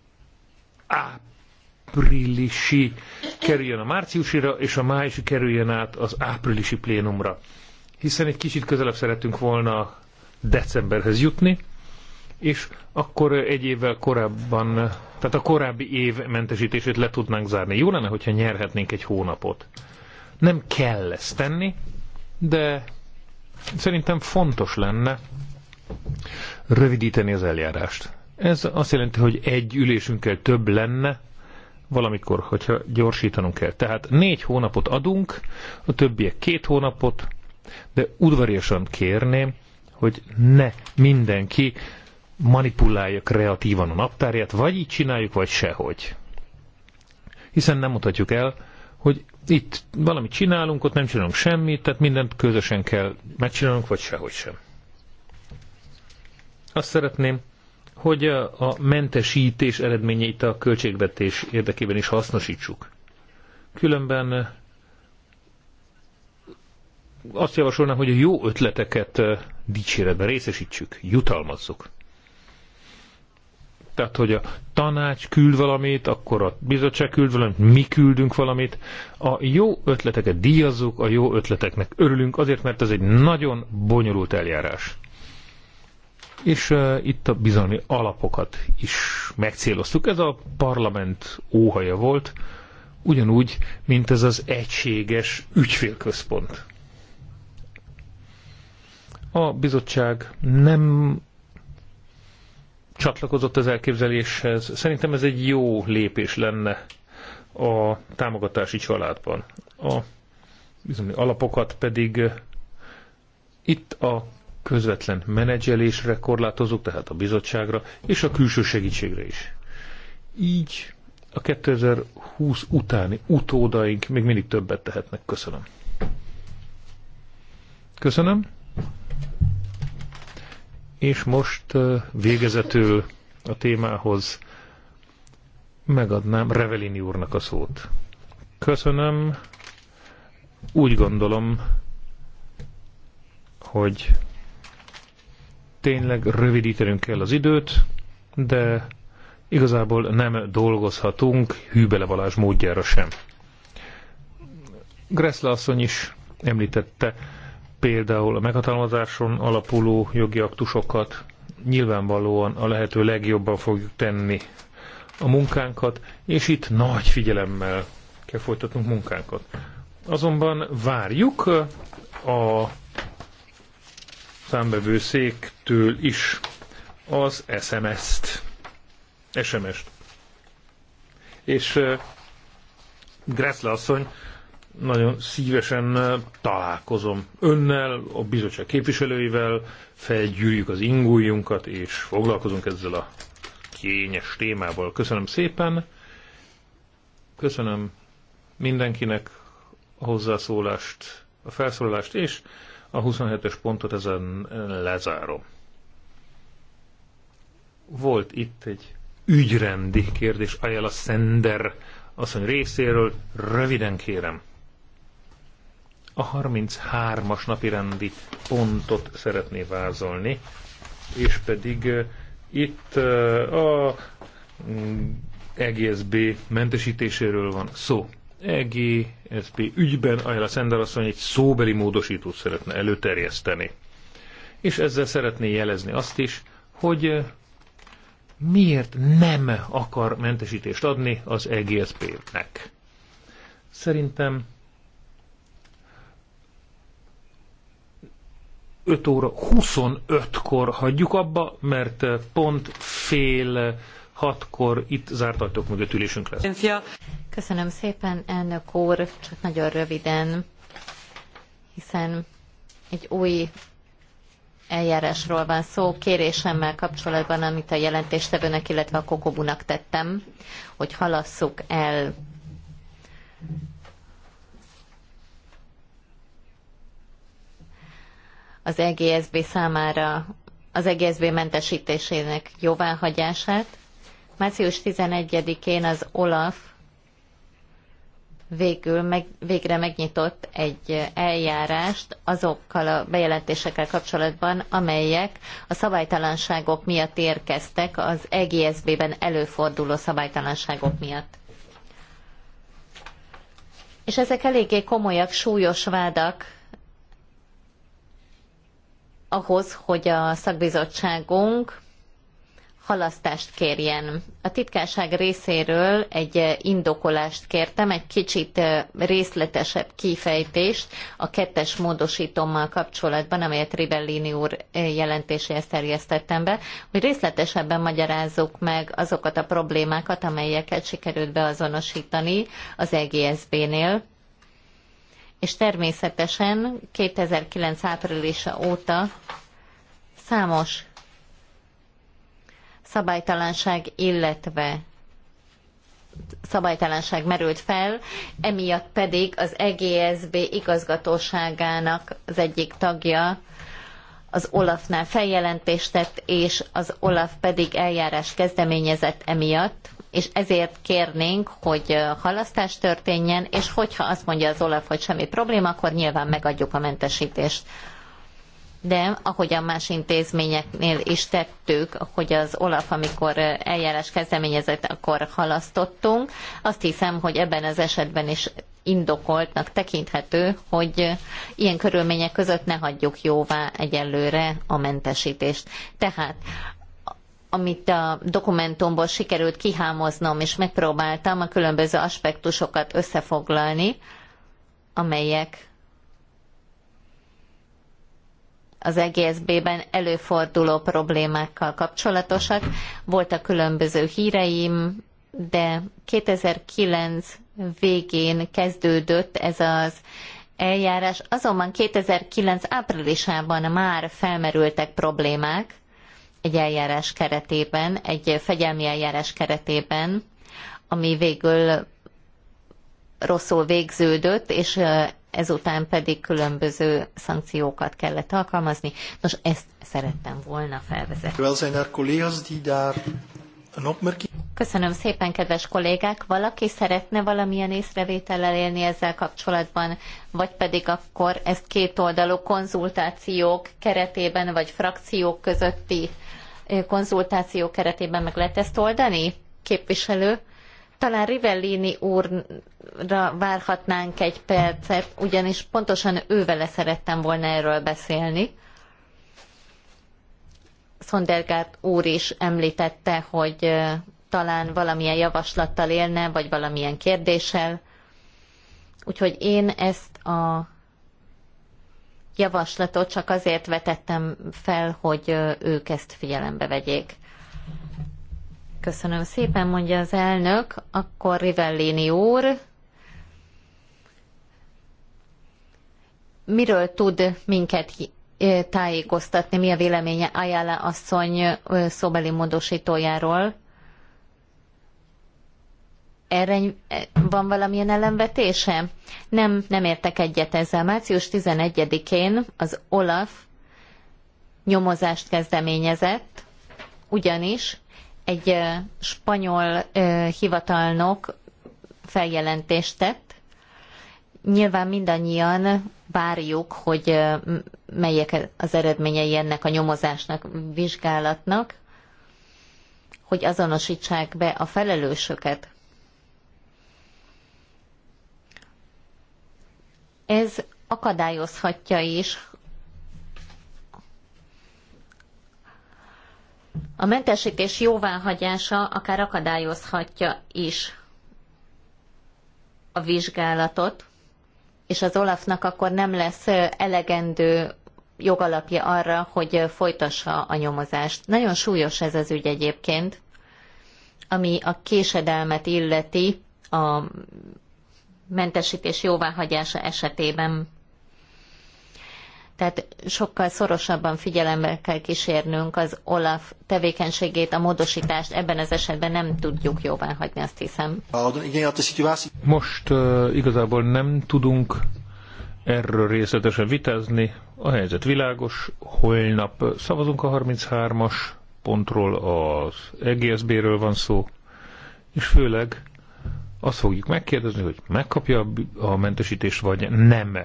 áprilisi kerüljön a márciusira, és a májusi kerüljön át az áprilisi plénumra. Hiszen egy kicsit közelebb szeretünk volna decemberhez jutni, és akkor egy évvel korábban, tehát a korábbi év mentesítését le tudnánk zárni. Jó lenne, hogyha nyerhetnénk egy hónapot. Nem kell ezt tenni, de szerintem fontos lenne rövidíteni az eljárást. Ez azt jelenti, hogy egy ülésünkkel több lenne, valamikor, hogyha gyorsítanunk kell. Tehát négy hónapot adunk, a többiek két hónapot, de udvariasan kérném, hogy ne mindenki manipulálja kreatívan a naptárját, vagy így csináljuk, vagy sehogy. Hiszen nem mutatjuk el, hogy itt valamit csinálunk, ott nem csinálunk semmit, tehát mindent közösen kell megcsinálnunk, vagy sehogy sem. Azt szeretném, hogy a mentesítés eredményeit a költségvetés érdekében is hasznosítsuk. Különben eh, azt javasolnám, hogy a jó ötleteket eh, dicséretben részesítsük, jutalmazzuk. Tehát, hogy a tanács küld valamit, akkor a bizottság küld valamit, mi küldünk valamit. A jó ötleteket díjazzuk, a jó ötleteknek örülünk, azért, mert ez egy nagyon bonyolult eljárás. És uh, itt a bizalmi alapokat is megcéloztuk. Ez a parlament óhaja volt, ugyanúgy, mint ez az egységes ügyfélközpont. A bizottság nem csatlakozott az elképzeléshez. Szerintem ez egy jó lépés lenne a támogatási családban. A bizony, alapokat pedig itt a közvetlen menedzselésre korlátozunk, tehát a bizottságra, és a külső segítségre is. Így a 2020 utáni utódaink még mindig többet tehetnek. Köszönöm. Köszönöm. És most végezetül a témához megadnám Revelini úrnak a szót. Köszönöm. Úgy gondolom, hogy tényleg rövidítenünk kell az időt, de igazából nem dolgozhatunk hűbelevalás módjára sem. Gressle asszony is említette, például a meghatalmazáson alapuló jogi aktusokat nyilvánvalóan a lehető legjobban fogjuk tenni a munkánkat, és itt nagy figyelemmel kell folytatnunk munkánkat. Azonban várjuk a számbevőszéktől is az SMS-t. SMS-t. És eh, Gressle asszony nagyon szívesen találkozom önnel, a bizottság képviselőivel, felgyűrjük az ingújunkat, és foglalkozunk ezzel a kényes témával. Köszönöm szépen, köszönöm mindenkinek a hozzászólást, a felszólalást, és a 27-es pontot ezen lezárom. Volt itt egy ügyrendi kérdés, Ayala Sender asszony részéről, röviden kérem a 33-as napirendi pontot szeretné vázolni, és pedig itt a mm, EGSB mentesítéséről van szó. EGSB ügyben Ajla Szender egy szóbeli módosítót szeretne előterjeszteni. És ezzel szeretné jelezni azt is, hogy miért nem akar mentesítést adni az EGSB-nek. Szerintem 5 óra 25-kor hagyjuk abba, mert eh, pont fél hatkor itt zárt ajtók mögött ülésünk lesz. Köszönöm szépen, elnök úr, csak nagyon röviden, hiszen egy új eljárásról van szó, kérésemmel kapcsolatban, amit a jelentéstevőnek, illetve a Kokobunak tettem, hogy halasszuk el az EGSB számára az EGSB mentesítésének jóváhagyását. Március 11-én az OLAF végül meg, végre megnyitott egy eljárást azokkal a bejelentésekkel kapcsolatban, amelyek a szabálytalanságok miatt érkeztek az EGSB-ben előforduló szabálytalanságok miatt. És ezek eléggé komolyak, súlyos vádak ahhoz, hogy a szakbizottságunk halasztást kérjen. A titkárság részéről egy indokolást kértem, egy kicsit részletesebb kifejtést a kettes módosítommal kapcsolatban, amelyet Ribellini úr jelentéséhez terjesztettem be, hogy részletesebben magyarázzuk meg azokat a problémákat, amelyeket sikerült beazonosítani az EGSB-nél, és természetesen 2009 áprilisa óta számos szabálytalanság, illetve szabálytalanság merült fel, emiatt pedig az EGSB igazgatóságának az egyik tagja az Olafnál feljelentést tett, és az Olaf pedig eljárás kezdeményezett emiatt, és ezért kérnénk, hogy halasztás történjen, és hogyha azt mondja az Olaf, hogy semmi probléma, akkor nyilván megadjuk a mentesítést. De ahogyan más intézményeknél is tettük, hogy az Olaf, amikor eljárás kezdeményezett, akkor halasztottunk, azt hiszem, hogy ebben az esetben is indokoltnak tekinthető, hogy ilyen körülmények között ne hagyjuk jóvá egyelőre a mentesítést. Tehát amit a dokumentumból sikerült kihámoznom, és megpróbáltam a különböző aspektusokat összefoglalni, amelyek az EGSB-ben előforduló problémákkal kapcsolatosak. Voltak különböző híreim, de 2009 végén kezdődött ez az eljárás, azonban 2009 áprilisában már felmerültek problémák, egy eljárás keretében, egy fegyelmi eljárás keretében, ami végül rosszul végződött, és ezután pedig különböző szankciókat kellett alkalmazni. Nos, ezt szerettem volna felvezetni. Er Köszönöm szépen, kedves kollégák! Valaki szeretne valamilyen észrevétellel élni ezzel kapcsolatban, vagy pedig akkor ezt kétoldalú konzultációk keretében, vagy frakciók közötti konzultáció keretében meg lehet ezt oldani, képviselő? Talán Rivellini úrra várhatnánk egy percet, ugyanis pontosan ővele szerettem volna erről beszélni. Szondergárt úr is említette, hogy talán valamilyen javaslattal élne, vagy valamilyen kérdéssel. Úgyhogy én ezt a javaslatot csak azért vetettem fel, hogy ők ezt figyelembe vegyék. Köszönöm szépen, mondja az elnök. Akkor Rivellini úr, miről tud minket tájékoztatni, mi a véleménye Ayala asszony szóbeli módosítójáról? erre e, van valamilyen ellenvetése? Nem, nem értek egyet ezzel. Március 11-én az Olaf nyomozást kezdeményezett, ugyanis egy e, spanyol e, hivatalnok feljelentést tett. Nyilván mindannyian várjuk, hogy melyek az eredményei ennek a nyomozásnak, vizsgálatnak, hogy azonosítsák be a felelősöket. ez akadályozhatja is a mentesítés jóváhagyása akár akadályozhatja is a vizsgálatot, és az Olafnak akkor nem lesz elegendő jogalapja arra, hogy folytassa a nyomozást. Nagyon súlyos ez az ügy egyébként, ami a késedelmet illeti a mentesítés jóváhagyása esetében. Tehát sokkal szorosabban figyelembe kell kísérnünk az OLAF tevékenységét, a módosítást ebben az esetben nem tudjuk jóvá hagyni, azt hiszem. Hát Most uh, igazából nem tudunk erről részletesen vitázni. A helyzet világos. Holnap szavazunk a 33-as pontról, az EGSB-ről van szó, és főleg azt fogjuk megkérdezni, hogy megkapja a mentesítést, vagy nem.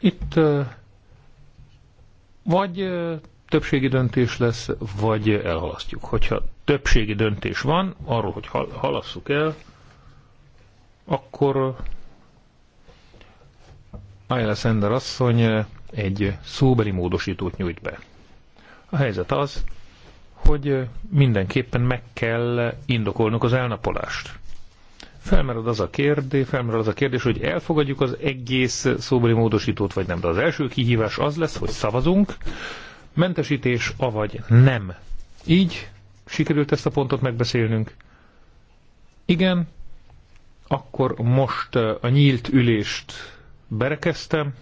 Itt vagy többségi döntés lesz, vagy elhalasztjuk. Hogyha többségi döntés van arról, hogy halasszuk el, akkor Ayla Sender asszony egy szóbeli módosítót nyújt be. A helyzet az, hogy mindenképpen meg kell indokolnunk az elnapolást felmerül az a kérdés, felmerül az a kérdés, hogy elfogadjuk az egész szóbeli módosítót, vagy nem. De az első kihívás az lesz, hogy szavazunk, mentesítés, avagy nem. Így sikerült ezt a pontot megbeszélnünk. Igen, akkor most eh, a nyílt ülést berekeztem.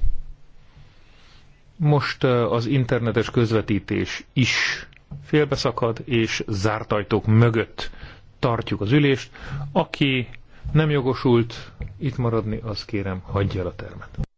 Most eh, az internetes közvetítés is félbeszakad, és zárt ajtók mögött tartjuk az ülést. Aki nem jogosult itt maradni, az kérem, hagyja el a termet.